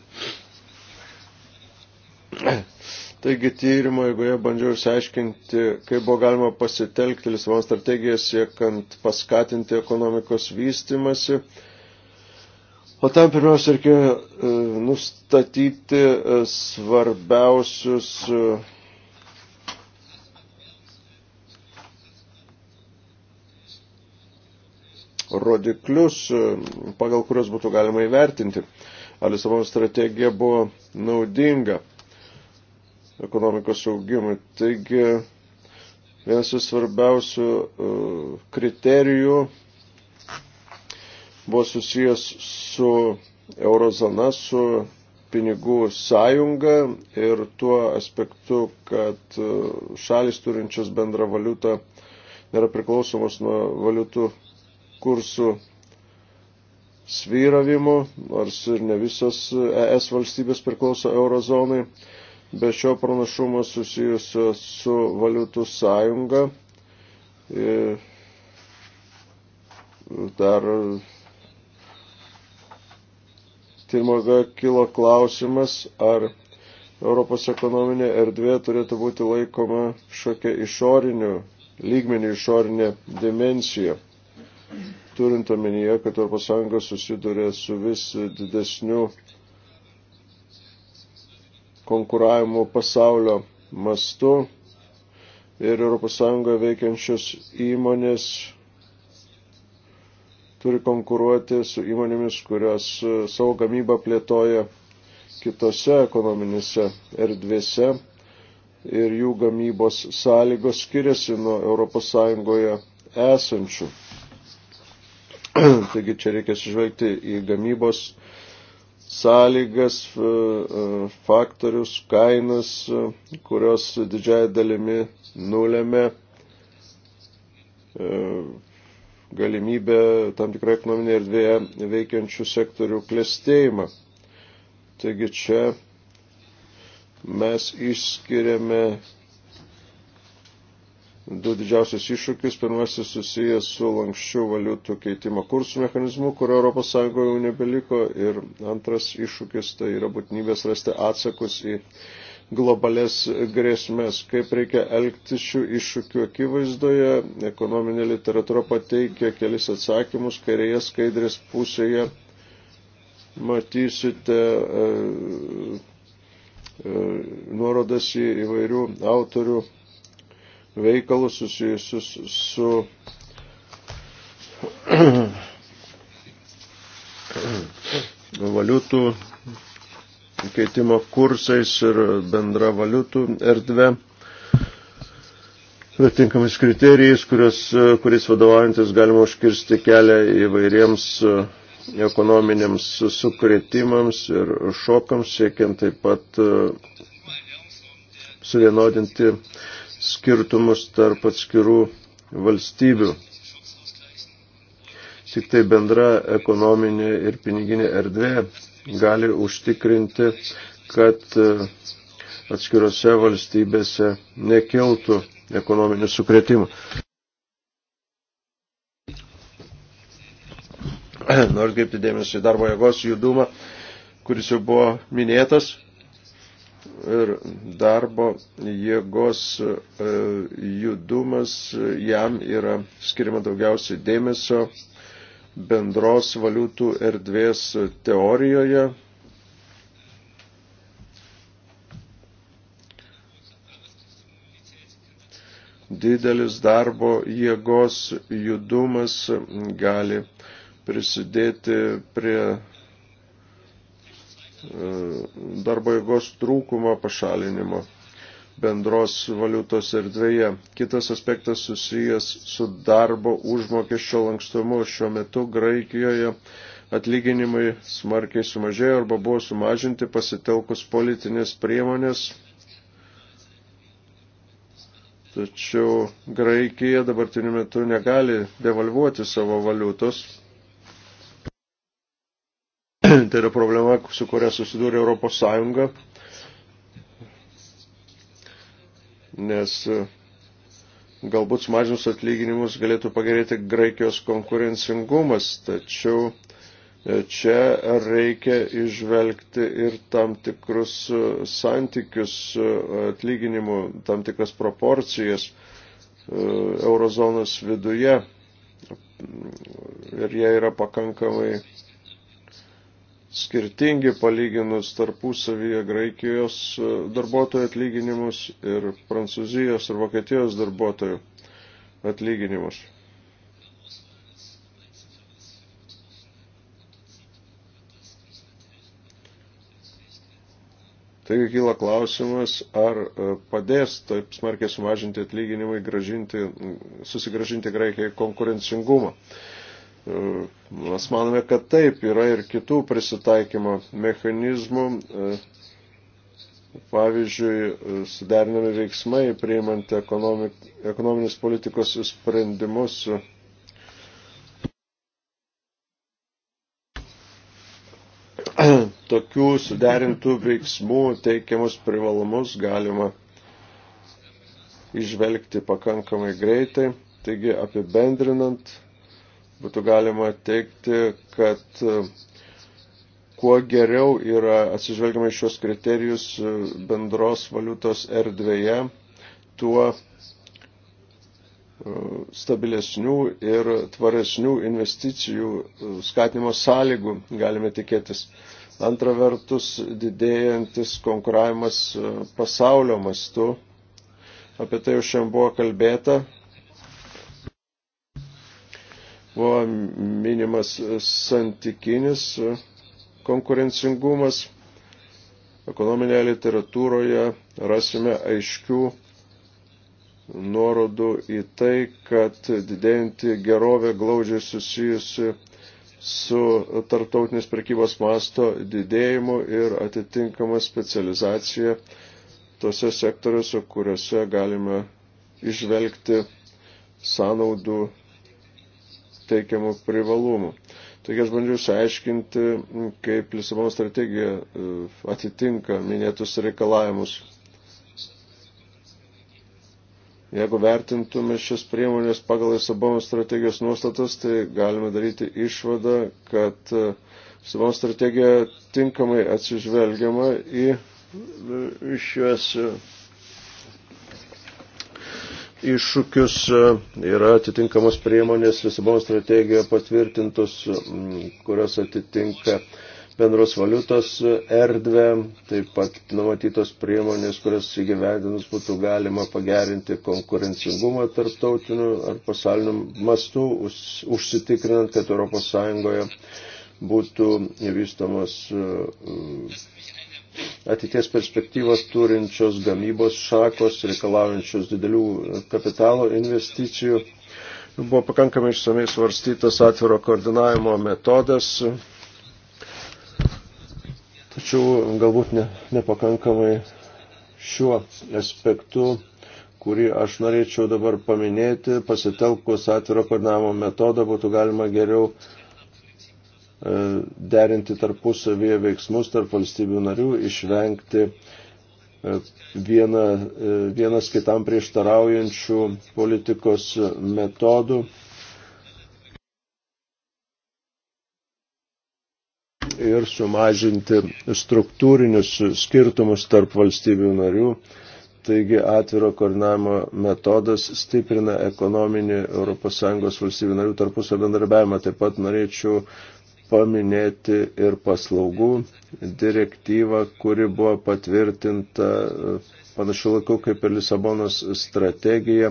Taigi tyrimo, jeigu jie bandžiau išsiaiškinti, kaip buvo galima pasitelkti Lisabono strategiją siekant paskatinti ekonomikos vystimasi. O tam pirmiausia reikia e, nustatyti e, svarbiausius e, rodiklius, pagal kurios būtų galima įvertinti, ar Lisabono strategija buvo naudinga ekonomikos augimui. Taigi vienas iš svarbiausių e, kriterijų buvo susijęs su eurozona, su pinigų sąjunga ir tuo aspektu, kad e, šalis turinčios bendrą valiutą nėra priklausomos nuo valiutų kursų svyravimų, nors ir ne visos e, ES valstybės priklauso eurozonai be šio pranašumo susijusio su valiutų sąjunga. E, dar e, Timoga kilo klausimas, ar Europos ekonominė erdvė turėtų būti laikoma šokia išorinių lygmenį, išorinė dimensija. Turint omenyje, kad Europos Sąjunga susiduria su vis didesniu konkuravimu pasaulio mastu ir ES veikiančios įmonės turi konkuruoti su įmonėmis, kurios e, savo gamybą plėtoja kitose ekonominėse erdvėse ir jų gamybos sąlygos skiriasi nuo ES esančių. Taigi čia reikia sužvelgti į gamybos sąlygas, e, e, faktorius, kainas, e, kurios didžiai dalimi nulėmė galimybę tam tikrai ekonominėje erdvėje veikiančių sektorių klėstėjimą. Taigi čia mes išskiriame du didžiausius iššūkius. Pirmasis susijęs su lankščių valiutų keitimo kursų mechanizmu, kurio ES jau nebeliko. Ir antras iššūkis tai yra būtinybės rasti atsakus į globales grėsmės, kaip reikia elgtis šių iššūkių akivaizdoje. Ekonominė literatūra pateikia kelis atsakymus kairėje skaidrės pusėje. Matysite e, e, nuorodas į įvairių autorių veikalus susijusius su valiutų keitimo kursais ir bendra valiutų erdve tinkamais kriterijais, kurios, kuris vadovaujantis galima užkirsti kelią įvairiems ekonominiams sukretimams ir šokams, siekiant taip pat suvienodinti skirtumus tarp atskirų valstybių. Tik tai bendra ekonominė ir piniginė erdvė gali užtikrinti, kad e, atskirose valstybėse nekiltų ekonominių sukretimų. Noriu kreipti dėmesį į darbo jėgos judumą, kuris jau buvo minėtas ir darbo jėgos e, judumas, jam yra skiriama daugiausiai dėmesio bendros valiutų erdvės teorijoje. Didelis darbo jėgos judumas gali prisidėti prie E, darbo jėgos trūkumo pašalinimo bendros valiutos erdvėje. Kitas aspektas susijęs su darbo užmokesčio lankstumu. Šiuo metu Graikijoje atlyginimai smarkiai sumažėjo arba buvo sumažinti pasitelkus politinės priemonės. Tačiau Graikija dabartiniu metu negali devalvuoti savo valiutos tai yra problema, su kuria susidūrė Europos Sąjunga, nes e, galbūt sumažinus atlyginimus galėtų pagerėti Graikijos konkurencingumas, tačiau e, čia reikia išvelgti ir tam tikrus e, santykius atlyginimų, tam tikras proporcijas eurozonos viduje ir jie yra pakankamai skirtingi palyginus tarpusavyje Graikijos e, darbuotojų atlyginimus ir Prancūzijos ir Vokietijos darbuotojų atlyginimus. Taigi kyla klausimas, ar e, padės taip smarkiai sumažinti atlyginimai, gražinti, susigražinti Graikijai konkurencingumą. Mes manome, kad taip yra ir kitų prisitaikymo mechanizmų. E, pavyzdžiui, e, suderinami veiksmai, priimant ekonomik, ekonominis politikos sprendimus. Tokių suderintų veiksmų teikiamus privalumus galima išvelgti pakankamai greitai. Taigi, apibendrinant, būtų galima teikti, kad e, kuo geriau yra atsižvelgiama į šios kriterijus e, bendros valiutos erdvėje, tuo e, stabilesnių ir tvaresnių investicijų skatinimo sąlygų galime tikėtis. Antra vertus, didėjantis konkuravimas pasaulio mastu, apie tai jau šiandien buvo kalbėta, buvo minimas santykinis konkurencingumas. Ekonominėje literatūroje rasime aiškių nuorodų į tai, kad didėjantį gerovę glaudžiai susijusi su tarptautinės prekybos masto didėjimu ir atitinkama specializacija tose sektoriuose, kuriuose galime išvelgti sąnaudų teikiamų privalumų. Taigi aš bandžiau išaiškinti, kaip Lisabono strategija e, atitinka minėtus reikalavimus. Jeigu vertintume šias priemonės pagal Lisabono strategijos nuostatas, tai galime daryti išvadą, kad e, Lisabono strategija tinkamai atsižvelgiama į šios iššūkius e, yra atitinkamos priemonės Lisabono strategijoje patvirtintos, kurios atitinka bendros valiutos erdvę, taip pat numatytos priemonės, kurias įgyvendinus būtų galima pagerinti konkurencingumą tarptautiniu ar pasauliniu mastu, užsitikrinant, kad ES būtų vystomos e, ateities perspektyvas turinčios gamybos šakos, reikalaujančios didelių kapitalo investicijų. Buvo pakankamai išsamei svarstytas atviro koordinavimo metodas, tačiau galbūt ne, nepakankamai šiuo aspektu kurį aš norėčiau dabar paminėti, pasitelkus atviro koordinavimo metodą būtų galima geriau uh, E, derinti tarpusavėje veiksmus tarp valstybių narių, išvengti e, viena, e, vienas kitam prieštaraujančių politikos metodų. Ir sumažinti struktūrinius skirtumus tarp valstybių narių. Taigi atviro koordinavimo metodas stiprina ekonominį ES valstybių narių tarpusio bendarbiavimą. Taip pat norėčiau uh, paminėti ir paslaugų direktyvą, kuri buvo patvirtinta e, panašiu laiku kaip ir Lisabonos strategija.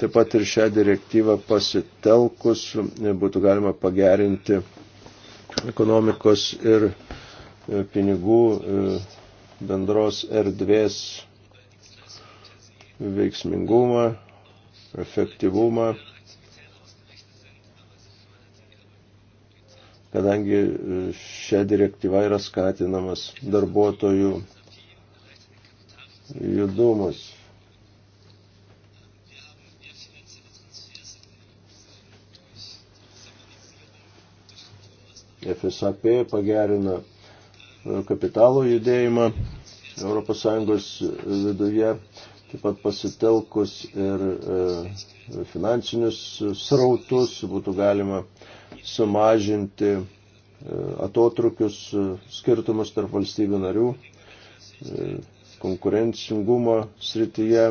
Taip pat ir šią direktyvą pasitelkus e, būtų galima pagerinti ekonomikos ir e, pinigų bendros erdvės veiksmingumą, efektyvumą kadangi e, šią direktyvą yra skatinamas darbuotojų judumas. FSAP pagerina e, kapitalo judėjimą ES viduje, taip pat pasitelkus ir e, finansinius srautus būtų galima uh, sumažinti e, atotrukius e, skirtumus tarp valstybių narių, e, konkurencingumo srityje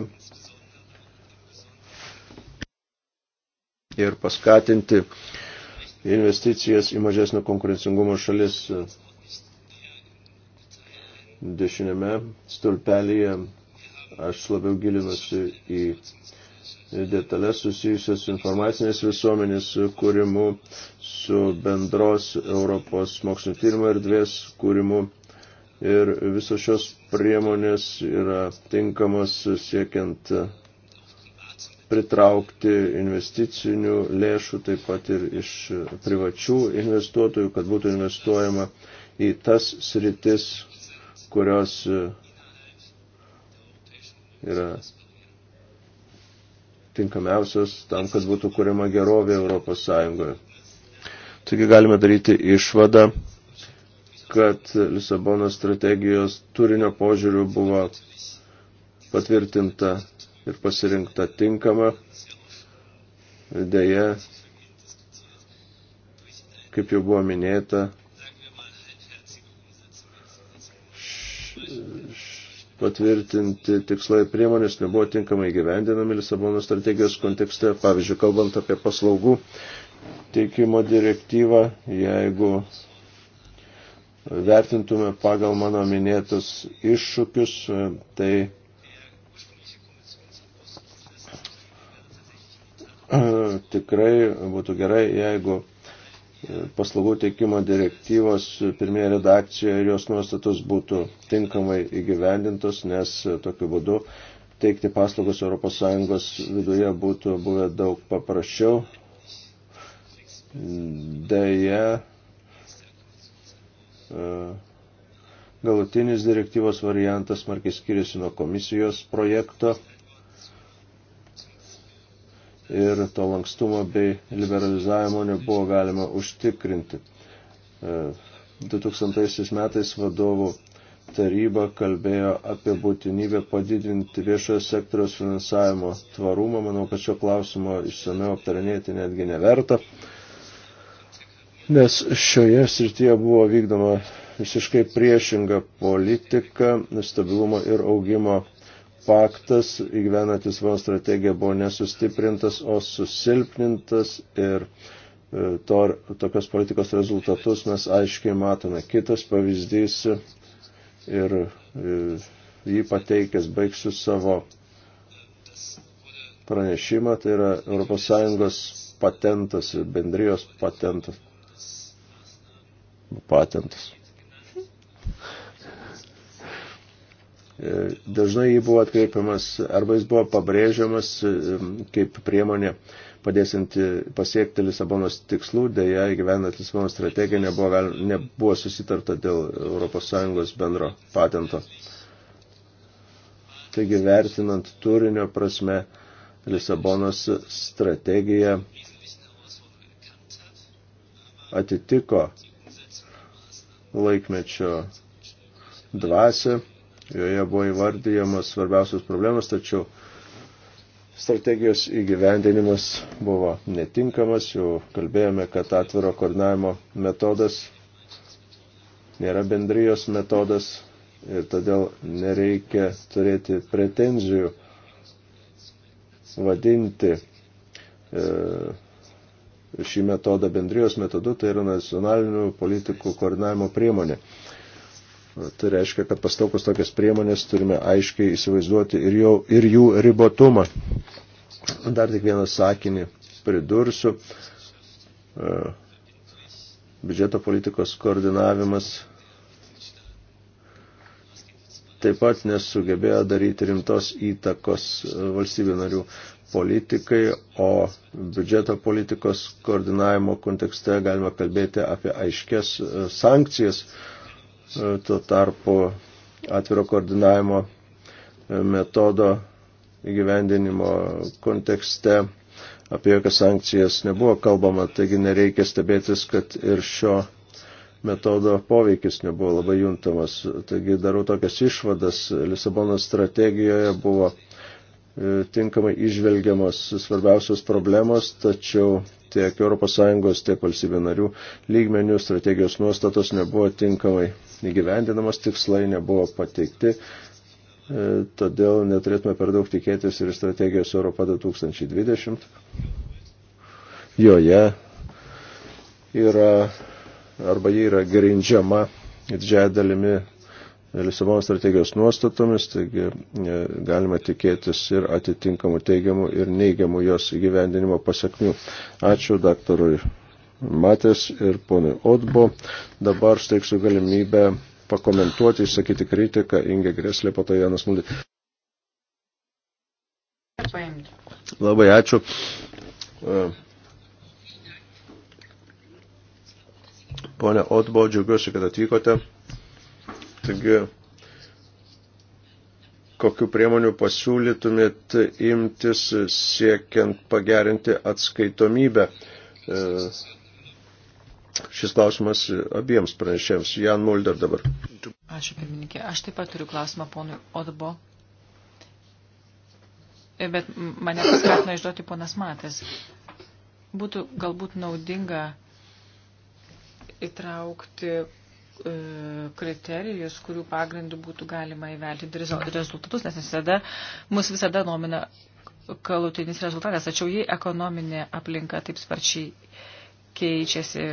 ir paskatinti investicijas į mažesnio konkurencingumo šalis. Dešinėme stulpelėje aš labiau gilinuosi į detalės susijusios su informacinės visuomenės kūrimu, su bendros Europos mokslinio tyrimo erdvės kūrimu. Ir visos šios priemonės yra tinkamos siekiant pritraukti investicinių lėšų, taip pat ir iš privačių investuotojų, kad būtų investuojama į tas sritis, kurios yra tinkamiausios tam, kad būtų kuriama gerovė Europos Sąjungoje. Taigi galime daryti išvadą, kad Lisabonos strategijos turinio požiūrių buvo patvirtinta ir pasirinkta tinkama. Deja, kaip jau buvo minėta, patvirtinti tikslai priemonės nebuvo tinkamai gyvendinami Lisabono strategijos kontekste. Pavyzdžiui, kalbant apie paslaugų teikimo direktyvą, jeigu vertintume pagal mano minėtus iššūkius, tai tikrai būtų gerai, jeigu paslaugų teikimo direktyvos pirmieji redakcijoje ir jos nuostatos būtų tinkamai įgyvendintos, nes tokiu būdu teikti paslaugos ES viduje būtų buvę daug paprasčiau. Deja, e, galutinis direktyvos variantas markiai skiriasi nuo komisijos projekto ir to lankstumo bei liberalizavimo nebuvo galima užtikrinti. 2000 e, metais vadovų taryba kalbėjo apie būtinybę padidinti viešojo sektoriaus finansavimo tvarumą. Manau, kad šio klausimo išsameu aptarinėti netgi neverta, nes šioje srityje buvo vykdoma visiškai priešinga politika stabilumo ir augimo paktas įgyvenantis savo strategiją buvo nesustiprintas, o susilpnintas ir e, to, tokios politikos rezultatus mes aiškiai matome. Kitas pavyzdys ir e, jį pateikęs baigsiu savo pranešimą, tai yra ES patentas, bendrijos patentas. Patentas. E, dažnai jį buvo atkreipiamas arba jis buvo pabrėžiamas e, kaip priemonė padėsinti pasiekti Lisabonos tikslų, dėja įgyvenant Lisabonos strategiją nebuvo, nebuvo susitarta dėl ES bendro patento. Taigi vertinant turinio prasme, Lisabonos strategija atitiko laikmečio dvasę Joje buvo įvardyjamas svarbiausios problemas, tačiau strategijos įgyvendinimas buvo netinkamas. Jau kalbėjome, kad atviro koordinavimo metodas nėra bendrijos metodas ir todėl nereikia turėti pretenzijų vadinti e, šį metodą bendrijos metodu, tai yra nacionalinių politikų koordinavimo priemonė. Tai reiškia, kad pastaukus tokias priemonės turime aiškiai įsivaizduoti ir, jau, ir jų ribotumą. Dar tik vieną sakinį pridursiu. E, biudžeto politikos koordinavimas taip pat nesugebėjo daryti rimtos įtakos valstybių narių politikai, o biudžeto politikos koordinavimo kontekste galima kalbėti apie aiškias e, sankcijas E, tuo tarpu atviro koordinavimo e, metodo įgyvendinimo kontekste apie jokias sankcijas nebuvo kalbama, taigi nereikia stebėtis, kad ir šio metodo poveikis nebuvo labai juntamas. Taigi darau tokias išvadas. Lisabonos strategijoje buvo e, tinkamai išvelgiamos svarbiausios problemos, tačiau tiek ES, tiek valstybių narių lygmenių strategijos nuostatos nebuvo tinkamai įgyvendinamas tikslai nebuvo pateikti, e, todėl neturėtume per daug tikėtis ir strategijos Europa 2020. Joje yra arba ji yra grindžiama didžiąją dalimi Lisabono strategijos nuostatomis, taigi e, galima tikėtis ir atitinkamų teigiamų ir neigiamų jos įgyvendinimo pasiekmių. Ačiū daktarui Matės ir ponui Otbo. Dabar steiksiu galimybę pakomentuoti, išsakyti kritiką Inge Greslė, po to Janas Muldė. Labai ačiū. E, Pone Otbo, džiaugiuosi, kad atvykote. Taigi, kokiu priemoniu pasiūlytumėt imtis siekiant pagerinti atskaitomybę e, šis klausimas abiems pranešėjams. Jan Mulder dabar. Ačiū, pirmininkė. Aš taip pat turiu klausimą ponui Odbo. E, bet mane paskatino išduoti ponas Matas. Būtų galbūt naudinga įtraukti e, kriterijus, kurių pagrindų būtų galima įvelti rezultatus, nes visada, mus visada nomina galutinis rezultatas, tačiau jei ekonominė aplinka taip sparčiai keičiasi.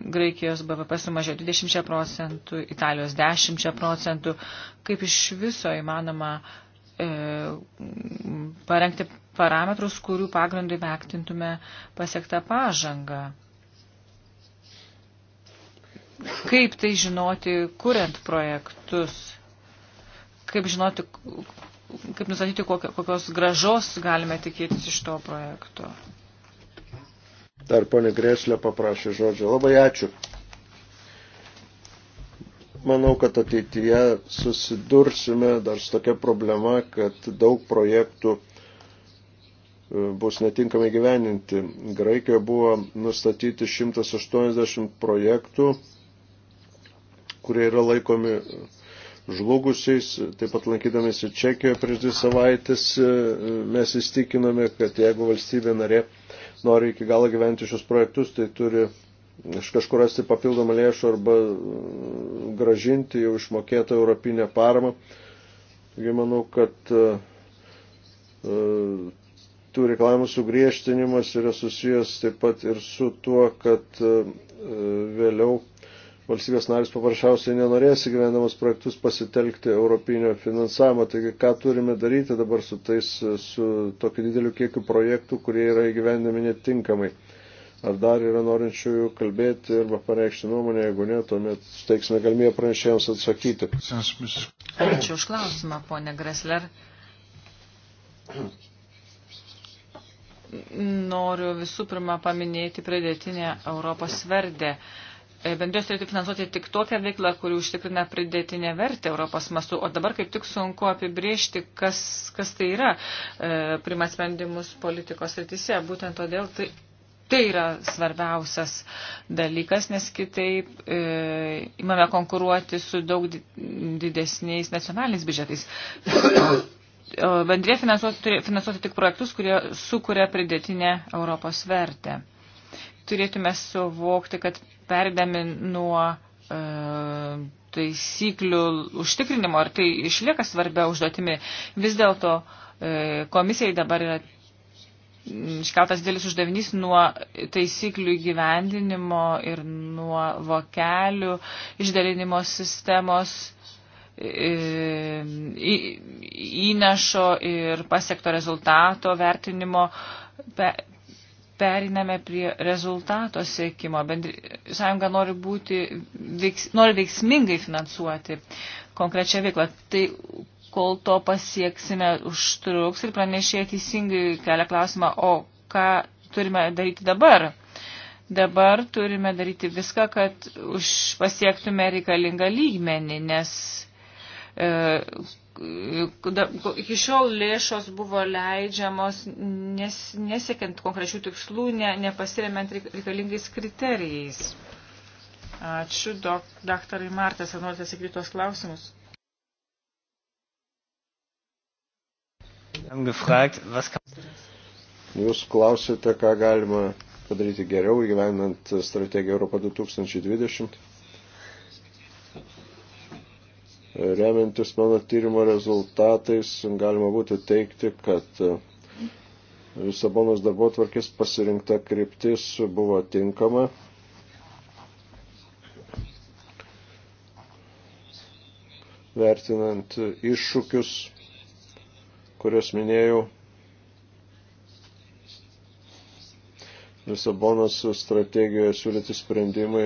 Graikijos BVP sumažėjo 20 procentų, Italijos 10 procentų. Kaip iš viso įmanoma e, parengti parametrus, kurių pagrindui vertintume pasiektą pažangą? Kaip tai žinoti, kuriant projektus? Kaip žinoti, kaip nustatyti, kokios gražos galime tikėtis iš to projekto? Dar ponė Greslė paprašė žodžio. Labai ačiū. Manau, kad ateityje susidursime dar su tokia problema, kad daug projektų e, bus netinkamai gyveninti. Graikijoje buvo nustatyti 180 projektų, kurie yra laikomi žlugusiais, taip pat lankydamėsi Čekijoje prieš dvi savaitės, e, mes įstikinome, kad jeigu valstybė narė nori iki galo gyventi šios projektus, tai turi iš kažkur rasti papildomą lėšų arba mm, gražinti jau išmokėtą europinę paramą. Taigi manau, kad e, e, tų reklamų sugriežtinimas yra susijęs taip pat ir su tuo, kad e, vėliau valstybės narys paprasčiausiai nenorės įgyvendamas projektus pasitelkti europinio finansavimo. Taigi, ką turime daryti dabar su tais, su tokiu dideliu kiekiu projektų, kurie yra įgyvendami netinkamai. Ar dar yra norinčiųjų kalbėti arba pareikšti nuomonę, jeigu ne, tuomet steiksime galimybę pranešėjams atsakyti. Ačiū už klausimą, ponė Gresler. Noriu visų pirma paminėti pridėtinę Europos verdę. Uh, E, bendrijos turėtų finansuoti tik tokią veiklą, kuri užtikrina pridėtinę vertę Europos mastu, o dabar kaip tik sunku apibriežti, kas, kas tai yra e, prima sprendimus politikos rytise. Būtent todėl tai, tai yra svarbiausias dalykas, nes kitaip e, imame konkuruoti su daug didesniais nacionaliniais biudžetais. Bendrė finansuoti, finansuoti tik projektus, kurie sukuria pridėtinę Europos vertę turėtume suvokti, kad perdami nuo e, taisyklių užtikrinimo, ar tai išlieka svarbia užduotimi, vis dėlto e, komisijai dabar yra iškeltas dėlis uždavinys nuo taisyklių įgyvendinimo ir nuo vokelių išdalinimo sistemos e, įnašo ir pasiekto rezultato vertinimo periname prie rezultato sėkimo. Bendri, sąjunga nori, būti, veiks, nori veiksmingai finansuoti konkrečią veiklą. Tai kol to pasieksime užtruks ir pranešėjai teisingai kelia klausimą, o ką turime daryti dabar? Dabar turime daryti viską, kad už pasiektume reikalingą lygmenį, nes e, iki šiol lėšos buvo leidžiamos nes, nesiekiant konkrečių tikslų, ne, nepasiremiant reikalingais kriterijais. Ačiū, dok, daktarai Martas, ar norite atsakyti tuos klausimus? Jūs klausėte, ką galima padaryti geriau įgyvenant strategiją Europą 2020. Remiantis mano tyrimo rezultatais galima būtų teikti, kad e, Lisabonos darbo tvarkės pasirinkta kryptis buvo tinkama. Vertinant iššūkius, kuriuos minėjau, Lisabonos strategijoje siūlyti sprendimai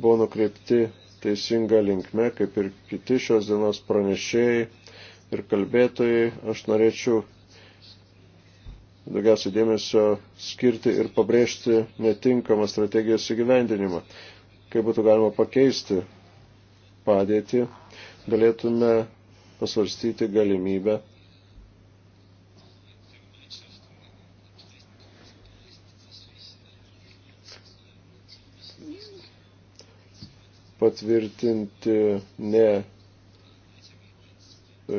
buvo nukreipti teisinga linkme, kaip ir kiti šios dienos pranešėjai ir kalbėtojai. Aš norėčiau daugiausiai dėmesio skirti ir pabrėžti netinkamą strategijos įgyvendinimą. Kaip būtų galima pakeisti padėtį, galėtume pasvarstyti galimybę patvirtinti ne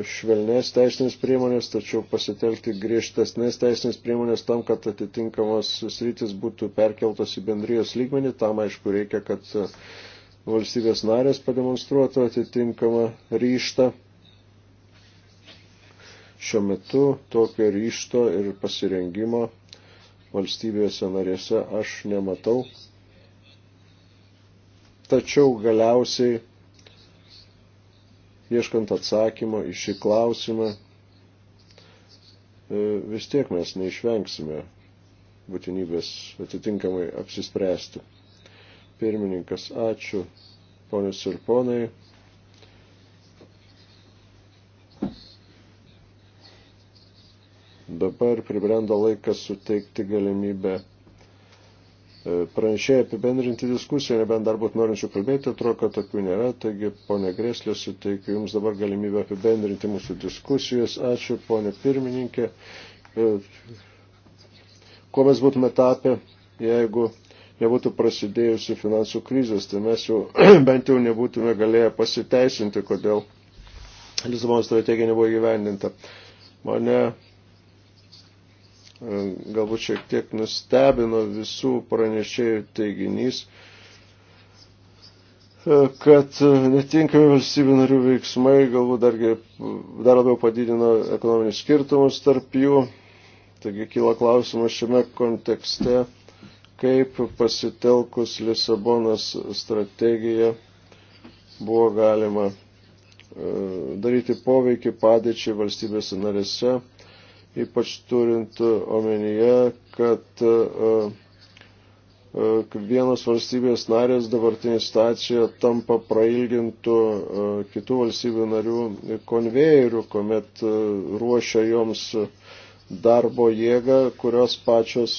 švelnės teisinės priemonės, tačiau pasitelkti griežtesnės teisinės priemonės tam, kad atitinkamos sritis būtų perkeltos į bendrijos lygmenį. Tam aišku reikia, kad valstybės narės pademonstruotų atitinkamą ryštą. Šiuo metu tokio ryšto ir pasirengimo valstybėse narėse aš nematau tačiau galiausiai, ieškant atsakymo į šį klausimą, e, vis tiek mes neišvengsime būtinybės atitinkamai apsispręsti. Pirmininkas, ačiū, ponius ir ponai. Dabar pribrendo laikas suteikti galimybę E, pranešėjai apibendrinti diskusiją, nebent dar būtų norinčių kalbėti, atrodo, kad tokių nėra, taigi ponė Greslė suteikiu Jums dabar galimybę apibendrinti mūsų diskusijas. Ačiū, ponė pirmininkė. E, kuo mes būtume tapę, jeigu nebūtų prasidėjusi finansų krizės, tai mes jau bent jau nebūtume galėję pasiteisinti, kodėl Lisabono strategija nebuvo gyvendinta. Mane galbūt šiek tiek nustebino visų pranešėjų teiginys, kad netinkami valstybių narių veiksmai galbūt dargi, dar labiau padidino ekonominius skirtumus tarp jų. Taigi kyla klausimas šiame kontekste, kaip pasitelkus Lisabonos strategiją buvo galima e, daryti poveikį padėčiai valstybėse narėse ypač turint omenyje, e, e, kad vienos valstybės narės dabartinė stacija tampa prailgintų e, kitų valstybių narių konvejerių, kuomet ruošia joms darbo jėgą, kurios pačios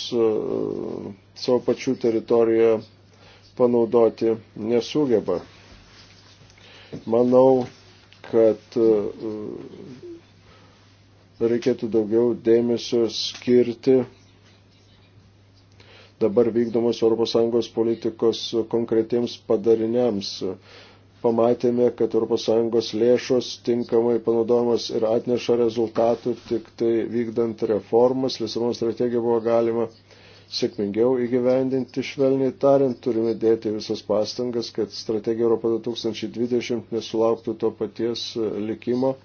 savo pačių teritoriją panaudoti nesugeba. Manau, kad reikėtų daugiau dėmesio skirti dabar vykdomos ES politikos konkretiems padariniams. Pamatėme, kad ES lėšos tinkamai panaudojamos ir atneša rezultatų tik tai vykdant reformas. Lisabono strategiją buvo galima sėkmingiau įgyvendinti, švelniai tariant, turime dėti visas pastangas, kad strategija Europa 2020 nesulauktų to paties likimo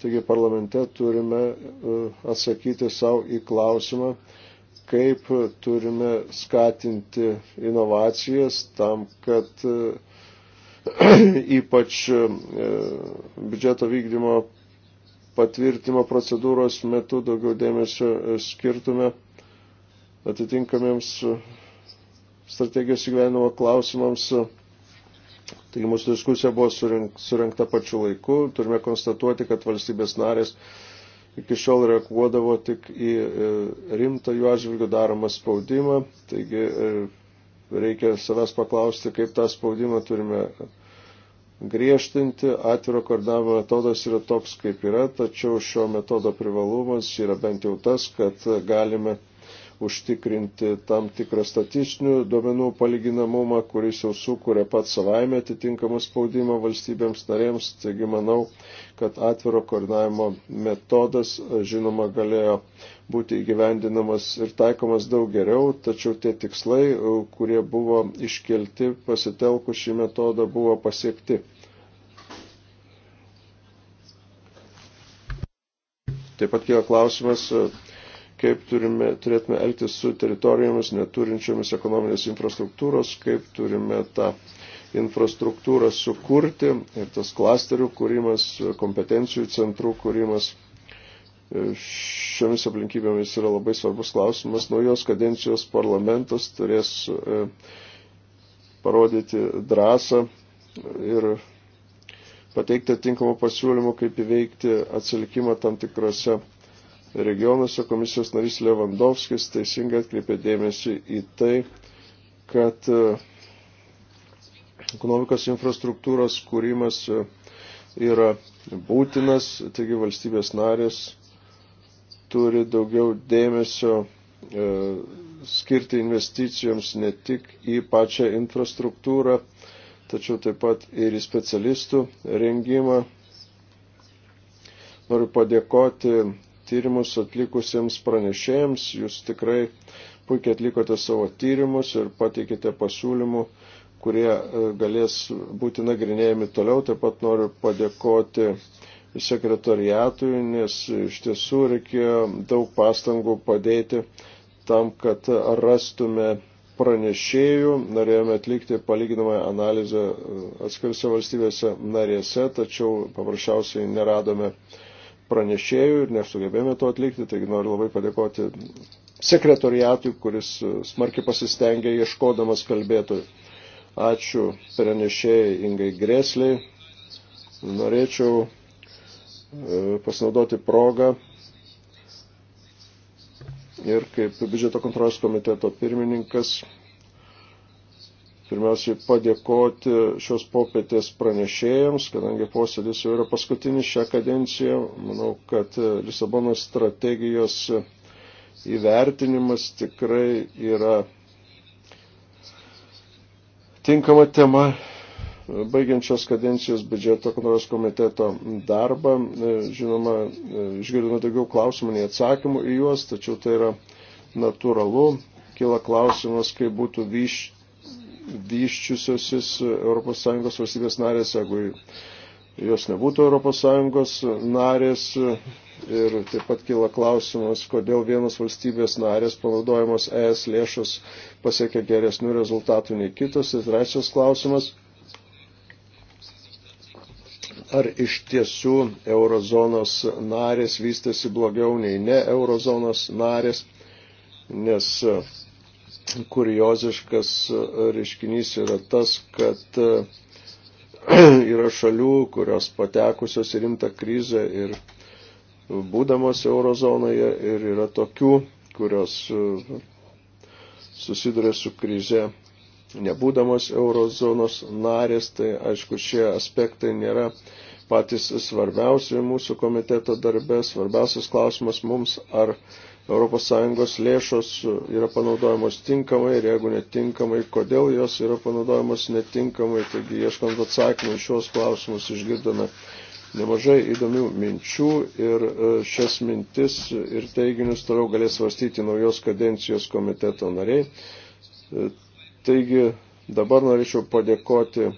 Taigi parlamente turime e, atsakyti savo į klausimą, kaip turime skatinti inovacijas tam, kad e, ypač e, biudžeto vykdymo patvirtimo procedūros metu daugiau dėmesio skirtume atitinkamiems strategijos įgyvenimo klausimams Taigi mūsų diskusija buvo surinkta pačiu laiku. Turime konstatuoti, kad valstybės narės iki šiol reaguodavo tik į e, rimtą jų atžvilgių daromą spaudimą. Taigi e, reikia savęs paklausti, kaip tą spaudimą turime griežtinti. Atviro koordinavimo metodas yra toks, kaip yra, tačiau šio metodo privalumas yra bent jau tas, kad galime užtikrinti tam tikrą statistinių duomenų palyginamumą, kuris jau sukuria pat savaime atitinkamą spaudimą valstybėms narėms. Taigi manau, kad atviro koordinavimo metodas, žinoma, galėjo būti įgyvendinamas ir taikomas daug geriau, tačiau tie tikslai, kurie buvo iškelti pasitelkus šį metodą, buvo pasiekti. Taip pat kyla klausimas, kaip turime, turėtume elgtis su teritorijomis neturinčiomis ekonominės infrastruktūros, kaip turime tą infrastruktūrą sukurti ir tas klasterių kūrimas, kompetencijų centrų kūrimas. Šiomis aplinkybėmis yra labai svarbus klausimas. Naujos kadencijos parlamentas turės e, parodyti drąsą ir pateikti atinkamą pasiūlymą, kaip įveikti atsilikimą tam tikrose regionuose. Komisijos narys Levandovskis teisingai atkreipė dėmesį į tai, kad e, ekonomikos infrastruktūros kūrimas e, yra būtinas, taigi valstybės narės turi daugiau dėmesio e, skirti investicijoms ne tik į pačią infrastruktūrą, tačiau taip pat ir į specialistų rengimą. Noriu padėkoti tyrimus atlikusiems pranešėjams. Jūs tikrai puikiai atlikote savo tyrimus ir pateikite pasiūlymų, kurie e, galės būti nagrinėjami toliau. Taip pat noriu padėkoti sekretariatui, nes iš tiesų reikėjo daug pastangų padėti tam, kad rastume pranešėjų. Norėjome atlikti palyginamą analizę e, atskirose valstybėse narėse, tačiau paprasčiausiai neradome uh, pranešėjų ir nesugebėjome to atlikti, taigi noriu labai padėkoti sekretoriatui, kuris e, smarkiai pasistengė ieškodamas kalbėtojų. Ačiū pranešėjai Ingai Gresliai. Norėčiau e, pasinaudoti progą ir kaip biudžeto kontrolės komiteto pirmininkas pirmiausiai padėkoti šios popietės pranešėjams, kadangi posėdis jau yra paskutinis šią kadenciją. Manau, kad Lisabonos strategijos įvertinimas tikrai yra tinkama tema baigiančios kadencijos biudžeto kontrolės komiteto darbą. Žinoma, išgirdome daugiau klausimų nei atsakymų į juos, tačiau tai yra natūralu. Kila klausimas, kaip būtų vyš, išsivyščiusiosios ES valstybės narės, jeigu jos nebūtų ES narės. Ir taip pat kyla klausimas, kodėl vienos valstybės narės panaudojamos ES lėšos pasiekia geresnių rezultatų nei kitos. Ir trečias klausimas, ar iš tiesų eurozonos narės vystėsi blogiau nei ne eurozonos narės, nes kurioziškas e, reiškinys yra tas, kad e, yra šalių, kurios patekusios į rimtą krizę ir būdamos eurozonoje ir yra tokių, kurios e, susiduria su krize nebūdamos eurozonos narės, tai aišku, šie aspektai nėra patys svarbiausi mūsų komiteto darbe. Svarbiausias klausimas mums, ar ES lėšos yra panaudojamos tinkamai ir jeigu netinkamai, kodėl jos yra panaudojamos netinkamai. Taigi, ieškant atsakymų šios klausimus, išgirdome nemažai įdomių minčių ir e, šias mintis ir teiginius toliau galės svarstyti naujos kadencijos komiteto nariai. E, taigi, dabar norėčiau padėkoti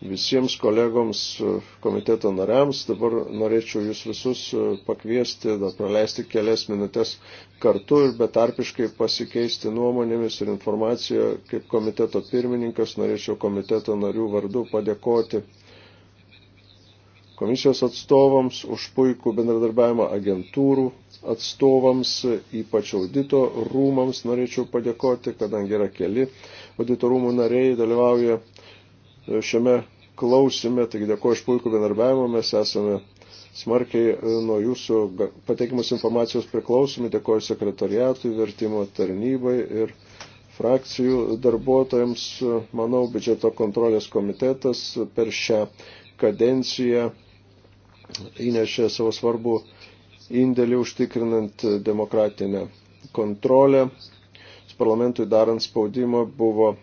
visiems kolegoms e, komiteto nariams. Dabar norėčiau jūs visus e, pakviesti, dar praleisti kelias minutės kartu ir betarpiškai pasikeisti nuomonėmis ir informaciją. Kaip komiteto pirmininkas norėčiau komiteto narių vardu padėkoti komisijos atstovams už puikų bendradarbiavimą agentūrų atstovams, ypač audito rūmams norėčiau padėkoti, kadangi yra keli audito rūmų nariai dalyvauja šiame klausime, taigi dėkuoju iš puikų bendarbiavimą, mes esame smarkiai e, nuo jūsų pateikimus informacijos priklausomi, dėkuoju sekretariatui, vertimo tarnybai ir frakcijų darbuotojams, manau, biudžeto kontrolės komitetas per šią kadenciją įnešė savo svarbų indėlį užtikrinant demokratinę kontrolę. Parlamentui darant spaudimą buvo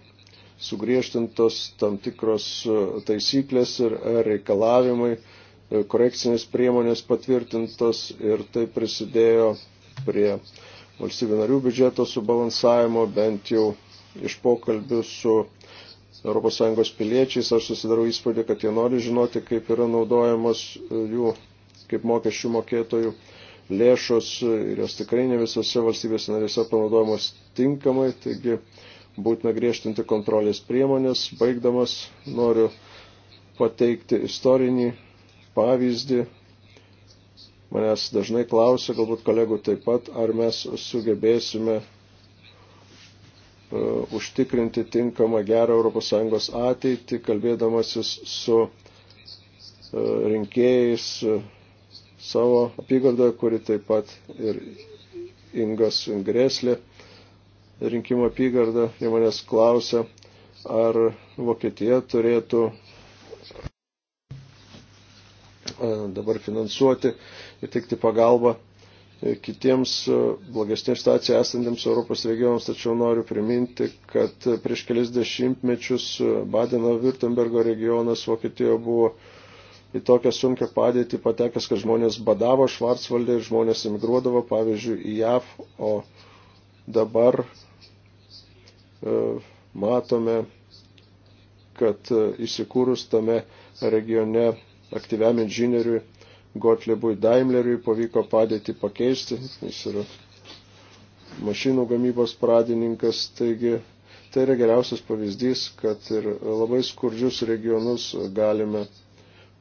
sugriežtintos tam tikros e, taisyklės ir e, reikalavimai, e, korekcinės priemonės patvirtintos ir tai prisidėjo prie valstybių narių biudžeto subalansavimo, bent jau iš pokalbių su ES piliečiais aš susidarau įspūdį, kad jie nori žinoti, kaip yra naudojamos jų, kaip mokesčių mokėtojų lėšos ir jos tikrai ne visose valstybės narėse panaudojamos tinkamai. Taigi, būtina griežtinti kontrolės priemonės. Baigdamas noriu pateikti istorinį pavyzdį. Manęs dažnai klausia, galbūt kolegų taip pat, ar mes sugebėsime uh, užtikrinti tinkamą gerą ES ateitį, kalbėdamasis su uh, rinkėjais uh, savo apygardoje, kuri taip pat ir Ingas Greslė rinkimo apygardą, jie manęs klausia, ar Vokietija turėtų e, dabar finansuoti ir teikti pagalbą e, kitiems e, blogesnė situacija esantiems Europos regionams, tačiau noriu priminti, kad prieš kelis dešimtmečius Badeno-Württembergo regionas Vokietijoje buvo į tokią sunkę padėtį patekęs, kad žmonės badavo Švarcvaldė ir žmonės emigruodavo, pavyzdžiui, į JAV, o dabar matome, kad įsikūrus tame regione aktyviam inžinieriui Gotlebui Daimleriui pavyko padėti pakeisti. Jis yra mašinų gamybos pradininkas, taigi tai yra geriausias pavyzdys, kad ir labai skurdžius regionus galime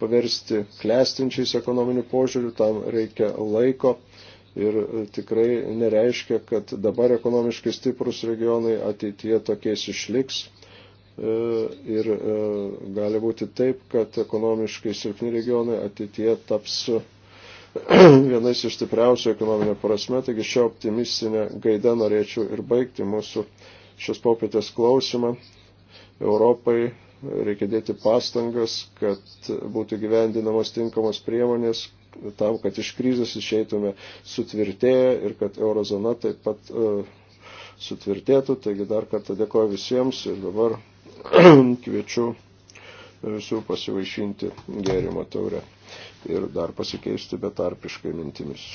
paversti klestinčiais ekonominiu požiūriu, tam reikia laiko ir e, tikrai nereiškia, kad dabar ekonomiškai stiprus regionai ateityje tokiais išliks. E, ir e, gali būti taip, kad ekonomiškai silpni regionai ateityje taps vienais iš stipriausių ekonominė prasme, taigi šią optimistinę gaidą norėčiau ir baigti mūsų šios popietės klausimą. Europai reikia dėti pastangas, kad būtų gyvendinamos tinkamos priemonės, tam, kad iš krizės išeitume sutvirtėję ir kad eurozona taip pat e, sutvirtėtų. Taigi dar kartą dėkoju visiems ir dabar kviečiu visų pasivaišinti gėrimo taurę ir dar pasikeisti betarpiškai mintimis.